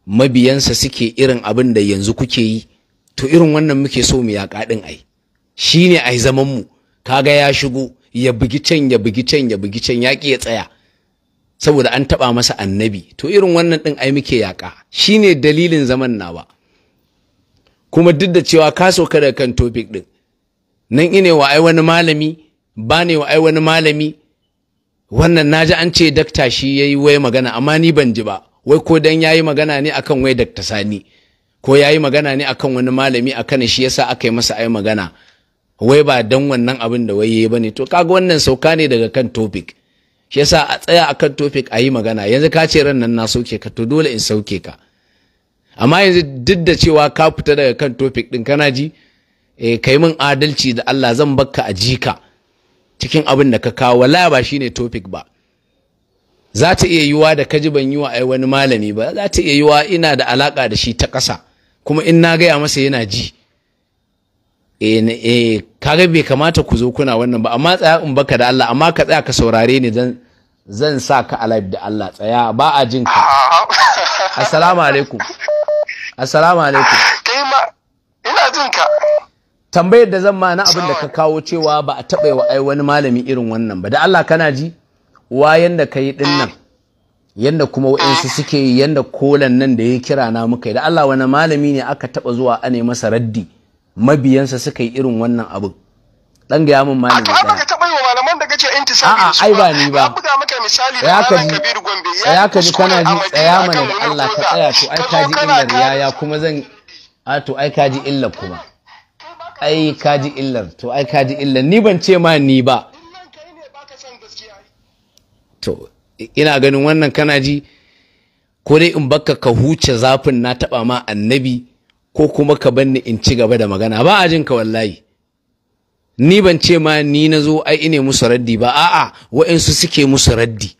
mabiyansa suke irin abin da yanzu kuke yi to irin wannan muke so mu yaƙa ɗin ai shine ai zaman mu kaga ya shigo ya bugi can ya bugi can ya bugi can yaƙi ya tsaya saboda an taba masa annabi to irin wannan ɗin ai muke yaƙa ne dalilin zaman nawa kuma duk da cewa ka sauka da kan topic ɗin nan ine wa ai wani malami ba ne wa ai wani malami wannan na ji an ce dakta shi yi wai magana amma ni ban ji ba wai ko dan yi magana ne akan wai dakta sani ko yi magana ne akan wani malami akan shi yasa aka yi masa ai magana wai ba dan wannan abin da wai yayi bane to kaga wannan sauka ne daga kan topic shi yasa a tsaya akan topic a yi magana yanzu ka ce ran nan na sauke ka to dole in sauke ka amma yanzu duk da cewa ka fita daga kan topic din kana ji eh kai min adalci da Allah zan bakka a jika cikin abin da ka kawo wala ba shi ne topic ba za ta iya yiwa da kaji ban yi wa ai wani malami ba za ta iya yiwa ina da alaka da shi ta ƙasa kuma in na gaya masa yana ji eh, eh kaga bai kamata ku zo kuna wannan ba amma tsaya in baka da Allah amma ka tsaya ka saurare ni dan zan sa ka live da Allah tsaya ba a jin ka assalamu alaikum assalamu alaikum ina jin ka tambayar da zan ma na abin da ka kawo cewa ba a taɓa wa ai wani malami irin wannan ba da Allah kana ji wayan da kai din nan yanda kuma wa'ansu ah. suke yi yanda kolan nan da ya kira na muka yi da Allah wani malami ne aka taɓa zuwa ane masa raddi mabiyansa suka yi irin wannan abin dan ga min malami da ba ka taɓa yi wa malaman da kace intisabi a'a ai ba ni ba buga maka misali da Malam Kabiru Gombe ya ka ji kana ji tsaya mana da Allah ka tsaya to ai ka ji illar ya-ya kuma zan a to ai ka ji illar kuma ai kaji illar to ai kaji illar ni ban ce ma ni ba to ina ganin wannan kana ji ko dai in baka ka huce zafin na taba ma annabi ko kuma ka banni in ci gaba da magana ba a jin wallahi ni ban ce ma ni na zo ai ine musu raddi ba a'a wa'insu suke musu raddi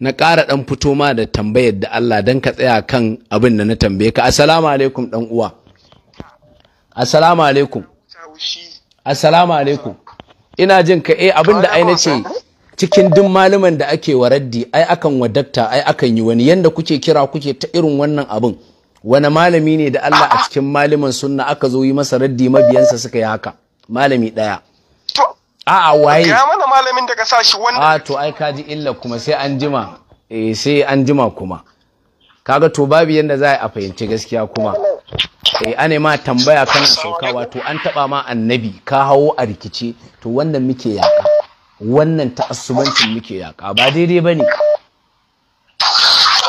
na ƙara ɗan fito ma da tambayar da Allah don ka tsaya kan abin da na tambaye ka assalamu alaikum ɗan uwa assalamu alaikum assalamu alaikum ina jin ka eh abin da aina ce cikin duk malaman da ake waraddi, ai akan wadakta ai akan yi wani yanda kuke kira kuke ta irin wannan abin wani malami ne da Allah a cikin malaman sunna aka zo yi masa raddi mabiyansa suka yi haka malami daya a'a waye ga mana malamin da ka sa shi to ai kaji illa kuma sai an jima eh sai an jima kuma kaga to babu yanda za a fahimci gaskiya kuma eh ane ma tambaya kana sauka wato an taba ma annabi ka hawo a rikice to wannan muke yaka wannan ta'assubancin muke yaka ba daidai bane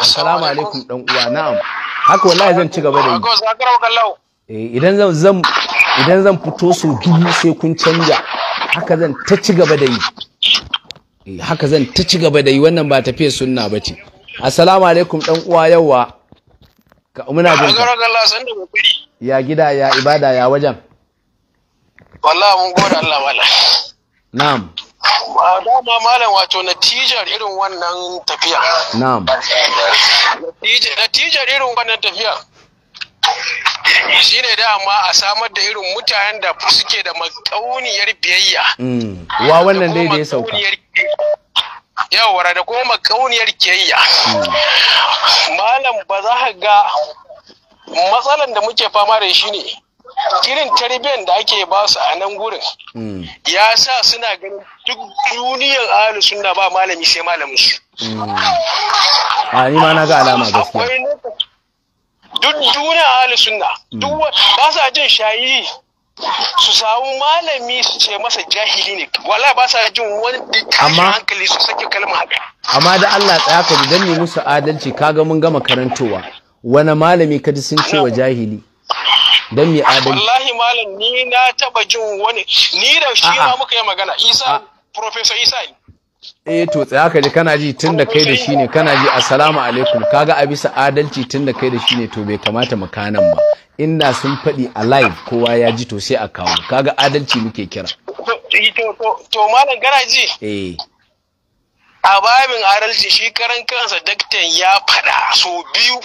assalamu alaikum dan uwa na'am haka wallahi zan ci gaba da yi eh idan zan zan idan zan fito so dubu sai kun canja haka zan ta ci gaba da yi eh haka zan ta ci gaba da yi wannan ba tafiya sunna bace assalamu alaikum dan uwa yawa ka muna jin ka ya gida ya ibada ya wajen wallahi mun gode Allah malam na'am dama malam wato natijar irin wannan tafiya na'am natijar irin wannan tafiya shine dama a samar da irin mutanen da suke da makauniyar biyayya mm. wa wannan dai da ya sauka yawa da kuma makauniyar kiyayya malam ba za ka ga matsalan da muke fama da shi ne irin tarbiyyar da ake ba su a nan gurin hmm. ya sa suna ganin duk duniyar ahalu suna ba malami sai malamin su hmm. a ni ma na ga alama gaskiya duk duniyar ahalu suna duk hmm. ba sa jin shayi su samu malami su ce masa jahili ne wala ba sa jin wani tashin hankali su sake kalma amma da Allah tsaya ka ji danne musu adalci kaga mun gama karantowa wani malami kaji sun ce wa jahili dan mi adalci wallahi malam ni na taba jin wani ni da shi ma muka yi magana Isa professor Isa eh to tsaya ka ji kana ji tun da kai da shi ne kana ji assalamu alaikum kaga a bisa adalci tun da kai da shi ne to bai kamata mu kanan ba inda sun faɗi a live kowa ya ji to sai a kawo kaga adalci muke kira to malam kana ji eh a babin adalci shi karan kansa daktan ya faɗa so biyu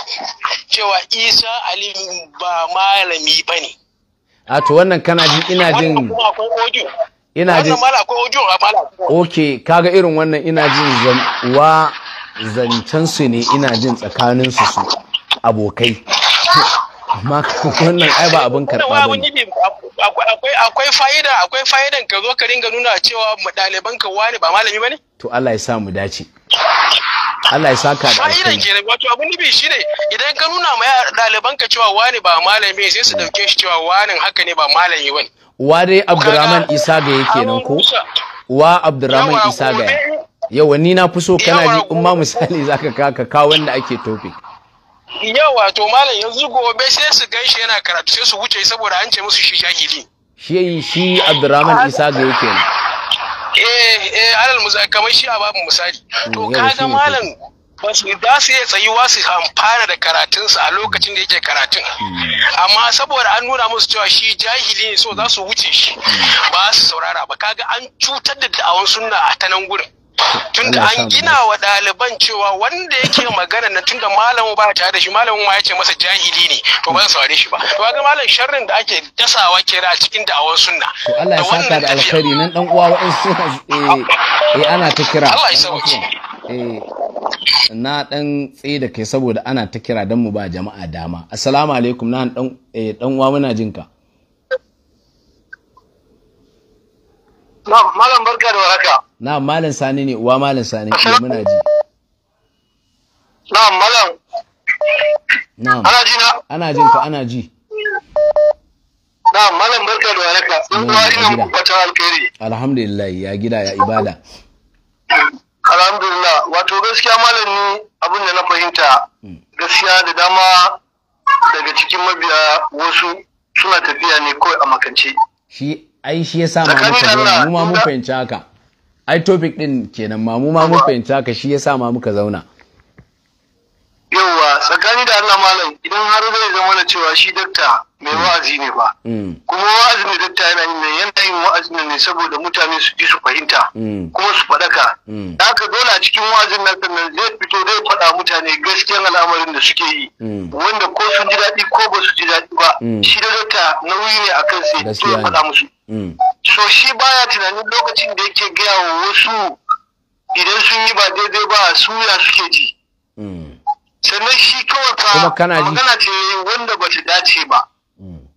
cewa isa ali ba malami ba ne a to wannan kana ji ina jin ina jin ok kaga irin wannan ina jin wa zancen su ne ina jin tsakanin su su abokai amma wannan ai ba abin karɓa ba ne akwai akwai fa'ida akwai fa'idan ka zo ka ringa nuna cewa ɗaliban ka wani ba malami ba ne to Allah ya sa mu dace Allah ya ka da alkhairi kenan wato abun nufi shine idan ka nuna ma ɗaliban ka cewa wani ba malami sai su dauke shi cewa wani haka ne ba malami ne?' wa dai Abdurrahman Isa ga yake nan ko wa Abdurrahman Isa ga yawa ni na fi so kana ji in ma misali zaka ka kawo wanda ake topic yawa to malam yanzu gobe sai su gaishe yana karatu sai su wuce saboda an ce musu shi jahili shi shi Abdurrahman Isa ga yake eh eh alal musa kamar shi a babu misali hmm, to kaga malam ba su da su iya tsayuwa su amfana da karatun sa a lokacin da yake karatun hmm. amma saboda an nuna musu cewa shi jahili ne so za su wuce shi hmm. ba su saurara ba kaga an cutar da da'awan sunna a tanan gurin tunda an gina wa ɗaliban cewa wanda yake magana na tunda malamu ba tare da shi malamu ma ya ce masa jahili ne to ba saurare shi ba to ga malam sharrin da ake dasawa kira cikin da'awar sunna to Allah ya saka da alkhairi nan dan uwa su eh, eh ana ta kira Allah ya sauke eh na dan tsaye da kai saboda ana ta kira dan mu ba jama'a dama assalamu alaikum nan dan eh, dan uwa muna jinka malam barka da warhaka na malam sani ne uwa malam sani ne muna ji Na malam Na. ana ji na ana jin ka ana ji Na malam barka da warhaka sun zuwa ina fata alkhairi alhamdulillah ya gida ya ibada alhamdulillah wato gaskiya ni abin da na fahimta mm. gaskiya da dama daga cikin mabiya wasu suna tafiya ne kawai a makance shi ai shi ya sa mu mu fahimci haka ai topic din kenan ma mu ma mun fahimta ka shi yasa ma muka zauna yauwa tsakani da Allah malam idan har zai zama na cewa shi dakta mai wa'azi ne ba mm. kuma wa'azi ne dakta yana yin nan yana yin wa'azi ne saboda mutane su ji su fahimta mm. kuma su faɗaka mm. haka dole a cikin wa'azin nan sannan zai fito zai faɗa mutane gaskiyan al'amarin da suke yi wanda ko sun ji daɗi ko ba su ji daɗi ba shi da dakta nauyi ne a kan sai ya faɗa musu so shi baya tunanin lokacin da yake gaya wa wasu idan sun yi ba daidai ba suya suke ji sannan shi kawai fa magana ce wanda ba ta dace ba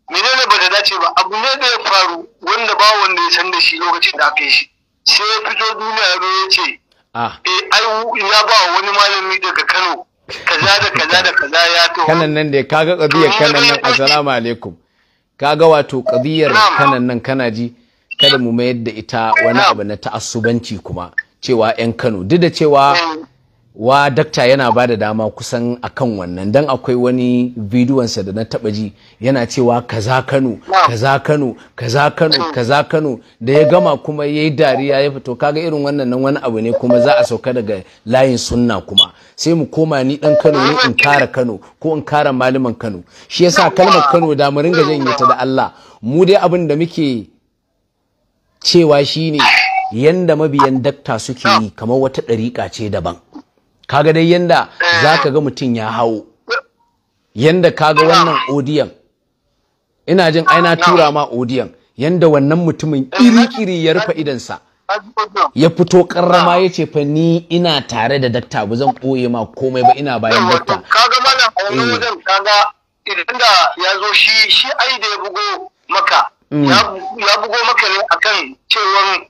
menene ba da dace ba abu ne da ya faru wanda ba wanda ya san da shi lokacin da aka yi shi sai ya fito duniya ya ya ce ah. eh ai ya ba wa wani malami daga Kano kaza da kaza da kaza ya to kanan nan da kaga kabiya kanan nan assalamu alaikum kaga wato kabiyar kanan nan kana ji kada mu mayar da ita wani abu na ta'assubanci kuma cewa 'yan Kano duk da cewa eh. wa dakta yana ba da dama kusan akan wannan dan akwai wani bidiyonsa da na taba ji yana cewa kaza kano kaza kano kaza kano mm. kaza kano da ya gama kuma yayi dariya ya fito kaga irin wannan nan wani abu ne kuma za a sauka daga layin sunna kuma sai mu koma ni dan kano ne in kara kano ko in kara malaman kano shi yasa kalmar kano da mu ringa mm. janye ta da Allah mu dai abin da muke cewa shine yanda mabiyan dakta suke yi kamar wata ɗariƙa ce daban kaga dai yanda eh. zaka ga mutum ya hawo yanda kaga wannan odiyan ina jin aina ah, tura ma odiyan yanda wannan mutumin eh, iri-iri ya rufe idansa ya fito karrama ya ce fa ni ina tare da dakta ba zan ɓoye ma komai ba ina bayan dakta kaga mana wani eh. wajen kaga idan da ya zo shi shi ai da ya bugo maka mm. ya bugo maka ne akan cewar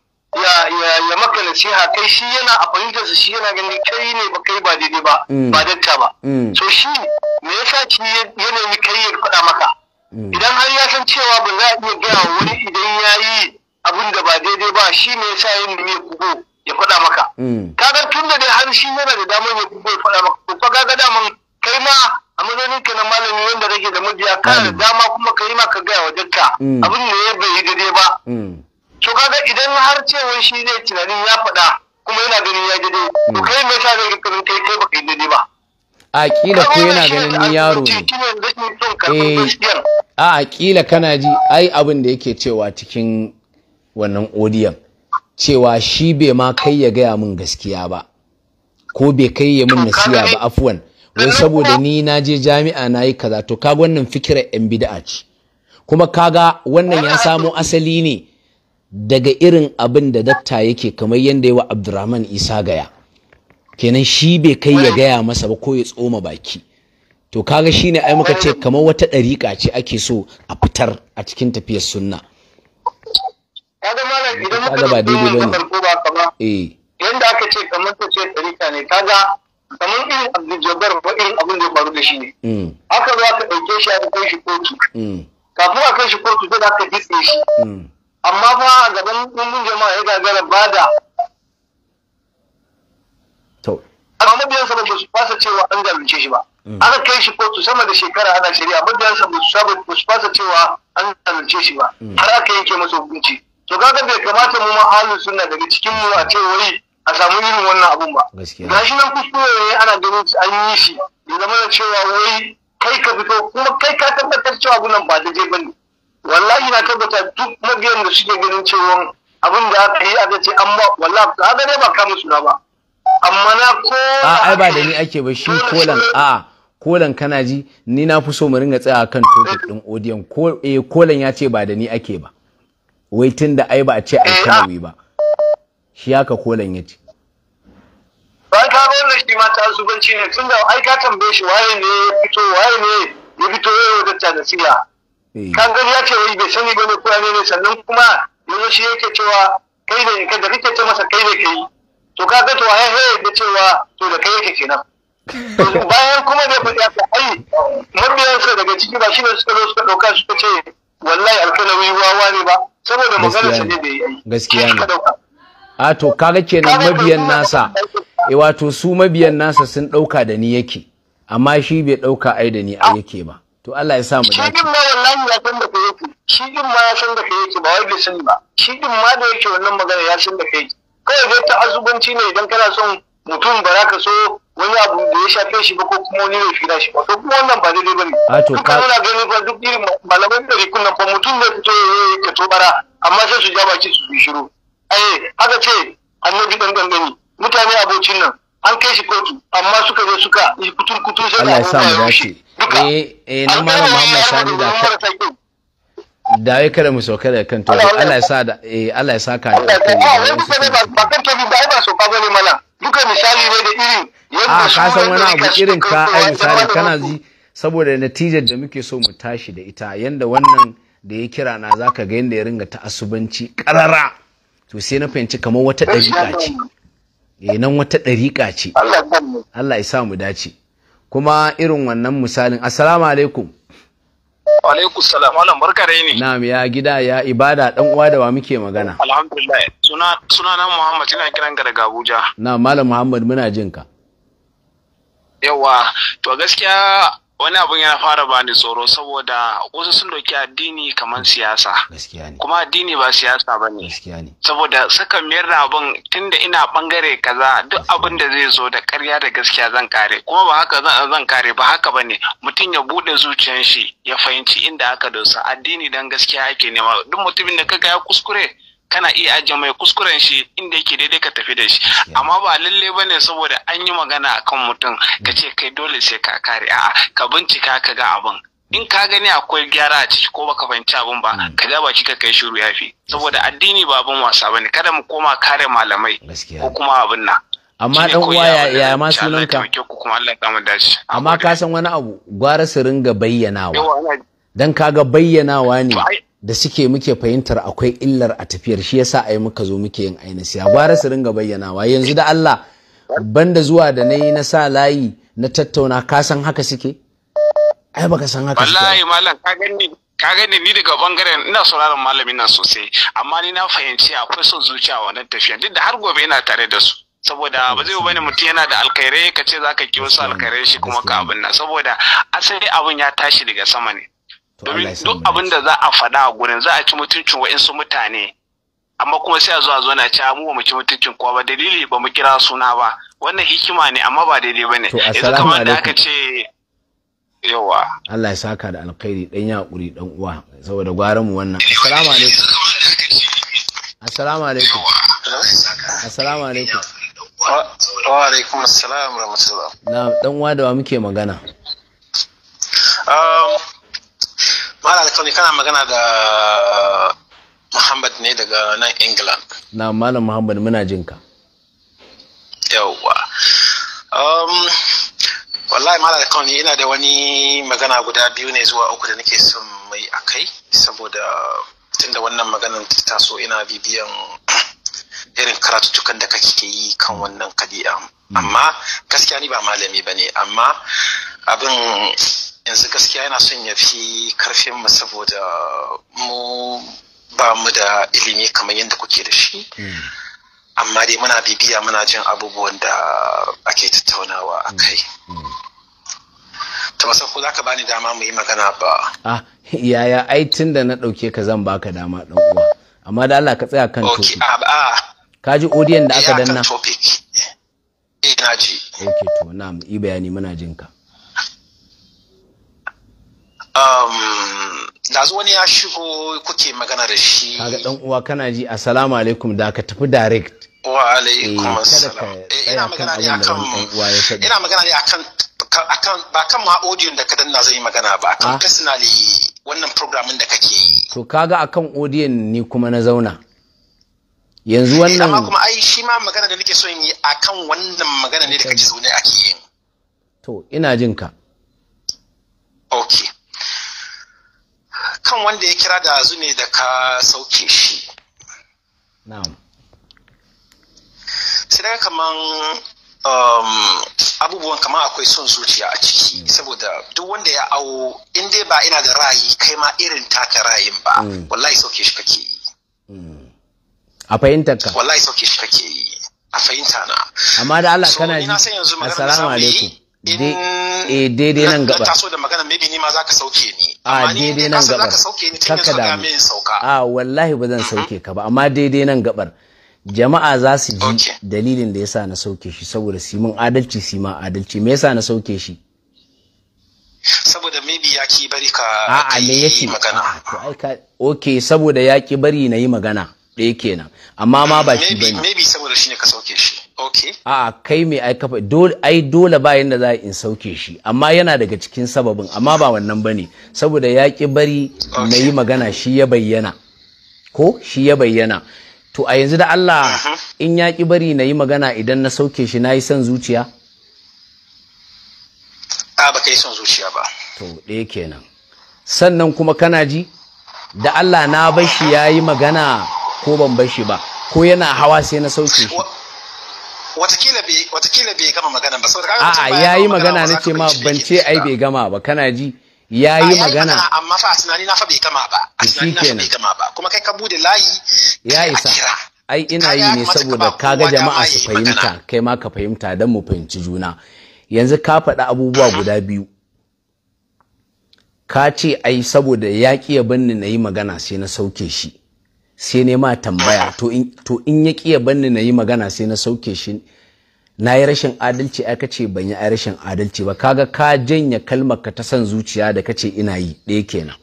ya maka nasiha kai shi yana a fahimtarsa shi yana ganin kai ne ba kai ba daidai ba mm. ba dakta ba mm. so shi me yasa shi yana nemi kai ya faɗa maka idan har ya san cewa ba za a iya gaya wani idan ya yi abin da ba daidai ba shi ne ya sa yin da ya kugo ya faɗa maka mm. kaga tun da dai har shi yana da damar ya kugo ya faɗa maka ko fa kaga daman kai ma a matsayin ka na malami wanda kake da mabiya ka da mm. dama kuma kai ma ka gaya wa dukka mm. abin da ya bai yi daidai ba to kaga idan har cewa shi ne tunanin ya faɗa kuma yana ganin ya daidai to kai me yasa zai kai kai baka yi daidai ba a kila ko yana ganin ni yaro ne eh, a kila kana ji ai abin da yake cewa cikin wannan odiyan cewa shi bai ma kai ya gaya min gaskiya ba ko bai kai ya min nasiya ba afuwan wai saboda ni na je jami'a na yi kaza to kaga wannan fikirar yan bid'a ce kuma kaga wannan ya samo asali ne daga irin abin da datta yake kamar yadda yi wa Abdurrahman Isa gaya kenan shi bai kai ya gaya masa ba ko ya tsoma baki to kaga shine ai muka ce kamar wata ɗariƙa ce ake so a fitar a cikin tafiyar sunna kaga ba daidai ba ne eh. yanda aka ce kamar ta ce ɗariƙa ne kaga kamar irin abdul jabbar ba irin abin da ya faru da shi ne mm. haka za ka ɗauke shi a kai shi kotu mm. kafin a kai shi kotu sai za ka ditse shi mm. amma fa a gaban ɗumbin jama'a ya gagara ba bada. amma mabiyansa ba su fasa cewa an zalunce shi ba mm. aka kai shi kotu sama da shekara ana shari'a mabiyansa ba su fasa cewa an zalunce shi ba mm. har aka yanke masa hukunci to kaga bai kamata mu mahalin suna daga cikin mu a ce wai a samu irin wannan abun ba gashi nan kuskure ne ana ganin an yi shi ya zama da cewa wai kai ka fito kuma kai ka tabbatar cewa gunan ba daidai bane wallahi na tabbata duk mabiyan da suke ganin cewa abin da aka yi aka ce an ba wallahi haka ne ba kamun suna ba amma na ko a ai ba da ni ake ba shi kolan a kolan kana ji ni na fi so mu ringa tsaya kan topic din audio ko eh kolan ya ce ba da ni ake ba wai tunda ai ba a ce kawai eh, ba shi haka kolan ya ce ban ka ga wannan shi ma ta zubanci ne tunda ai ka tambaye shi waye ne ya fito waye ne ya fito yau da ta nasiha eh. kan gani ya ce wai bai sani ba ne ko ne sannan kuma yanzu shi yake cewa kai da kai da kake ce masa kai da kai to ka ga to haihe da cewa to da kai yake kenan bayan kuma da faɗi aka ai sa daga ciki ba shine suka zo suka dauka suka ce wallahi alkalawi wawa ne ba saboda maganarsa ne da yi gaskiya ne a to kaga kenan mabiyan nasa e wato su mabiyan nasa sun ɗauka da ni yake amma shi bai ɗauka ai da ni a yake ba to Allah ya sa mu dace shi ma wallahi ya san da kai yake shi din ma ya san da kai yake ba wai bai sani ba shi din ma da yake wannan magana ya san da kai yake kawai dai ta azubanci ne idan kana son mutum ba za ka so wani abu da ya shafe shi ba ko kuma wani laifi na shi ba to kuma wannan ba daidai ba ne ah, duk ka nuna gani ba duk irin malaman da rikun nan ba mutum ne fito ya yi ka to bara amma sai su ja baki su yi shiru ai haka ce annabi dan gangani mutane abocin nan an kai shi kotu amma suka zo suka yi kutun kutun sai Allah ya samu duka eh eh na malam Muhammad Sani da da ya kada mu sauka daga kan to Allah ya sa da eh Allah ya saka da kan eh, ba kan to ba ba sauka bane mana duka misali ne da irin yadda ah, ka san wani abu irin ka ai misali kana ji saboda natijar da muke so mu tashi da ita yanda wannan da ya kira na zaka ga yanda ya ringa ta'assubanci karara to sai na fahimci kamar wata ɗariƙa ce eh nan wata ɗariƙa ce Allah ya sa mu dace kuma irin wannan misalin assalamu alaikum alaikum salam wannan barka da yini na'am ya gida ya ibada dan uwa da wa muke magana alhamdulillah suna suna na muhammad ina kiran ka daga abuja na malam muhammad muna jin ka yawa to gaskiya wani abun yana fara bani tsoro saboda wasu sun doki addini kamar siyasa kuma addini ba siyasa ba ne saboda suka mayar da abun tunda ina bangare kaza duk abin da zai zo da karya da gaskiya zan kare kuma ba haka zan kare ba haka ba ne mutum ya bude zuciyar shi ya fahimci inda aka dosa addini dan gaskiya ake nema duk mutumin da kaga ya kuskure kana iya ajiye mai kuskuren shi inda yake daidai ka tafi da shi amma ba lalle bane saboda an yi magana kan mutum ka ce kai dole sai ka kare a'a ka bincika ka ga abin in ka gani akwai gyara a ciki ko baka fahimci abin ba mm. ka ga baki ka kai shiru ya fi. saboda addini ba abin wasa bane kada mu koma kare malamai ko kuma abin nan amma dan uwa ya ma sunanka amma ka san wani abu gwara su ringa bayyanawa dan kaga bayyanawa ne da suke muke fahimtar akwai illar a tafiyar shi yasa yi muka zo muke yin aini siya ba su ringa bayyanawa yanzu da Allah banda zuwa da na yi na sa layi na tattauna ka san haka suke ai baka san haka suke wallahi malam ka gani ka gani ni daga bangaren ina sauraron malamin nan sosai amma ni na fahimci akwai son zuciya wannan tafiya duk da har gobe ina tare da su saboda ba zai bane mutum yana da alkhairai ka ce zaka ki su alkhairai shi kuma ka abin nan saboda asali abin ya tashi daga sama ne duk abin da za a faɗa a gurin za a ci mutuncin wa'insu mutane amma kuma sai a zo a zo na cewa mu ba mu ci mutuncin kowa ba dalili ba mu kira suna ba wannan hikima ne amma ba daidai ba ne yanzu kamar da aka ce yawa Allah ya saka da alkhairi dan yakuri dan uwa saboda gwaran mu wannan assalamu alaikum assalamu alaikum assalamu alaikum wa alaikum assalam rahmatullah na dan uwa da wa muke magana um Mala da kana magana da uh, Muhammad ne daga nan England. Na Malam Muhammad muna jin ka. Yawwa. Um, wallahi Mala da kawai ina da wani magana guda biyu ne zuwa uku da nake son mai a kai saboda tunda wannan maganar ta taso ina bibiyan irin karatutukan da kake yi kan wannan kadi'a. Hmm. Amma gaskiya ni ba malami ba ne amma abin yanzu gaskiya yana son ya fi karfin mu saboda mu ba mu da ilimi kamar yadda kuke da shi hmm. amma dai muna bibiya muna jin abubuwan da ake tattaunawa a kai hmm. hmm. ta ko za ka bani dama mu yi magana ba ah yaya ai tun da na ɗauke ka zan baka dama ɗan uwa amma da Allah ka tsaya kan topic ah, ah. ka ji odiyan da aka danna eh, ina ji okay to mu yi bayani muna jin ka um, dazu wani ya shigo kuke magana da shi kaga dan uwa kana ji assalamu alaikum da ka tafi direct wa alaikum assalam ina magana ne akan ina magana ne akan akan ba kan ma audio da ka danna zai magana ba akan ah. personally wannan programin da kake yi to kaga akan audio ni kuma na zauna yanzu eh, wannan amma kuma ai shi ma magana da nake so in yi akan wannan magana ne da kake zaune ake yin to ina jin ka okay kan wanda ya kira da zune da ka sauke shi sai daga kaman um, abubuwan kamar akwai son zuciya a ciki mm. saboda duk wanda ya awo in dai ba ina da ra'ayi kai ma irin taka ra'ayin ba mm. wallahi sauke shi kake yi mm. a fahimtar ka wallahi sauke shi kake yi a fahimta na amma da Allah kana ji assalamu alaikum Mm, eh, daidai nan gaba taso da magana maybe ni ma sauke ni ah, a daidai nan gabar kaka a wallahi ba zan mm-hmm. sauke ka ba amma daidai nan gabar jama'a za su ji dalilin da yasa na sauke shi saboda simin adalci sima adalci me yasa na sauke shi saboda maybe ya ki bari ka a'a me yake magana to ai ka saboda ya ki bari na yi magana ɗaya kenan amma ma ba shi bane maybe saboda ne ka sauke shi a kai mai ai kafa dole ai dole ba yanda za in sauke shi amma yana daga cikin sababin amma ba wannan bane saboda ya ki bari na yi magana shi ya bayyana ko shi ya bayyana to a yanzu da Allah uh-huh. in ya ki bari na yi magana idan na sauke shi na yi son zuciya a ba kai son zuciya ba to ɗaya kenan sannan kuma kana ji da Allah na bashi ya yi magana ko ban bashi ba ko yana hawa sai na sauke shi watakila bai bai gama magana ba saboda kaga a'a yayi magana ce ma ban ce ai bai gama ba kana ji yayi magana amma fa a tunani na fa bai gama ba a tunani na fa bai gama ba kuma kai ka bude layi ya isa ai ina yi ne saboda kaga jama'a su fahimta kai ma ka fahimta dan mu fahimci juna yanzu ka faɗi abubuwa mm. guda biyu ka ce ai saboda ya ƙi ya banni na yi magana sai na sauke shi sai ne ma tambaya to in ya ƙiya banni na yi magana sai na sauke shi na yi rashin adalci aka ce ban yi rashin adalci ba kaga ka janya kalmar ka ta son zuciya da kace ina yi ɗaya kenan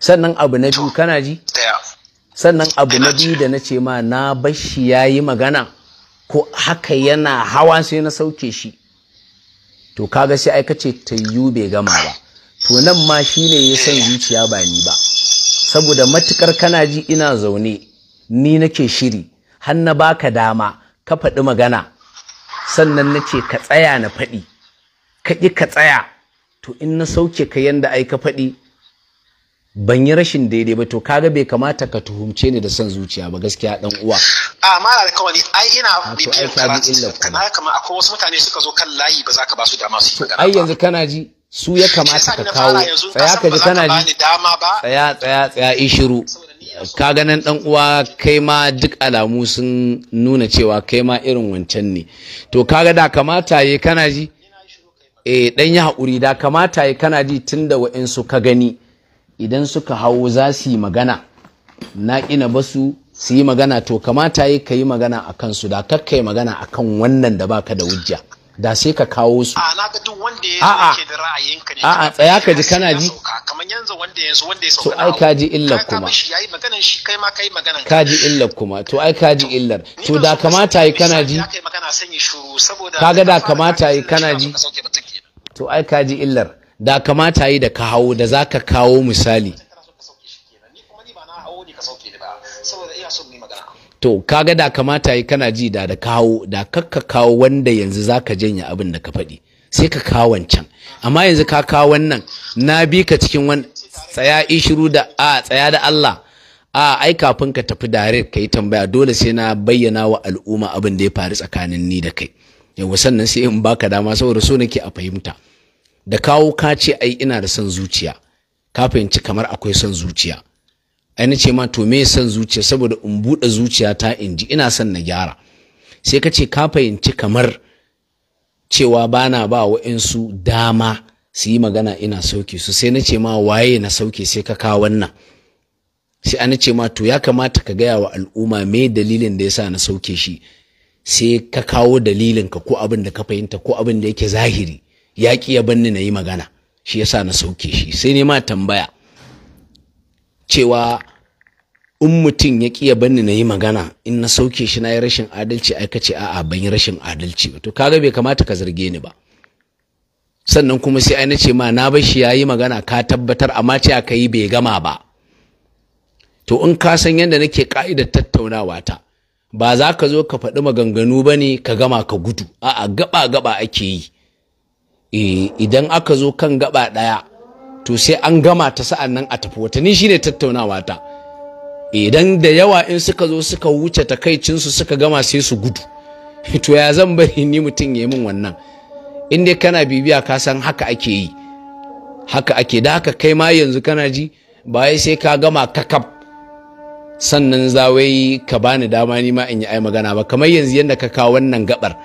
sannan abu na biyu kana ji sannan abu na biyu da na ce ma na bashi ya yi magana ko haka yana hawa sai na sauke shi to kaga sai aikace kace tayyu bai gama ba to nan ma shi ne ya san zuciya ba ni ba saboda matukar kana ji ina zaune ni nake shiri har na baka dama ka faɗi magana sannan nace ka tsaya na faɗi ka ƙi ka tsaya to in na sauke ka yanda ai ka faɗi ban yi rashin daidai ba to kaga bai kamata ka tuhumce ni da son zuciya ba gaskiya dan uwa a mala da kawai ai ina bibiyar karatu kana kamar akwai wasu mutane suka zo kan layi ba za ka ba su dama su yi magana ai yanzu kana ji su ya kamata ka kawo tsaya ka ji kana ji tsaya tsaya tsaya ishiru ka ganin dan uwa kai ma duk alamu sun nuna cewa kai ma irin wancan ne to kaga da kamata yi kana ji eh dan ya haƙuri da kamata yi kana ji tunda wa'insu ka gani idan suka hau za su yi magana na ƙina basu su yi magana to kamata yi ka yi magana a kansu da kakka yi magana a kan wannan da baka da wujja da sai ka kawo su a na ga duk wanda ya ke da ra'ayin ka ne a'a tsaya ka ji kana ji kamar yanzu wanda yanzu wanda ya sauka to ai ka ji illar kuma ka yayi maganar shi kai ma kai maganar ka ji illar kuma to ai ka ji illar to da kamata yi kana ji kai magana shuru saboda kaga da kamata yi kana ji to ai ka ji illar da kamata yi da ka hawo da zaka kawo misali to kaga da kamata yi kana ji da da kawo da kakka kawo wanda yanzu zaka janya abin da ka faɗi sai ka kawo wancan amma yanzu ka kawo wannan na bi ka cikin wani tsaya ishiru da a tsaya da Allah a ai kafin ka tafi dare ka yi tambaya dole sai na bayyana wa al'umma abin da ya faru tsakanin ni da kai yawa sannan sai in baka dama saboda so nake a fahimta da kawo ka ce ai ina da son zuciya ka fahimci kamar akwai son zuciya ai ce ma to me son zuciya saboda in buɗe zuciya ta in ji ina son na gyara sai ka ce ka fahimci kamar cewa bana ba wa'insu dama su yi magana ina sauke su sai na ce ma waye na sauke sai ka kawo wannan sai ana ce ma to ya kamata ka gaya wa al'umma me dalilin da yasa na sauke shi sai ka kawo dalilinka ko abin da ka fahimta ko abin da yake zahiri ya ki ya banni na yi magana shi yasa na sauke shi sai ne ma tambaya cewa in mutum ya ƙiya banni na yi magana in na sauke shi na yi rashin adalci aikace a'a ban yi rashin adalci ba to kaga bai kamata ka zarge ni ba sannan kuma sai ai ce ma na bashi ya yi magana ka tabbatar amma ce aka yi bai gama ba to in ka san yadda nake ka'idar tattaunawa ta ba za ka zo ka faɗi maganganu ba ne ka gama ka gudu a'a gaba gaba ake yi eh, idan aka zo kan gaba ɗaya to sai an gama ta sa'an nan a tafi watanni shine tattaunawa ta idan da yawa in suka zo suka wuce takaicinsu suka gama sai su gudu to ya zan bari ni mutum ya yi min wannan in dai kana bibiya ka san haka ake yi haka ake da haka kai ma yanzu kana ji ba sai ka gama kakab sannan zawai ka bani dama ni ma in yi ai magana ba kamar yanzu yadda ka kawo wannan gabar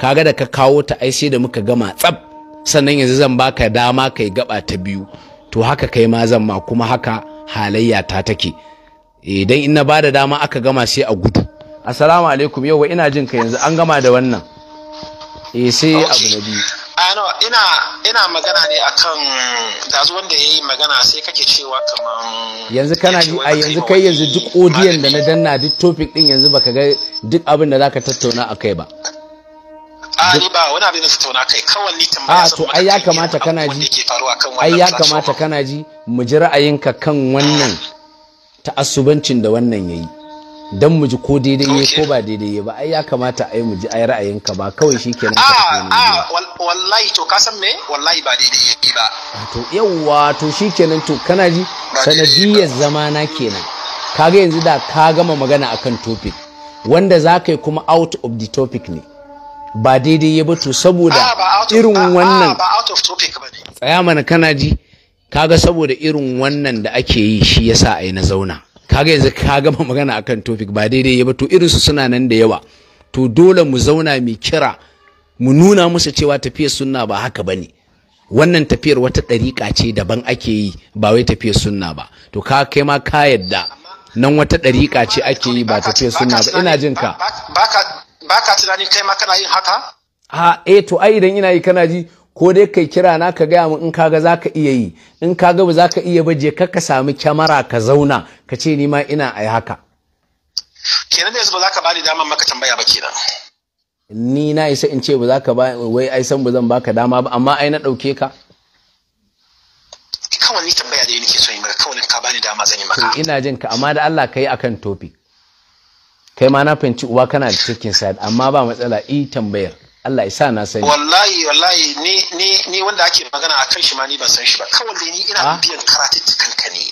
kaga da ka kawo ta ai sai da muka gama tsab sannan yanzu zan baka dama kai gaba ta biyu to haka kai ma zan ma kuma haka halayya ta take idan eh, in na bada dama aka gama sai a gudu assalamu alaikum yau ina jin ka yanzu an gama da wannan eh sai abu na biyu ano ah, ina ina magana ne akan dazu wanda yayi magana sai kake cewa kaman yanzu kana ji a yanzu kai yanzu duk odiyan da na danna duk topic din yanzu baka ga duk abin da zaka tattauna akai ba a ni ba wani abin da su tauna kai kawai ni tambaya a to ai ya kamata kana ji ai ya kamata kana ji mu ji ra'ayinka kan wannan ta'assubancin da wannan yayi dan mu ji ko daidai ne ko ba daidai ne ba ai ya kamata ai mu ji ai ra'ayinka ba kawai shikenan ka a wallahi to ka san me wallahi ba daidai ne ba to yawa to shikenan to kana ji sanadiyar zamana kenan kaga yanzu da ka gama magana akan topic wanda za ka yi kuma out of the topic ne ba daidai ya bato saboda ah, irin ah, ah, wannan tsaya mana kana ji kaga saboda irin wannan da ake yi shi yasa yi na zauna kaga yanzu ka gama magana akan topic ba daidai ya bato irin su suna nan da yawa to dole mu zauna mai kira mu nuna musu cewa tafiyar sunna ba haka ba ne, wannan tafiyar wata ɗariƙa ce daban ake yi ba wai tafiyar sunna ba to ka kai ma ka yadda nan wata ɗariƙa ce ake yi ba tafiyar sunna ba ina jin ka ba ka tunanin kai ma kana yin haka Ha, ah, eh to ai idan ina yi kana ji ko dai kai kira na ka gaya min in kaga za ka iya yi in kaga ba za ka iya ba je ka ka sami kyamara ka zauna ka ce ni ma ina ai haka kenan yanzu ba za ka ba ni dama maka tambaya ba kenan ni na isa in ce ba za ka ba wai ai san ba zan baka dama ba amma ai na ɗauke ka kawai ni tambaya da nake so yi maka kawai ka bani dama zan yi maka ina jin ka amma da Allah ka yi akan topic kai ma na fahimci uba kana da cikin sa amma ba matsala i tambayar Allah isa na sani wallahi wallahi ni ni ni wanda ake magana a kan shi ma ni ban san shi ba kawai dai ni ina ah? biyan karatun ka ne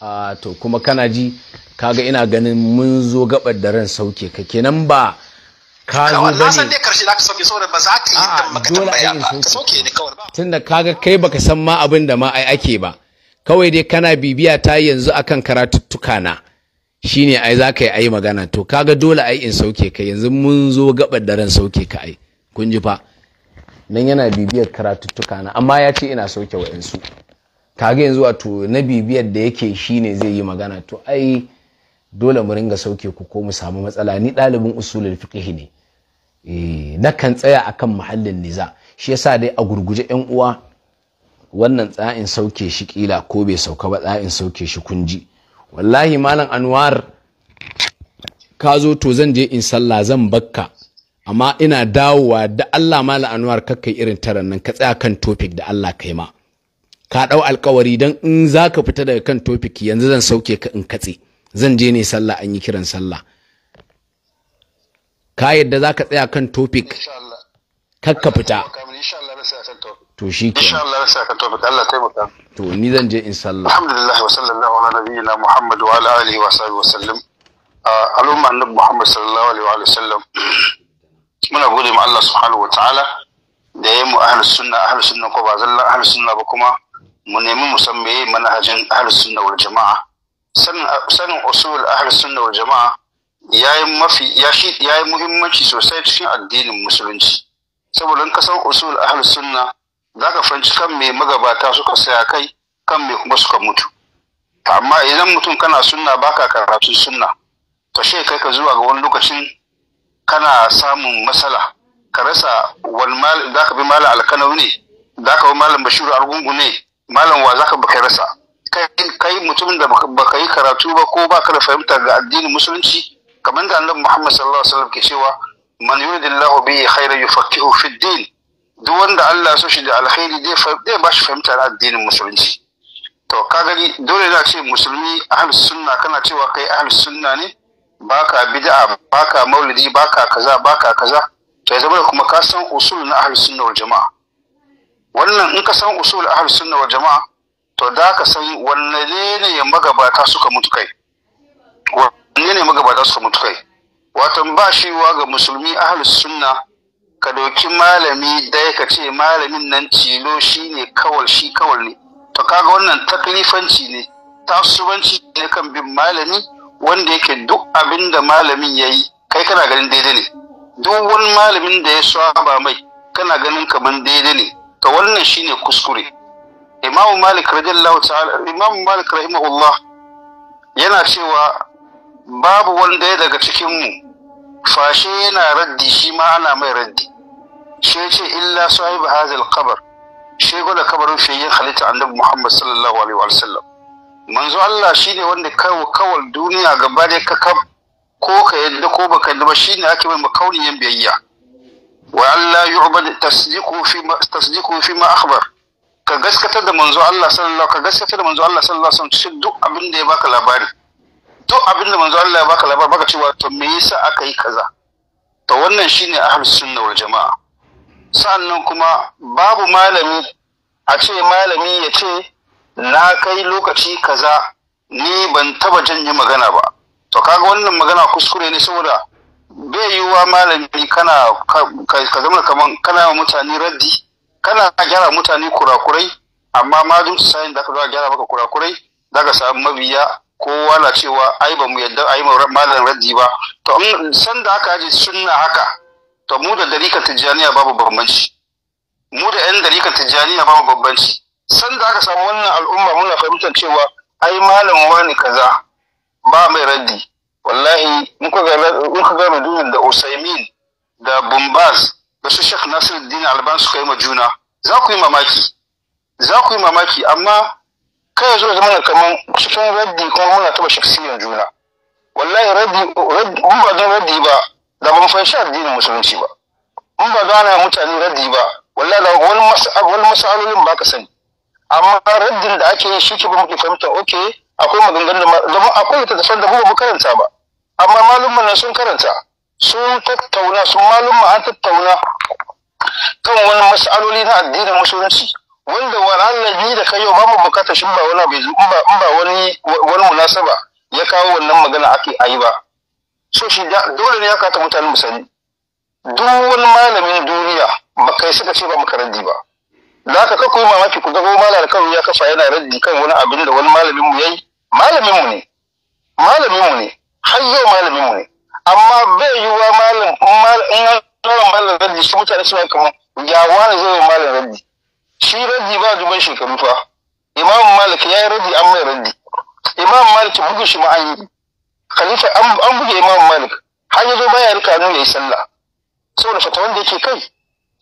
a to kuma kana ji kaga ina ganin mun zo gabar da ran sauke ka kenan ba ka zo bane san dai karshe zaka sauke saboda ba za ka yi ah, dan maka tambaya ba ka sauke ne kawai ba tunda kaga kai baka san ma abin da ma ai ake ba kawai dai kana bibiya ta yanzu akan karatuttuka na shine ai za ka yi ai magana to kaga dole ai in sauke ka yanzu mun zo gabar daren sauke ka ai kun ji fa nan yana bibiyar karatuttuka na amma ya ce ina sauke wa yansu kaga yanzu wato na bibiyar da yake shine zai yi magana to ai dole mu ringa sauke ku ko mu samu matsala ni dalibin usulul fiqhi ne eh, na kan tsaya akan muhallin niza shi yasa dai a gurguje yan uwa wannan tsa'in sauke shi kila ko bai sauka ba tsa'in sauke shi kunji wallahi malam anwar ka zo to zan je in sallah zan bakka amma ina dawowa da Allah malam anwar kakkai irin taran nan ka tsaya kan topic da Allah kai ma ka dau alkawari dan in zaka fita daga kan topic yanzu zan sauke ka in katse zan je ne sallah an yi kiran sallah ka yadda zaka tsaya kan topic kakka fita to shi ke insha Allah sai ka tobi Allah taimaka to ni zan je in sallah alhamdulillah wa sallallahu ala nabiyyina muhammad wa ala alihi wa sahbihi wa sallam al'umma annabi muhammad sallallahu alaihi wa sallam muna gode ma Allah subhanahu wa ta'ala da yayi mu ahlus sunna ahlus sunna ko ba zalla ahlus sunna ba kuma mu nemi mu san meye manhajin ahlus sunna wal jama'a sanin usul ahlus sunna wal jama'a yayi mafi ya yayi muhimmanci sosai cikin addinin musulunci saboda in ka san usul ahlus sunna za ka fanci kan mai magabata suka saya kai kan mai kuma suka mutu amma idan mutum kana sunna baka karatun sunna to shi kai ka zuwa ga wani lokacin kana samun matsala ka rasa wani za ka bi malam alkanau ne za ka bi malam bashiru argungu ne malam wa za ka baka rasa kai mutumin da baka yi karatu ba ko baka da fahimta ga addinin musulunci kamar da annabi muhammad sallallahu alaihi wasallam ke cewa man yuridillahu bihi khairan yufaqihu fid din duk wanda Allah so shi da alkhairi zai ba shi fahimta na addinin musulunci to ka gani dole za ce musulmi ahlus sunna kana cewa kai ahal sunna ne baka bid'a baka maulidi baka kaza baka kaza to ya zama kuma ka san usul na ahal sunna wal jama'a wannan in ka san usul ahlus sunna wal jama'a to da ka san wanne ne ya magabata suka mutu kai wanne ne magabata suka mutu kai wato ba shi wa ga musulmi ahal sunna ka dokin malami dai ka ce malamin nan cilo shi ne kawal shi kawal ne to kaga wannan taklifanci ne tasubanci ne kan bin malami wanda yake duk abin da malamin ya yi kai kana ganin daidai ne duk wani malamin da ya saba mai kana ganin kamar daidai ne to wannan shine kuskure imamu malik radiyallahu ta'ala imamu malik rahimahullah yana cewa babu wanda ya daga cikin mu fashe yana raddi shi ma ana mai raddi shi ce illa sahibu hazal kabar shi gwada kabarin fiyayyen halitta annabi muhammad sallallahu alaihi wa sallam manzo allah shine wanda kawo kawal duniya gaba da ka kam ko ka yadda ko baka yadda ba shine ake mai makauniyan biyayya wa allah yu'bad tasdiqu fi ma tasdiqu fi ma akhbar ka gaskatar da manzo allah sallallahu ka gaskatar da manzo allah sallallahu alaihi wa sallam duk abin da ya baka labari duk abin da manzo Allah ya baka labar baka cewa to me yasa aka yi kaza to wannan shine ahlus sunna wal jamaa sannan kuma babu malami a ce malami ya ce na kai lokaci kaza ni ban taba janye magana ba to kaga wannan magana kuskure ne saboda bai yiwuwa malami kana ka zama kaman kana mutane raddi kana gyara mutane kurakurai amma ma duk sayin da ka zo gyara maka kurakurai daga samu mabiya kowa na cewa ai ba mu yadda ai malam raddi ba to san da aka ji sunna haka to mu da dalikan tijaniya babu bambanci mu da yan dalikan tijjaniya babu bambanci san da aka samu wannan al'umma muna fahimtar cewa ai malam wani kaza ba mai raddi wallahi ka ga Maduna da Usaimin da Bumbaz da su Sheikh Nasiruddin Alban suka yi ma juna za ku yi mamaki za ku yi mamaki amma kai zo zama na kaman cikin raddi kuma muna taba shaksiyan juna wallahi raddi raddi ba don raddi ba da ban fahimci addinin musulunci ba in ba gana mutane raddi ba wallahi da wani wani masalolin ba ka sani amma raddin da ake yi shi ke ba muke fahimta okay akwai maganganun da akwai littattafan da mu karanta ba amma malumman nan sun karanta sun tattauna sun malumma an tattauna kan wani mas'aloli na addinin musulunci wanda wa'annan da kai yau ba mu bukata shin ba wani bai in ba in ba wani wani munasaba ya kawo wannan magana ake ayi ba so shi dole ne ya kata mutanen musani duk wani malamin duniya ba kai suka ce ba maka raddi ba da haka kakwai mamaki ku gabo malar karo ya kafa yana raddi kan wani abin da wani malamin mu yayi malamin mu ne malamin mu ne har yau malamin mu ne amma bai yiwuwa malam in an zo malam raddi su mutane suna kamar ya wani zo malam raddi shi raddi ba duban shekaru fa imam malik ya yi raddi an mai raddi imam malik buga shi ma an yi khalifa an buge imam malik har ya zo baya rika nuna ya sallah saboda fata wanda yake kai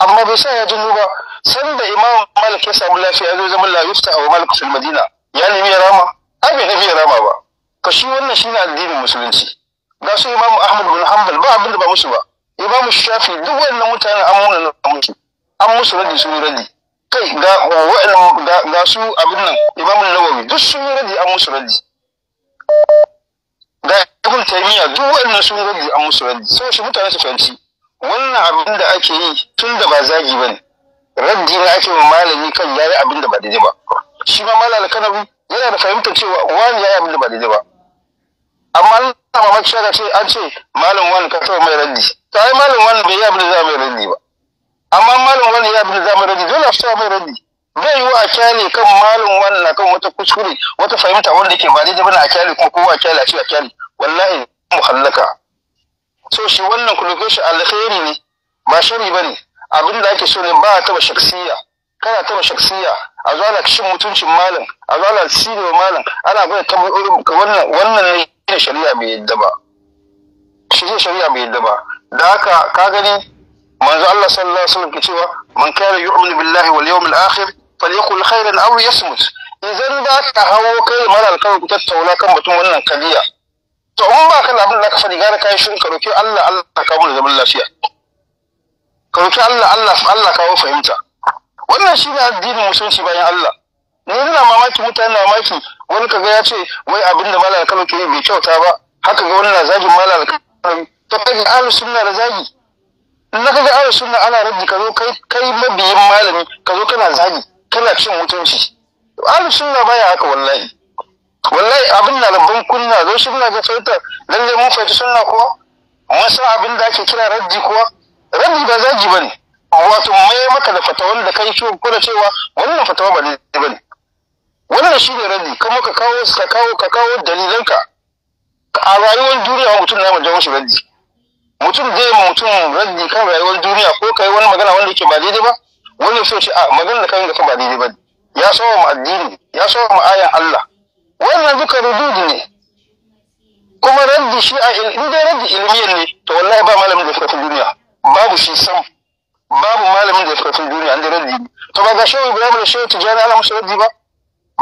amma bai sa ya jinnu ba sanda imam malik ya samu lafiya ya zo zama la yufta wa malik fil madina ya nemi ya rama ai bai tafi ya rama ba to shi wannan shine addinin musulunci ga su imam ahmad bin hanbal ba abin da ba musu ba imam shafi duk wannan mutanen an muna musu an musu raddi sun raddi kai ga wa'in ga su abin nan imamun nawawi duk sun yi radi an musu radi ga ibn taymiya duk wa'annan sun yi radi an musu radi sai shi mutane su fahimci wannan abin da ake yi tun da ba zagi ba ne raddi ne ake wa malami kan yayi abin da ba daidai ba shi ma malal kanabi yana da fahimtar cewa wani yayi abin da ba daidai ba amma na mamaki shi ce an ce malam wani ka mai raddi ta yi malam wani bai yi abin da za mai raddi ba amma malam wannan ya fi zama rabi dole a mai rabi zai yi wa a kyale kan malam wannan kan wata kuskure wata fahimta wanda ke ba dai-dai bana a kyale kuma kowa a kyale a ce a kyale wallahi muhallaka so shi wannan kulubin shi alkhairi ne ba shari bane abin da ake so ne ba taba shaksiya kana taba shaksiya a zo ana cin mutuncin malam a zo ana sirewa malam ana gwada kamar wannan wannan ne shari'a bai yadda ba shi shari'a bai yadda ba da haka ka gani manzo Allah sallallahu alaihi wasallam ke cewa man kana yu'minu billahi wal yawmil akhir falyakul khairan aw yasmut idan za ka hawo kai mara alkawari ku tattauna kan batun wannan kaliya to in ba ka da abin da ka faɗi gara kai shirin ka roki Allah Allah ka kawo zaman lafiya ka roki Allah Allah Allah kawo fahimta wannan shi ne addinin musulunci bayan Allah ne yana mamaki mutane na mamaki wani kaga ya ce wai abin da malam alkawari ke yi bai kyauta ba haka ga wannan zagin malam alkawari to kai ahlus sunna da zagi na kaga aure suna ana raddi ka zo kai mabiyin malami ka zo kana zagi kana cin mutunci aure suna baya haka wallahi wallahi abin na rabban kunna zo shi muna ga fahimta lalle mun fahimci suna kuwa mun san abin da ake kira raddi kuwa raddi ba zagi bane wato mai maka da fatawan da kai ko kuna cewa wannan fatawa ba ne bane wannan shi ne raddi kuma ka kawo ka kawo ka kawo dalilanka a rayuwar duniya mutum na mu jawo shi raddi mutum zai ma mutum raddi kan rayuwar duniya ko kai wani magana wanda yake ba daidai ba wani so ce a magana da kai da kan ba daidai ba ya so ma addini ya so ma ayan Allah wannan duka rududi ne kuma raddi shi a in dai raddi ilmiyan ne to wallahi ba malamin da fitafin duniya babu shi sam babu malamin da fitafin duniya an raddi to ba ga shehu Ibrahim da shehu Tijani ala musu raddi ba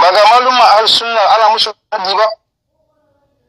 ba ga malumma ahlus sunna ala musu raddi ba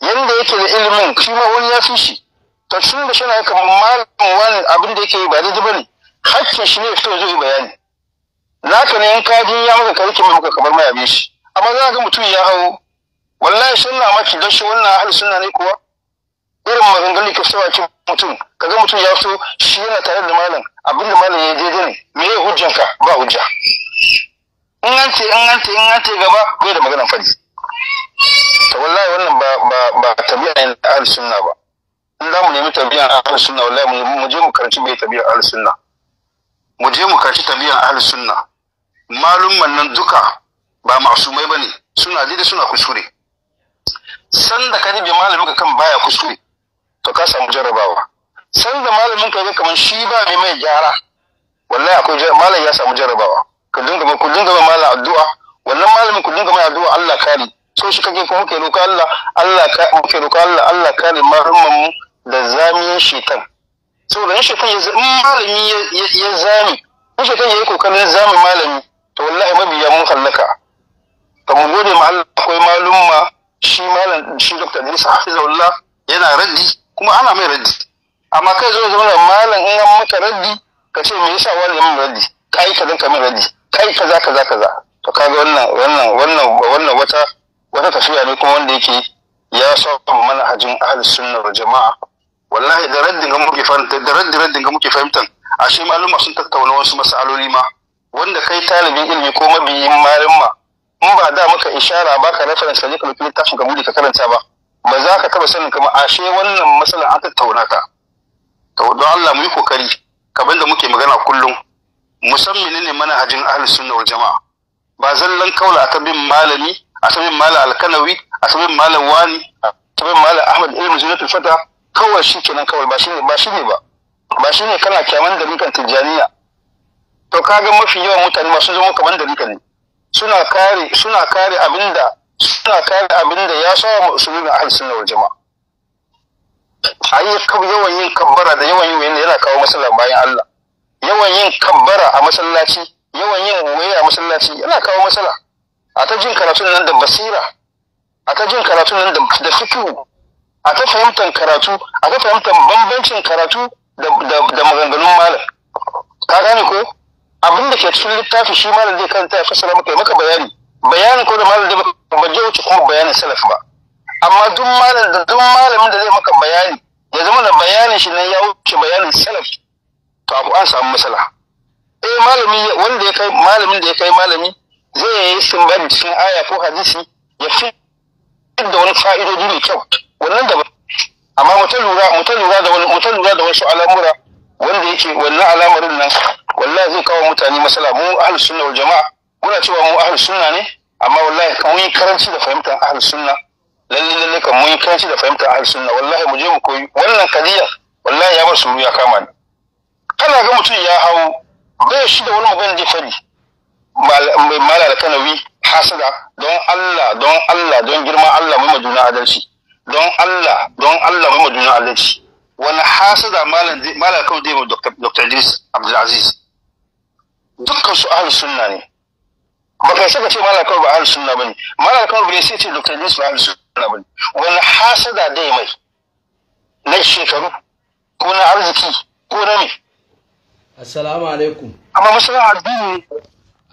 yanda yake da ilimin shi ma wani ya fi shi to tun da shana yaka malam wani abin da yake yi ba daidai bane hakkin shi ne fito zai bayani naka ne in ka ji ya maka karki maka kamar ya abin shi amma za ga mutum ya hawo wallahi sunna maki da shi wannan ahli sunna ne kuwa irin maganganun ka sawa ki mutum kaga mutum ya so shi yana tare da malam abin da malam ya daidai ne me ya hujjanka ba hujja in an ce in an ce in an ce gaba bai da maganar fadi to wallahi wannan ba ba ba tabi'a ne na ahlus sunna ba in za mu nemi tabi'a ahlus sunna wallahi mu je mu karanci bai tabi'a ahlus sunna mu je mu karanci tabi'a ahlus sunna malumman nan duka ba masumai bane suna daidai suna kuskure san da ka ribe malamin ka kan baya kuskure to ka samu jarrabawa san da malamin ka ga kamar shi ba mai mai gyara wallahi akwai malam ya samu jarrabawa ku dinga ku dinga malam addu'a wannan malamin ku dinga mai addu'a Allah kare so shi kake kuma ke roƙo Allah Allah ka ke roƙo Allah Allah ka ne marhamman mu da zamiyan so saboda in shetan ya malami ya zami in shetan ya yi kokarin zami malami to wallahi mabiya mun hallaka to mu gode ma Allah akwai ma shi malam shi Dr. Idris Hafizullah yana raddi kuma ana mai raddi amma kai zo zama malam in an maka raddi ka ce me yasa wani min raddi kai kaza ka min raddi kai kaza kaza kaza to kaga wannan wannan wannan wannan wata wata tafiya ne kuma wanda yake ya saba manhajin ahlus sunna wal jama'a wallahi da raddin ga muke fahimta da raddin raddin ga muke ashe maluma sun tattauna wasu masaloli ma wanda kai talibin ilimi ko mabiyin malama in ba da maka ishara ba ka reference ka je ka dauki littafin ka ka karanta ba ba za ka taba sanin kama ashe wannan matsalar an tattauna ka to don Allah mu yi kokari kamar da muke magana kullum musamman ne manhajin ahlus sunna wal jama'a ba zallan kaula akan bin malami asabin malam alkanawi asabin malam wani asabin malam ahmad ilmi zunatul fata kawai shi kenan kawai ba ne ba ne ba ba ne kana kyaman dalikan tijjaniya to kaga mafi yawan mutane masu zama kamar da ne suna kare suna kare abinda suna kare abinda ya sawa musulmi na ahlus sunna wal jamaa yawan yin kambara, da yawan yin yana kawo masala bayan Allah yawan yin kabbara a masallaci yawan yin waya a masallaci yana kawo matsala a ta jin karatun nan da basira a ta jin karatun nan da fikihu a ta fahimtar karatu a ta fahimtar bambancin karatu da maganganun malam ka gane ko abin da ke cikin littafi shi malam zai kanta ya fassara maka maka bayani bayanin ko da malam da ba je wuce kuma bayanin salaf ba amma duk malam da duk malamin da zai maka bayani ya zama da bayanin shi ne ya wuce bayanin salaf to abu an samu matsala eh malami wanda ya kai malamin da ya kai malami zai yi shimbadi cikin aya ko hadisi ya fi da wani fa'idodi mai kyau wannan da amma mutum lura mutum lura da wani mutum lura da wasu al'amura wanda yake wannan al'amarin nan wallahi zai kawo mutane masala mu ahlus sunna wal jama'a muna cewa mu ahlus sunna ne amma wallahi kan mun karanci da fahimtar ahlus sunna lalle lalle kan mun yi karanci da fahimtar ahlus sunna wallahi mu je mu koyi wannan kadiya wallahi ya bar suru ya kama ni kana ga mutum ya hau bai shi da wani magana da ya fari. mala wi hasada don Allah don Allah don girma Allah mu majuna adalci don Allah don Allah mu majuna adalci wani hasada malam malam kawai dai Dr. Idris Aziz dukkan su ahlus sunna ne ba kai saka ce malam kawai ba ahlus sunna bane malaka kawai bai sai ce Dr. Idris ba ahlus sunna bane wani hasada dai mai na shekaru ko na arziki ko na me assalamu alaikum amma masalan addini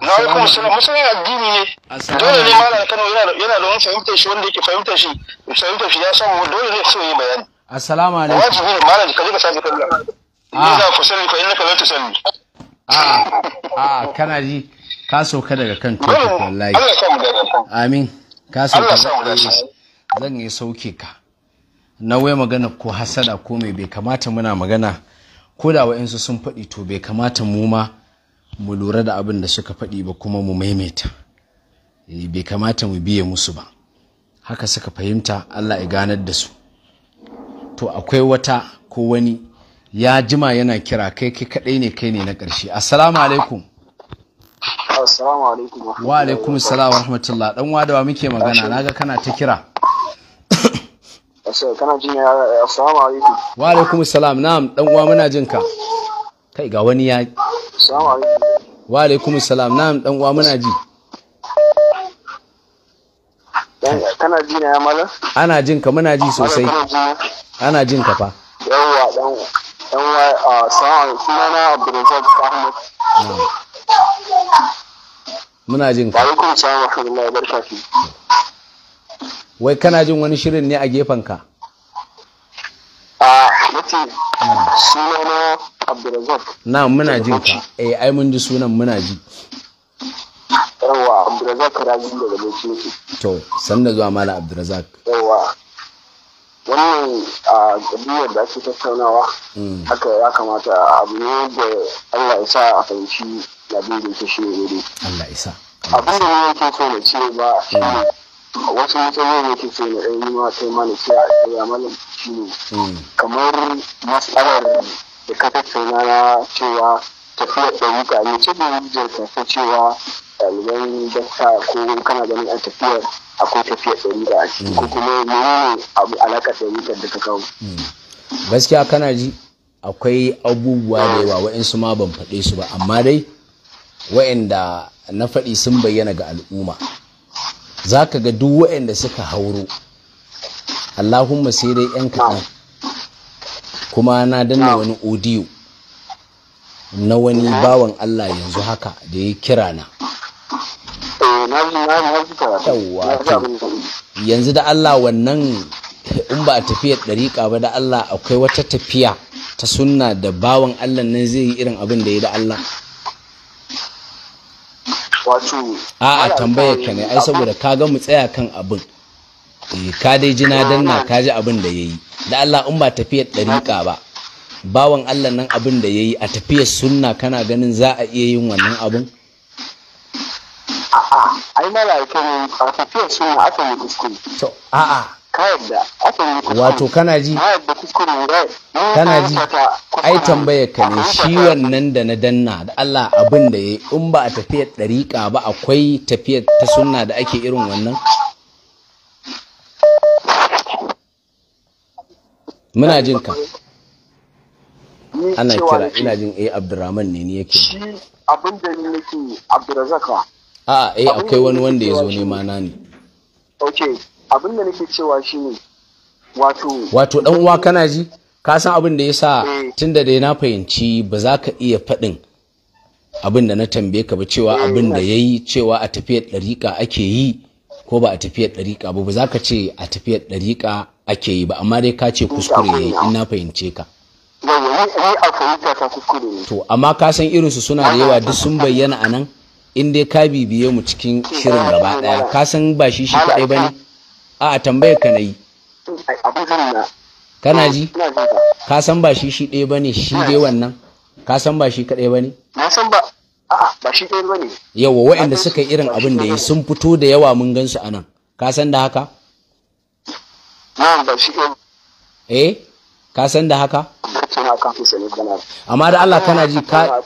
na wai kuma suna addini ne dole ne malam kano yana da wani fahimtar shi wanda yake fahimtar shi fahimtar shi ya samu dole ne so yi bayani assalamu alaikum wajibi ne malam ka je ka sake kallon ah. ni za ku sani ko in ka lantu sani a ah, ah, kana ji ka sauka daga kan tuka wallahi amin ka sauka eh, zan yi sauke ka na magana ko hasada ko mai bai kamata muna magana ko da wa'insu sun faɗi to bai kamata mu ma mu lura da abin da suka faɗi ba kuma mu maimaita eh, bai kamata mu biye musu ba haka suka fahimta Allah ya ganar da su to akwai wata ko wani ya jima yana kira kai kai kadai ne kai ne na ƙarshe assalamu alaikum wa alaikum assalam wa rahmatullah dan wadawa muke magana naga kana ta kira wa alaikum salam na'am dan wa muna jin ka kai ga wani ya Assalamu alaikum. Wa alaikum assalam. Na'am dan uwa muna ji. Kana ji na mala? Ana jin ka muna ji sosai. Ana jin ka fa. Yawwa dan dan uwa sa'an kuma na Abdulrazak Ahmad. Muna jin ka. Alaikum salam wa rahmatullahi wa barakatuh. Wai kana jin wani shirin ne a gefen ka? A ah, nace sunana Abdulrazak. Na muna ji ka. Eh ai mun ji sunan muna ji. Yawa Abdulrazak Razi daga Bauchi yake. To, san da zuwa Malam Abdulrazak. Yawa. Wannan a kabiyar da ake tattaunawa mm. haka ya kamata abu ne da Allah ya sa a fahimci abin da yake shi ne Allah ya sa. Abin da yake so na ce ba shi mm. wasu matsaloli ke sai na ɗan yi ma kai mana ce a ɗaya malam shi ne mm. kamar matsalar da ka na cewa tafiyar ɗaruka ne ce da rijiyar cewa ɗaliban dakta ko kana ganin a tafiyar akwai tafiyar ɗaruka a ciki ko kuma menene abu da ɗarukar da ka kawo. Hmm. gaskiya kana ji akwai abubuwa da yawa wa'insu ma ban faɗe su ba amma dai wa'inda na faɗi sun bayyana ga al'umma za ka ga duk wa'inda suka hauro allahumma sai dai 'yan kaɗan kuma na danna wani odiyo na wani bawan Allah yanzu haka da ya kira na yanzu da Allah wannan in ba tafiyar ɗariƙa ba da Allah akwai wata tafiya ta sunna da bawan Allah nan zai yi irin abin da ya da Allah a'a tambayar ka ne ai saboda ka ga mu tsaya kan abin Eh, ka dai jina na danna ka ji abin da yayi da Allah in ba tafiyar ɗariƙa ba bawan Allah nan abin da yayi a tafiyar sunna kana ganin za a iya yin wannan abin a'a ai ne, a tafiyar sunna aka yi kuskure to a'a wato kana ji kana ji ai tambayar ka ne shi wannan da na danna da Allah abin da ya in ba a tafiyar ɗariƙa ba akwai tafiyar ta sunna da ake irin wannan muna jin ka ana kira ina jin a eh, abdurrahman ne ni yake shi abin da ni nake abdurrazaka a eh akwai wani wanda ya zo nema na ne ok abin da nake cewa ne wato wato dan uwa kana ji ka san abin da yasa eh. tunda da na fahimci ba za ka iya faɗin abin da na tambaye ka ba cewa eh, abin da yi cewa a tafiyar dariƙa ake yi ko ba a tafiyar dariƙa ba ba za ka ce a tafiyar dariƙa ake yi ba amma dai ka ce kuskure ya in na fahimce ka to amma ka san irinsu suna da yawa duk sun bayyana a nan in dai ka bibiye mu cikin shirin gaba daya ka san ba shi shi kadai ne? a a tambayar ka na yi. kana ji ka san ba shi shi ɗaya ne shi dai wannan ka san ba shi kadai na san ba ne? ba shi kadai bane yawa wa'anda suka irin abin da yi sun fito da yawa mun gan su anan ka san da haka na'am ba eh ka san da haka amma da Allah kana ji ka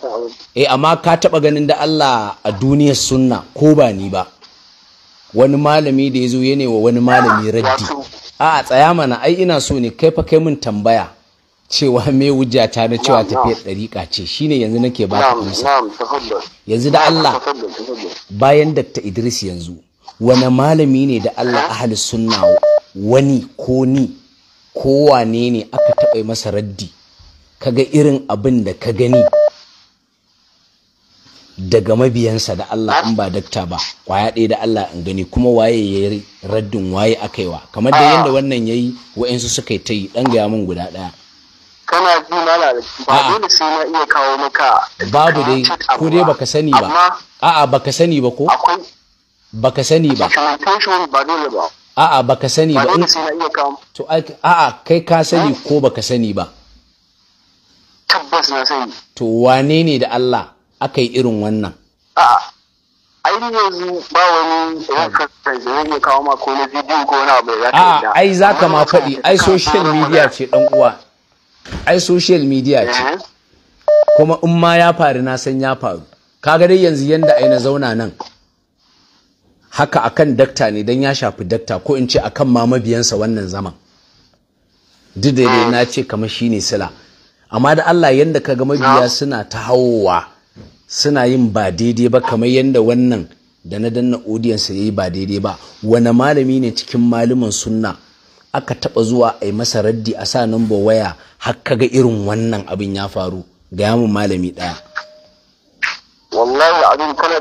eh amma ka taba ganin da Allah a duniyar sunna ko ba ni ba wani malami da ya zo ya wa wani malami raddi a tsaya mana ai ina so ne kai fa kai mun tambaya cewa me ta na cewa tafiyar ɗariƙa ce shine yanzu nake ba ta kusa yanzu da Allah bayan Dr. Idris yanzu wani malami ne da Allah ahli sunna wani ko ni ko wane ne aka taɓa masa raddi kaga irin abin da ka gani daga mabiyansa da Allah an ba dakta ba kwaya ɗaya da Allah in gani kuma waye ya yi raddin waye aka yi wa kamar da yadda wannan ya yi wa'insu suka yi ta yi ɗan gaya min guda ɗaya kana ji ba dole sai na iya kawo maka babu dai ko dai baka sani ba a'a baka sani ba ko baka sani ba ba dole ba a'a baka sani ba to a'a kai ka sani eh? ko baka sani ba tabbas na sani to wane ne da Allah aka yi irin wannan a'a ai ni yanzu ba wani zai iya kawo ma ko na bidiyo ko na abu ya a'a ai zaka ma faɗi ai social media ce dan uwa ai social media ce eh? kuma in ma ya faru na san ya faru kaga dai yanzu yanda ai na zauna nan haka akan dakta ne don ya shafi dakta ko in ce akan ma mabiyansa wannan zaman duk da ah. na ce kamar shine sila amma da Allah yanda ka ga mabiya ah. suna ta hawowa suna yin ba daidai ba kamar yadda wannan da na danna ya yi ba daidai ba wani malami ne cikin malaman sunna aka taba zuwa a yi masa raddi a sa number waya har ka ga irin wannan abin ya faru ga yamin malami daya wallahi abin kana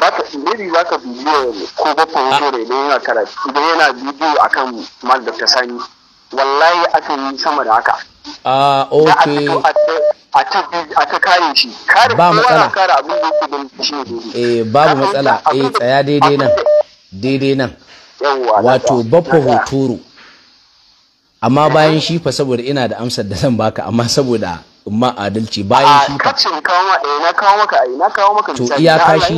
baka maybe baka bidiyo ko ba fahimto da yana karatu idan yana bidiyo akan mal da sani wallahi aka yi sama da haka ah okay a ta kare shi kare ba matsala kare abin da yake don shi ne eh babu matsala eh tsaya daidai nan daidai nan wato baffa hoturu amma eh. bayan shi fa saboda ina da amsar da zan baka amma saboda ma adalci bayan shi ka kacin kawo eh na kawo maka ai eh, na kawo maka to iya kashi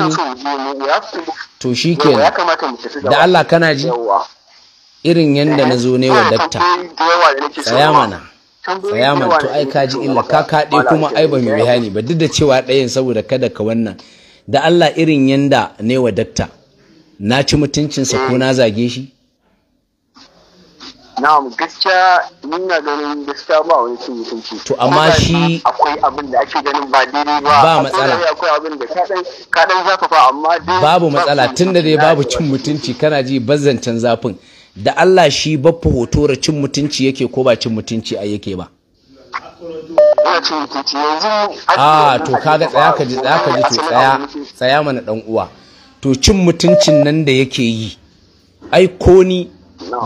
to shi ke da Allah kana ji irin yanda na zo ne wa eh, dakta tsaya mana tsaya mana to ai ka ji illa ka kaɗe kuma ai ba eh, mai bayani ba duk da cewa ɗayan saboda kada ka wannan da Allah irin yanda ne wa dakta na ci mutuncinsa ko na zage shi na'am gaskiya ni ganin gaskiya ba wani cin mutunci to amma shi akwai abin da ake ganin ba daidai ba ba matsala akwai abin da kadan kadan zafafa amma dai babu matsala tunda dai babu cin mutunci kana ji bazancan zafin da Allah shi baffa hotora cin mutunci yake ko ba cin mutunci a yake ba a ah, to kaga tsaya ka ji tsaya ka ji to tsaya tsaya mana dan uwa to cin mutuncin nan da yake yi ai ko ni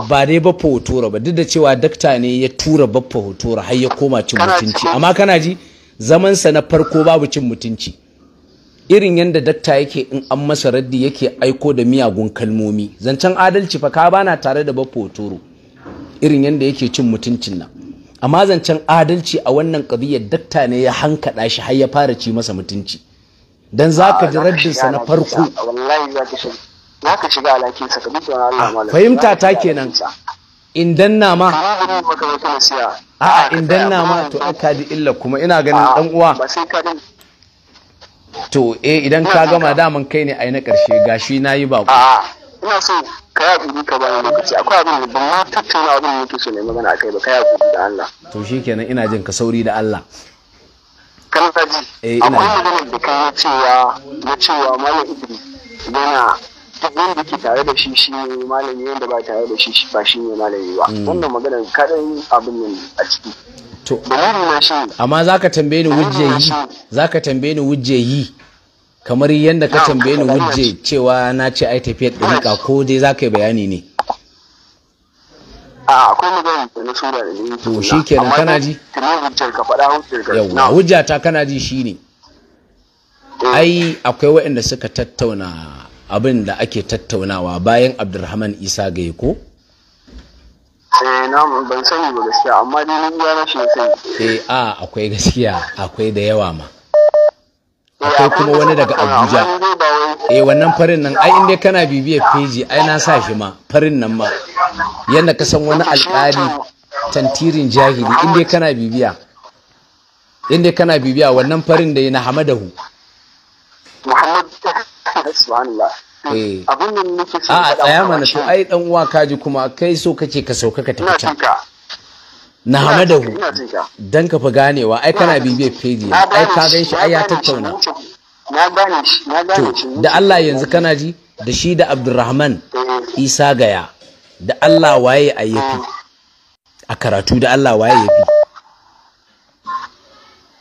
ba dai baffa hutura ba duk da cewa dakta ne ya tura baffa hotora har ya koma cin mutunci amma kana ji zamansa na farko babu cin mutunci irin yadda dakta yake in an masa raddi yake aiko da miyagun kalmomi zancen adalci fa ka bana tare da baffa hotora irin yadda yake cin mutuncin nan amma zancen adalci a wannan kabiyar dakta ne ya hankada shi har ya fara ci masa mutunci dan zaka ah, ji raddinsa na farko za ka shiga alakin sa ka bi tsoron Allah malam fahimta ta kenan in danna ma a'a in danna ma to aka di illa kuma ina ganin dan uwa to eh idan ka gama daman kai ne ai na karshe gashi nayi ba ku ina so ka ya kudi ka bayan lokaci akwai abin da ban ma tattauna abin da yake so ne magana akai ba ka ya kudi da Allah to shikenan ina jin ka sauri da Allah kana ji eh, akwai magana da ka cewa na cewa malam Idris yana da ke tare da shi shi ne malami wanda ba tare da shi ba shi ne malami ba mm. wannan maganar kaɗan abin nan a ciki to amma zaka tambaye ni Za zaka tambaye ni yi kamar yadda ka tambaye ni wujje cewa na ce ai tafiyar ɗariƙa ko dai za ka yi bayani ne a akwai magana da na sura da ni to shi kenan kana ji ka yawa wujata ta kana ji shine eh. ai akwai waɗanda suka tattauna abin da ake tattaunawa bayan abdulrahman isa gaye ko eh na ban sani ba gaskiya amma dai ni na shi sani eh a akwai gaskiya akwai da yawa ma eh, akwai kuma wani daga abuja eh wannan farin nan ai inda kana bibiyar feji ai na sa shi ma farin nan ma yadda ka san wani alƙali tantirin jahili inda kana bibiya inda kana bibiya wannan farin da na hamadahu subhanallah eh. a tsaya mana to ai dan uwa kaji kuma kai so kake ka sauka ka tafi can na hamadahu dan ka fa ganewa ai kana bibiyar feji ai ka gan shi ai ya tattauna na gane shi na gane shi da Allah yanzu kana ji da shi da Abdulrahman eh. Isa gaya da Allah waye ayyafi a karatu da Allah waye yafi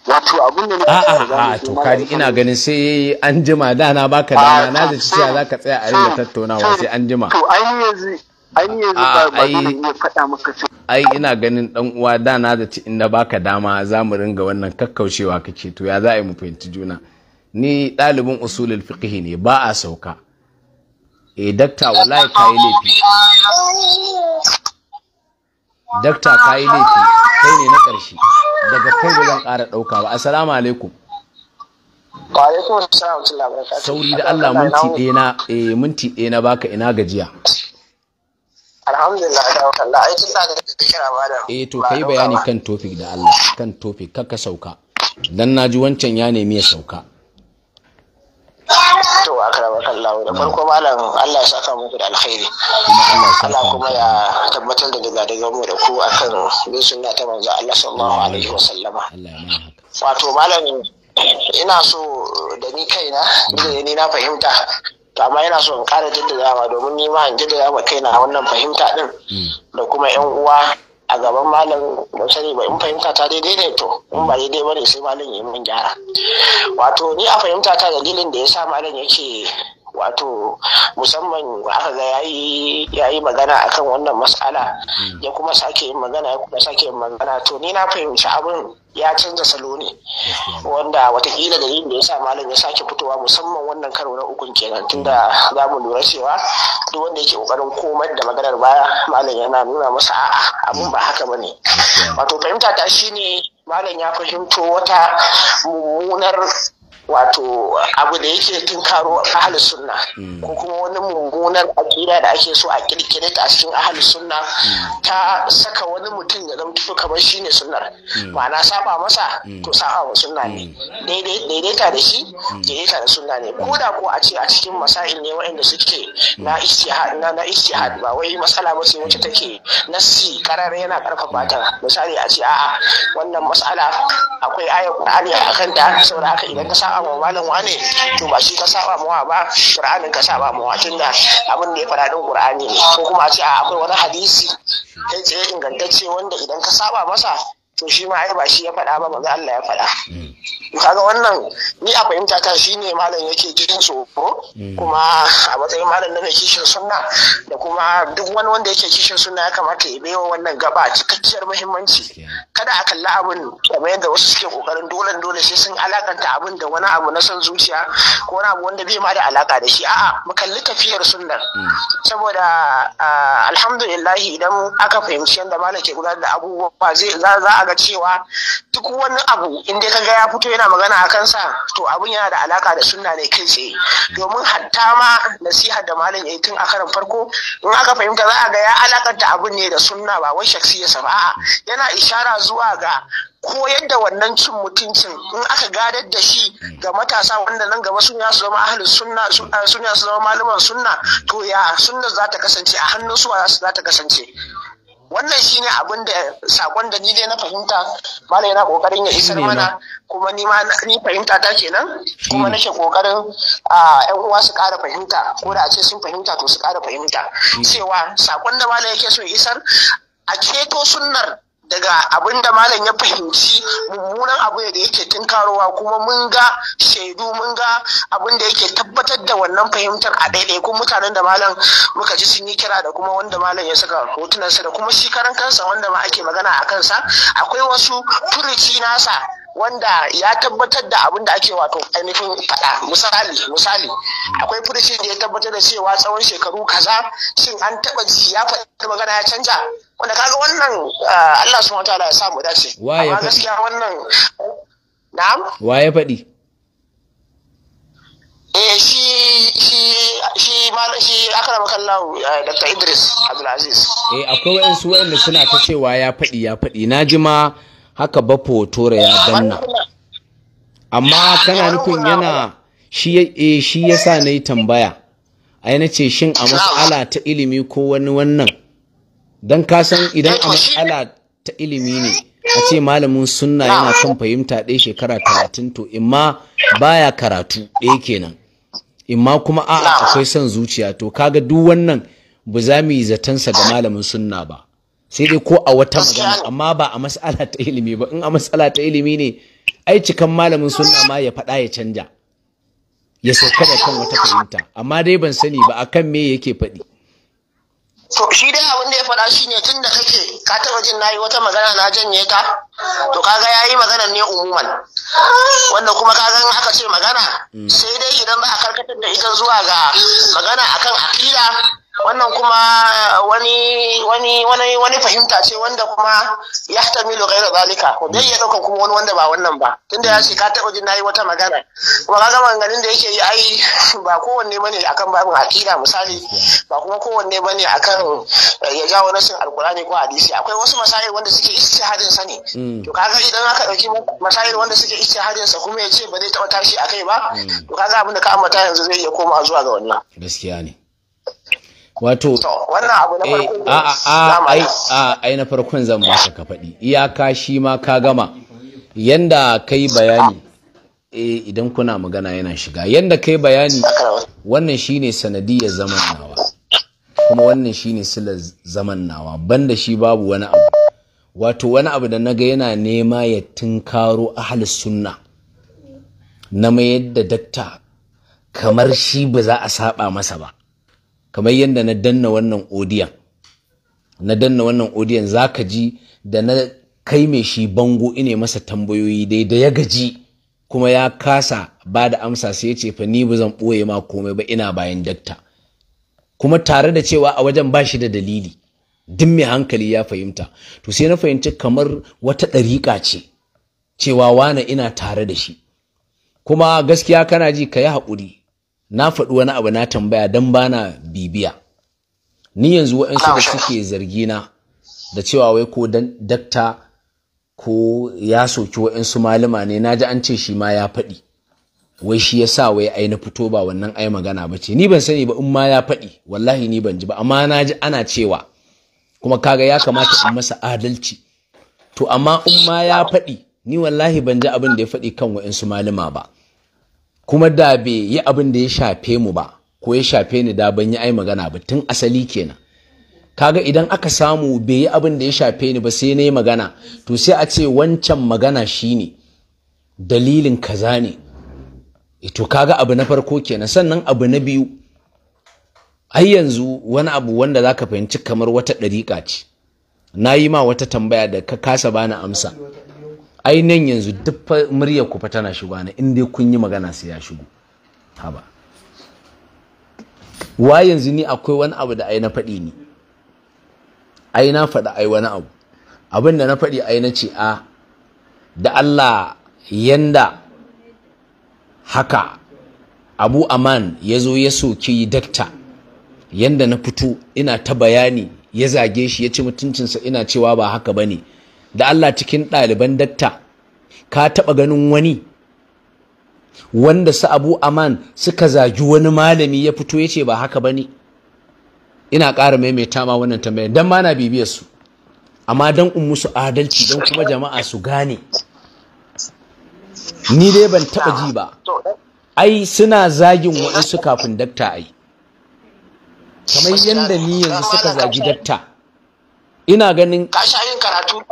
wato abin da ne a'a a to kaji ina ganin sai an jima da na baka ah, dama na da ah, cewa ah, zaka tsaya a ringa tattaunawa sai an jima to ai yanzu ai yanzu ba ba faɗa maka ai ina ganin dan uwa da na da ci inda baka dama za mu ringa wannan kakkaushewa kake to ya za a yi mu fahimci juna ni dalibin usulul fiqh ne ba a sauka eh dakta wallahi kai laifi dakta kai laifi kai ne na ƙarshe daga kai ba zan ƙara ɗauka ba assalamu alaikum sauri da Allah minti ɗaya na eh minti ɗaya na baka ina gajiya alhamdulillah da Allah ai tun da ba da eh to kai bayani kan topic da Allah kan topic kakka sauka dan naji wancan ya nemi ya sauka to kan kallahu da farko malam Allah ya saka muku da alkhairi Allah kuma ya tabbatar da daga daga mu da ku akan bin sunna ta manzo Allah sallallahu alaihi wa sallama wato malam ina so da ni kaina da ni na fahimta to amma ina so in ƙara jaddadawa domin ni ma in jaddada ma kaina wannan fahimta din mm. da kuma yan uwa a gaban malam ban sani ba in fahimta ta daidai ne to in ba daidai ba ne sai malam ya min gyara wato ni a fahimta ta dalilin da ya sa malam yake wato musamman aka ga ya yi magana akan wannan mas'ala hmm. ya kuma sake yin magana ya kuma sake yin magana to ni na fahimci abin ya canza salo ne wanda watakila da yin da ya sa malam ya sake fitowa musamman wannan karo na ukun kenan tunda za mu lura cewa duk wanda yake kokarin komar da maganar baya malam yana nuna masa a'a abun ba haka bane wato fahimta ta shine malam ya fahimto wata mummunar wato abu da yake tunkaro ahalus sunna mm. ko kuma wani mummunar akida da ake so a kirkire ta a cikin ahalus sunna mm. ta saka wani mutum ya zama kamar shine sunnar mm. ma'ana saba masa to saba wa sunna ne daidaita da shi daidaita da sunna ne ko da ko a ce a cikin masahin ne waɗanda suke na istihad na na istihad ba wai masala ba wuce wacce take nassi karar yana karfafa ta misali a ce a'a wannan masala akwai ayar ta a kanta saboda haka idan ka sa. saba wa malam wane to ba shi ka saba mawa ba qur'anin ka saba mawa tunda abin da ya fara din qur'ani ko kuma a ce akwai wani hadisi kai tsaye ingantacce wanda idan ka saba masa to shi ma ai ba shi ya faɗa ba manzo Allah ya faɗa hmm. kaga wannan ni a fahimta ta shi ne malam yake jin tsoro hmm. kuma a matsayin malam na kishin sunna da kuma duk wani wanda yake kishin sunna ya kamata ya baiwa wannan gaba cikakkiyar muhimmanci kada a kalli abin kamar yadda wasu suke kokarin dole dole sai sun alakanta abin da wani abu na son zuciya ko wani abu wanda bai ma da alaka da shi a'a mu kalli tafiyar sunnar hmm. saboda ah, alhamdulillah idan aka fahimci yadda malam ke gudanar da abubuwa za a ga cewa duk wani abu in dai kaga ya fito yana magana a kansa to abun yana da alaka da sunna ne kai tsaye domin hatta ma nasiha da malam yi tun a karan farko in aka fahimta za a ga ya alakanta abun ne da sunna ba wai shaksiyarsa ba a'a yana ishara zuwa ga koyar da wannan cin mutuncin in aka gadar da shi ga matasa wanda nan gaba sun ya su zama ahalin sunna sun ya zama malaman sunna to ya sunna za ta kasance a hannun su za ta kasance wannan shi ne abin da sakon da ni dai na fahimta malai yana kokarin ya isar mana kuma ni ma ni fahimta ta kenan kuma nake kokarin a yan uwa su kara fahimta ko da a ce sun fahimta to su kara fahimta cewa sakon da malai yake so isar a ceto sunnar daga abin da malam ya fahimci mummunan abu da yake tunkarowa kuma mun ga shaidu mun ga abin da yake tabbatar da wannan fahimtar a ɗaiɗaikun mutanen da malam muka ji sun yi kira da kuma wanda malam ya saka hotunansa da kuma shi karan kansa wanda ma ake magana a kansa akwai wasu furuci nasa wanda ya tabbatar da abin da ake wato ainihin faɗa misali misali akwai furucin da ya tabbatar da cewa tsawon shekaru kaza shin an taɓa ya faɗi magana ya canja wanda kaga wannan ah, Allah subhanahu Taala ya samu dace amma gaskiya wannan na'am wa ya faɗi eh shi shi shi malam shi akara kallahu eh, Dr. Idris Abdulaziz eh akwai wayansu wayanda suna ta cewa ya faɗi ya faɗi na ji ma haka ba fotora ya danna amma kana nufin yana eh, shi ya sa na yi tambaya a yana ce shin a matsala ta ilimi ko wani wannan don kasan idan a matsala ta ilimi ne a ce malamin sunna yana kan fahimta ɗaya shekara talatin to imma baya karatu ɗaya kenan imma kuma a'a akwai son zuciya to kaga duk wannan ba za mu yi zatansa ga malamin sunna ba sai dai ko a wata magana amma ba a matsala ta ilimi ba in a matsala ta ilimi ne ai cikan malamin sunna ma ya faɗa ya canja ya sauka da kan wata fahimta amma dai ban sani ba akan me yake faɗi to shi dai abin da ya faɗa shi ne tun da kake ka taɓa jin na yi wata magana na janye ta to kaga ya yi maganar ne umuman wanda kuma kaga in aka ce magana mm. sai dai idan ba a karkatar da ita zuwa ga magana akan aƙida wannan kuma wani wani wani wani fahimta ce wanda kuma ya tamilu ghaira zalika ko bai ya dauka kuma wani wanda ba wannan ba tunda ya ce ka wajen nayi wata magana kuma gama ganin da yake yi ai ba kowanne bane akan babin hakika misali ba kuma kowanne bane akan eh, ya jawo nasin alkurani ko hadisi akwai wasu masail wanda suke istihadin sa ne mm. to kaga idan aka dauki masail wanda suke istihadin sa kuma ya ce ba zai taba tashi akai ba mm. to kaga abin da ka ambata yanzu zai iya koma zuwa ga wannan gaskiya ne wato eh, a ai na farkon zan baka ka faɗi iyaka shi ma ka gama yanda kai bayani eh, idan kuna magana yana shiga yanda kai bayani wannan shine sanadiyar zaman nawa kuma wannan shine silar zaman nawa banda shi babu wani abu wato wani abu da naga yana nema ya tunkaro ahal sunna na mayar da dakta kamar shi ba za a saba masa ba kamar yadda na danna wannan odiyan na danna wannan odiyan za ka ji da na kai mai shi bango ine masa tambayoyi dai da ya gaji kuma ya kasa ba da amsa sai ya ce fa ni ba zan ɓoye ma komai ba ina bayan dakta kuma tare da cewa a wajen ba shi da dalili duk mai hankali ya fahimta to sai na fahimci kamar wata ɗariƙa ce cewa wane ina tare da shi kuma gaskiya kana ji ka yi haƙuri na faɗi wani abu na tambaya don bana bibiya ni yanzu waɗansu da suke zargi na da cewa wai ko dakta ko ya soki waɗansu malama ne na ji an ce shi ma ya faɗi wai shi ya sa wai ai na fito ba wannan ai magana ba ce ni ban sani ba in ma ya faɗi wallahi ni ban ji ba amma na ji ana cewa kuma kaga ya kamata in masa adalci to amma in ma ya faɗi ni wallahi ban ji abin da ya faɗi kan waɗansu malama ba kuma da bai yi abin da ya shafe mu ba ko ya shafe ni da ban yi ai magana ba tun asali kenan kaga idan aka samu bai yi abin da ya shafe ni ba sai na yi magana to sai a ce wancan magana shine dalilin kaza ne e to kaga abu na farko kenan sannan abu na biyu ai yanzu wani abu wanda zaka fahimci kamar wata dariƙa ce na yi ma wata tambaya da ka kasa bani amsa ainihin yanzu duk muryar ku fa tana shigo ne in dai kun yi magana sai ya shigo haba wa yanzu ni akwai wani abu da ai na faɗi ni ai na faɗa ai wani abu abin da na faɗi ai na ce a da Allah yanda haka abu aman ya zo ya soki dakta yanda na fito ina ta bayani ya zage shi ya ci mutuncinsa ina cewa ba haka ba ne da Allah cikin ɗaliban datta ka taɓa ganin wani wanda su abu aman suka zagi wani malami ya fito ya ce ba haka ba ne ina ƙara maimaita ma wannan tambayar don ma na bibiyar su amma don in musu adalci don kuma jama'a su gane ni dai ban taɓa ji ba ai suna zagin waɗansu kafin datta ai kamar yadda ni yanzu suka zagi datta ina ganin ka karatu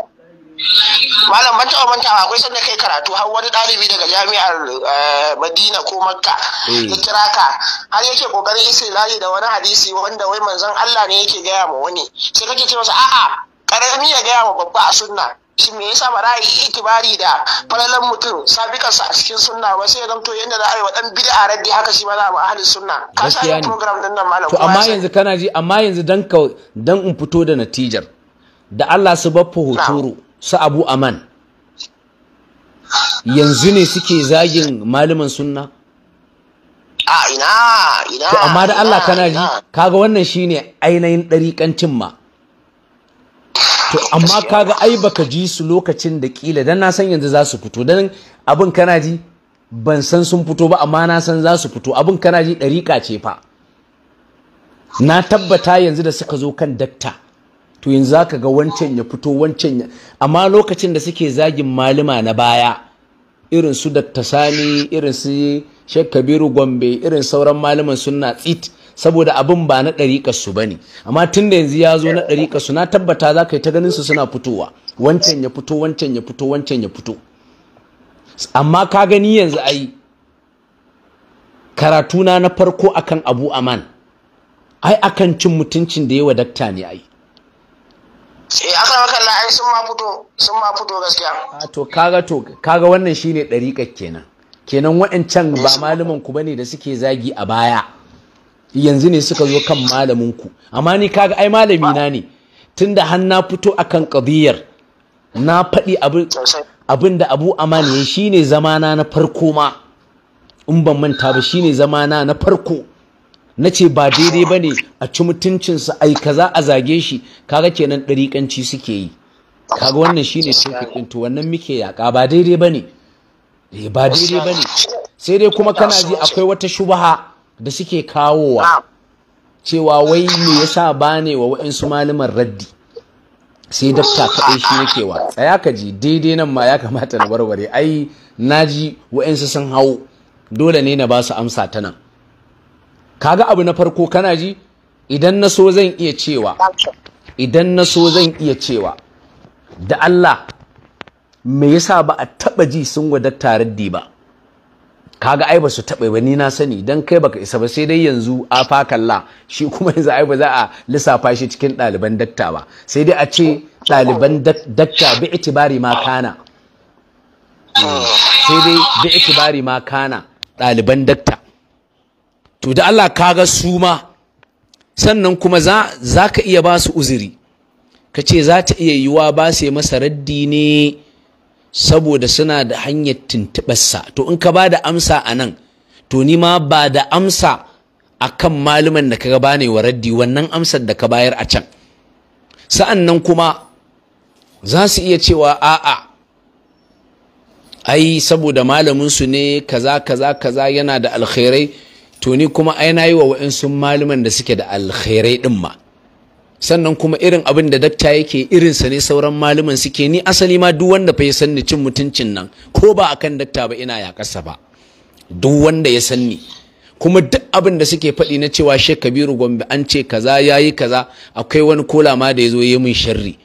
malam ban mantawa akwai sanda kai karatu har wani ɗalibi daga jami'ar eh, madina ko makka hmm. ya kira ka har yake kokarin isilali da wani hadisi wanda wai manzon allah ne yake gaya ma wani sai kake ce masa a'a karami ya gaya ma babba a sunna shi me yasa ba ra'ayi itibari da falalan mutum sa a cikin sunna ba sai ya zamto yadda za a yi wa dan bid'a raddi haka shi ma za a ba sunna ka sa program din nan malam to amma yanzu kana ji amma yanzu dan ka dan in fito da natijar da Allah su baffa hotoro su abu aman yanzu ne suke zagin malaman sunna a ina ina to amma da Allah kana ji kaga wannan shine ainihin ɗarikancin ma to amma kaga ai baka ji su lokacin da kila dan na san yanzu za su fito dan abin kana ji ban san sun fito ba amma na san za su fito abin kana ji ɗariƙa ce fa na tabbata yanzu da suka zo kan dakta to yanzu zaka ga wancan ya fito wancan ya amma lokacin da suke zagin malima na baya irin su Dr. irin su Sheikh Kabiru Gombe irin sauran malaman sunna tsit saboda abin ba na ɗariƙar su bane amma tunda da yanzu ya zo na ɗariƙar su na tabbata za ka yi ta ganin su suna fitowa wancan ya fito wancan ya fito wancan ya fito amma ka gani yanzu ai karatuna na farko akan Abu Aman ai akan cin mutuncin da yawa dakta ne ai eh aka maka ai sun ma fito sun ma fito gaskiya a ah, to kaga to kaga wannan shine dariƙar kenan kenan waɗancan ba malamin ku bane da suke zagi a baya yanzu ne suka zo kan malamin ku amma ni kaga ai malami na ne tunda har na fito akan qadiyar na faɗi abin abin da Abu Aman ya shine zamana na farko ma in ban manta ba shine zamana na farko na ce ba daidai ba ne a ci mutuncinsa ai kaza a zage shi kaga kenan ɗariƙanci suke yi kaga wannan shine tofik to wannan muke yaƙa ba daidai ba ne eh, ba daidai ba ne sai dai kuma kana ji akwai wata shubaha da suke kawowa cewa wai me yasa ba ne wa wa'insu malaman raddi sai dafta kaɗai shi nake wa tsaya ka ji daidai nan ma ya kamata na warware ai na naji wa'insu sun hau dole ne na ba su amsa ta nan kaga abu na farko kana ji idan na so zan iya cewa idan na so zan iya cewa da Allah me yasa ba a taba ji sun wadatta raddi ba kaga ai ba su taɓa ba ni na sani dan kai baka isa ba sai dai yanzu a fakalla shi kuma yanzu ai ba za a lissafa shi cikin ɗaliban datta ba sai dai a ce ɗaliban datta bi itibari ma kana hmm. sai dai bi itibari ma kana ɗaliban datta to da Allah ga su ma sannan kuma za ka iya ba su uzuri ka ce za ta iya yiwa ba yi masa raddi ne saboda suna da hanyar tuntuɓarsa to in ka ba da amsa a nan to ni ma ba da amsa a kan maluman da kaga bane wa raddi wannan amsar da ka bayar a can sa'an nan kuma za su iya cewa a'a ai saboda malaminsu ne kaza kaza kaza yana da alkhairai to ni kuma ai na yi wa wa'insu malaman da suke da alkhairai ɗin ma sannan kuma irin abin da dakta yake irinsa ne sauran malaman suke ni asali ma duk wanda fa ya san cin mutuncin nan ko ba akan dakta ba ina ya kasa ba duk wanda ya sanni. kuma duk abin da suke faɗi na cewa shek Kabiru Gombe an ce kaza yayi kaza akwai wani kola ma da yazo yayi min sharri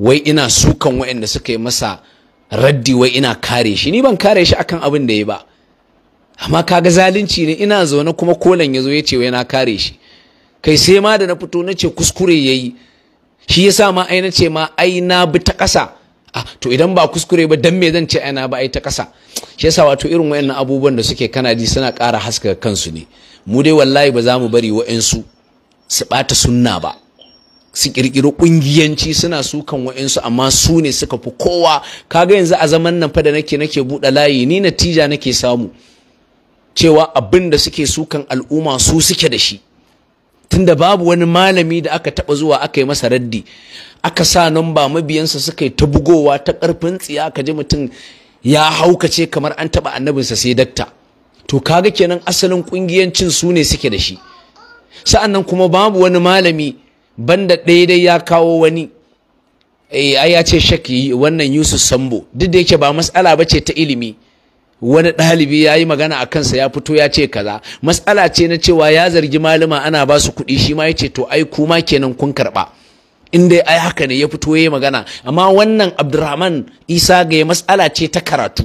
wai ina sukan waɗanda suka yi masa raddi wai ina kare shi ni ban kare shi akan abin da yayi ba amma kaga zalunci ne ina zaune kuma kolan ya zo ya ce wai na kare shi kai sai ma da na fito na ce kuskure ya yi shi ya sa ma ai ce ma ai bi ta ƙasa ah, to idan ba kuskure ba dan me zan ce aina na ba ai ta ƙasa shi yasa wato irin wayan abubuwan da suke kanadi suna ƙara haska kansu ne mu dai wallahi ba za mu bari wa'ansu su ɓata sunna ba su kirkiri kungiyanci suna sukan wa'insu amma su ne suka fi kowa kaga yanzu a zaman nan fa da nake nake buɗe layi ni natija nake samu cewa abin da suke sukan al'umma su suke da shi tunda babu wani malami da aka taba zuwa aka yi masa raddi aka sa nan ba mabiyansa suka yi ta bugowa ta karfin tsiya ka ji mutum ya haukace kamar an taba annabinsa sai dakta to kaga kenan asalin kungiyancin su ne suke da shi sa'annan kuma babu wani malami banda ɗaya dai ya kawo wani eh, ai ya ce shakki wannan Yusuf Sambo duk da yake ba matsala bace ta ilimi wani ɗalibi ya yi magana a kansa ya fito ya ce kaza matsala ce na cewa ya zargi malama ana ba su kuɗi shi ma ya ce to ai kuma kenan kun karɓa in dai ai haka ne ya fito ya yi magana amma wannan abdurrahman isa ga matsala ce ta karatu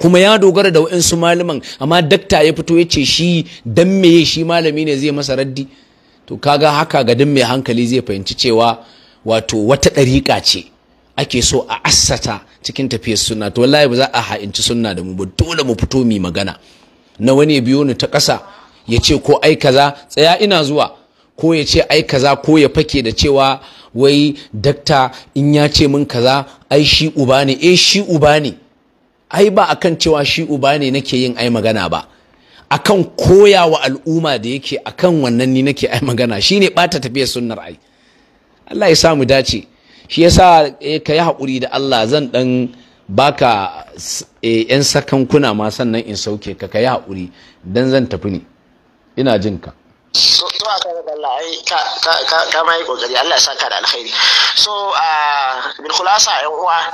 kuma ya dogara da wa'insu malaman amma dakta ya fito ya ce shi dan meye shi malami ne zai masa raddi to kaga haka ga dan mai hankali zai fahimci cewa wato wata ɗariƙa ce ake so a assata cikin tafiyar sunna to wallahi ba za a ha'inci sunna da mu ba dole mu fito mu magana na wani ya biyo ni ta ƙasa ya ce ko ai kaza tsaya ina zuwa ko ya ce ai kaza ko ya fake da cewa wai dakta in ya ce min kaza ai shi uba ne eh shi uba ne ai ba akan cewa shi uba ne nake yin ai magana ba akan koyawa al'umma da yake akan wannan ni nake ai magana shine bata tafiyar sunnar ai Allah ya sa mu dace shi yasa eh, ka yi haƙuri da Allah zan ɗan baka yan eh, sakankuna ma sannan in sauke ka ka yi haƙuri dan zan tafi ne ina jin ka so ka ma yi kokari Allah ya saka da alkhairi so ah, bil khulasa yan uwa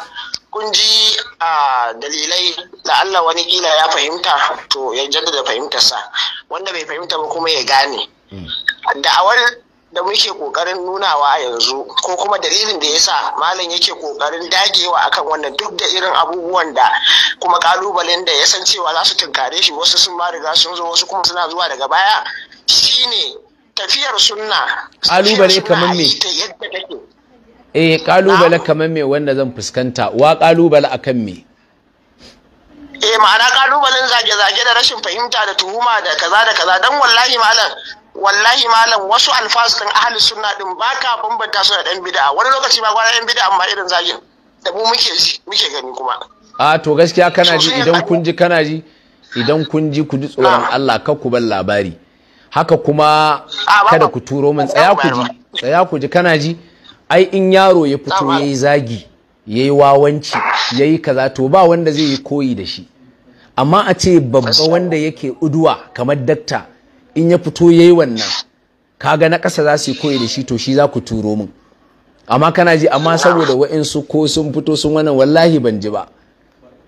kun ji ah, dalilai da Allah wani kila ya fahimta to ya jaddada fahimtarsa wanda bai fahimta ba kuma ya gane hmm. da'awar da muke kokarin nunawa a yanzu ko kuma dalilin da yasa malam yake kokarin dagewa akan wannan duk da irin abubuwan da kuma kalubalen da ya san cewa za su tunkare shi wasu sun ma riga sun zo wasu kuma suna zuwa daga baya shine tafiyar sunna kalubale kamar me eh kalubale kamar me wanda zan fuskanta wa kalubale akan me eh ma'ana kalubalen zage-zage da rashin fahimta da tuhuma da kaza da kaza dan wallahi malam wallahi malam wasu alfasu din ahli sunna din baka bambanta su da dan bid'a wani lokaci ba gwara dan bid'a amma irin zagin da mu muke ji muke gani kuma a to gaskiya kana ji idan kun ji kana ji idan kun ji ku ji tsoron Allah ka ku bar labari haka kuma kada ku turo min tsaya ku ji tsaya ku ji kana ji ai in yaro ya fito yayi zagi yayi wawanci yayi kaza to ba wanda zai yi koyi da shi amma a ce babba wanda yake uduwa kamar dakta in ya fito yayi wannan kaga na ƙasa za su yi koyi da shi to shi za ku turo min amma kana ji amma saboda wa'insu ko sun fito sun wannan wallahi ban ji ba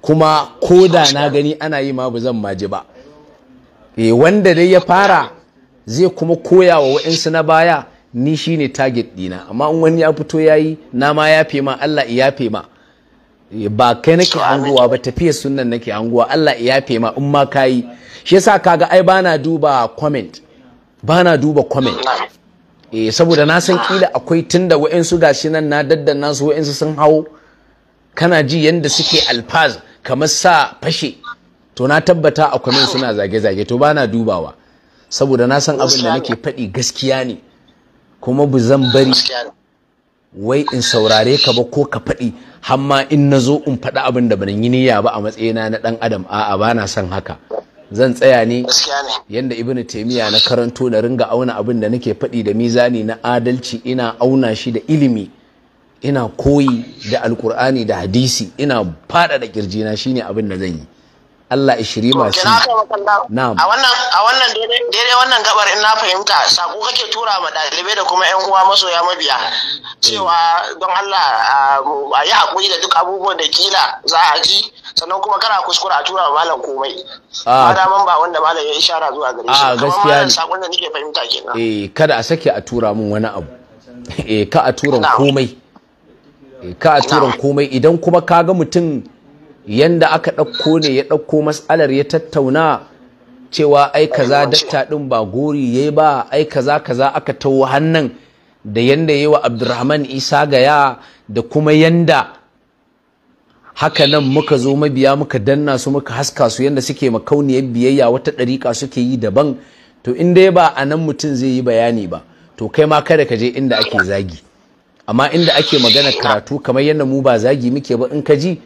kuma ko da na gani ana yi ma ba zan ma ji ba eh wanda dai ya fara zai kuma koya wa wa'insu na baya ni shine target dina amma in wani ya fito yayi na ma yafe ma Allah ya yafe ma ba kai nake anguwa ba tafiya sunan nake anguwa Allah ya yafe ma in ma kayi shi yasa kaga ai bana duba comment bana duba comment eh saboda na san kila akwai tunda wa'ensu gashi nan na daddana su sun hawo kana ji yanda suke alfaz kamar sa fashe to na tabbata a comment suna zage zage to bana dubawa saboda na san abin da nake faɗi gaskiya ne kuma bu zan bari wai in saurare ka ba ko ka faɗi hamma in na zo in faɗi abin da ban yi niyya ba a matsayina na ɗan adam a'a ba na son haka zan tsaya ne yadda ibnu taimiyya na karanto na ringa auna abin da nake faɗi da mizani na adalci ina auna shi da ilimi ina koyi da alkur'ani da hadisi ina faɗaɗa ƙirjina shine abin da zan yi Allah ishiri masu na a wannan a wannan daidai wannan gabar in na fahimta sako kake tura ma dalibai da kuma yan uwa masoya mabiya cewa don Allah a yi haƙuri da duk abubuwan da kila za a ji sannan kuma kana kuskura a tura ma malam komai ba daman ba wanda malam ya ishara zuwa gare shi a gaskiya ne sakon da nake fahimta kenan eh kada a sake a tura min wani abu eh ka a tura komai eh, ka a tura komai idan kuma kaga mutum yanda aka ɗauko ne ya ɗauko matsalar ya tattauna cewa ai kaza datta ɗin ba gori yayi ba ai kaza kaza aka tawo hannan da yanda yayi wa Abdurrahman Isa gaya da kuma yanda haka nan muka zo mabiya muka danna su muka haska su yanda suke makauniyar biyayya wata ɗariƙa suke yi daban to in dai ba a nan mutum zai yi bayani ba to kai ma kada ka je inda ake zagi amma inda ake magana karatu kamar yanda mu ba zagi muke ba in ka ji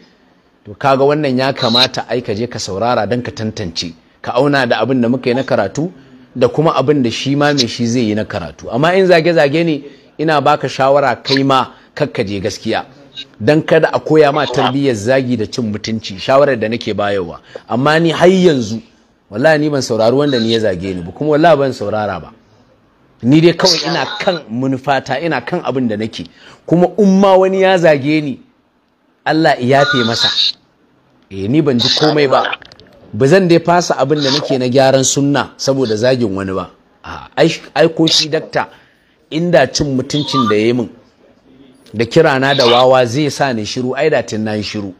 to kaga wannan ya kamata ai ka je ka saurara don ka tantance ka auna da abin da muka yi na karatu da kuma abin da shi ma mai shi zai yi na karatu amma in zage-zage ne ina baka shawara kai ma je gaskiya don kada a koya ma tarbiyyar zagi da cin mutunci shawarar da nake bayarwa amma ni har yanzu wallahi ni ban saurari wanda ni ya zage ni ba kuma wallahi ban saurara ba ni dai kawai ina kan munfata ina kan abin da nake kuma umma wani ya zage ni Allah ya yafe masa eh ni ban ji komai ba ba zan dai fasa abin da nake na gyaran sunna saboda zagin wani ba ai ko shi dakta inda cin mutuncin da yayi min da kirana da wawa zai sa ni shiru ai da tin shiru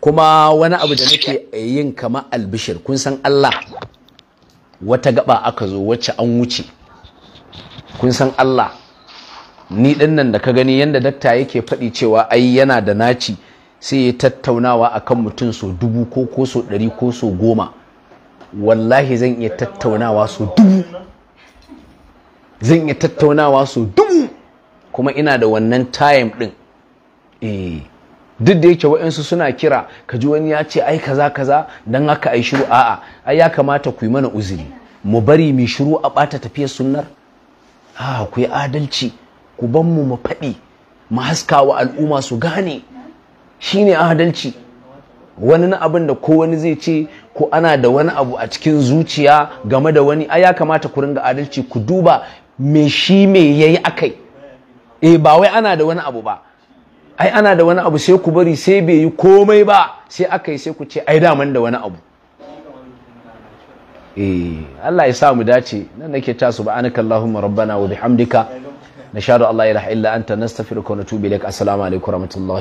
kuma wani abu da nake yin kamar albishir kun san Allah wata gaba aka zo wacce an wuce kun san Allah ni din da ka gani yanda dakta yake faɗi cewa ai yana da naci sai ya tattaunawa akan mutum so dubu ko ko so ɗari ko so goma wallahi zan iya tattaunawa so dubu zan iya tattaunawa so dubu kuma ina da wannan time ɗin eh duk da yake wa'insu suna kira ka ji wani ya ce ai kaza kaza don haka ai shiru a'a ai ya kamata ku yi mana uzuri mu bari mu shiru a ɓata tafiyar sunnar ah ku yi adalci ku ban mu mu faɗi mu haskawa al'umma su gane Shi shine adalci wani na abin da ko wani zai ce ko ana da wani abu a cikin zuciya game da wani a ya kamata ku ringa adalci ku duba me shi me yayi akai eh ba wai ana da wani abu ba ai ana da wani abu sai ku bari sai bai yi komai ba sai aka yi sai ku ce ai daman da wani abu eh Allah ya sa mu dace nan nake ta subhanaka allahumma rabbana wa bihamdika nashhadu an la ilaha illa anta nastaghfiruka wa natubu ilaik assalamu alaikum warahmatullahi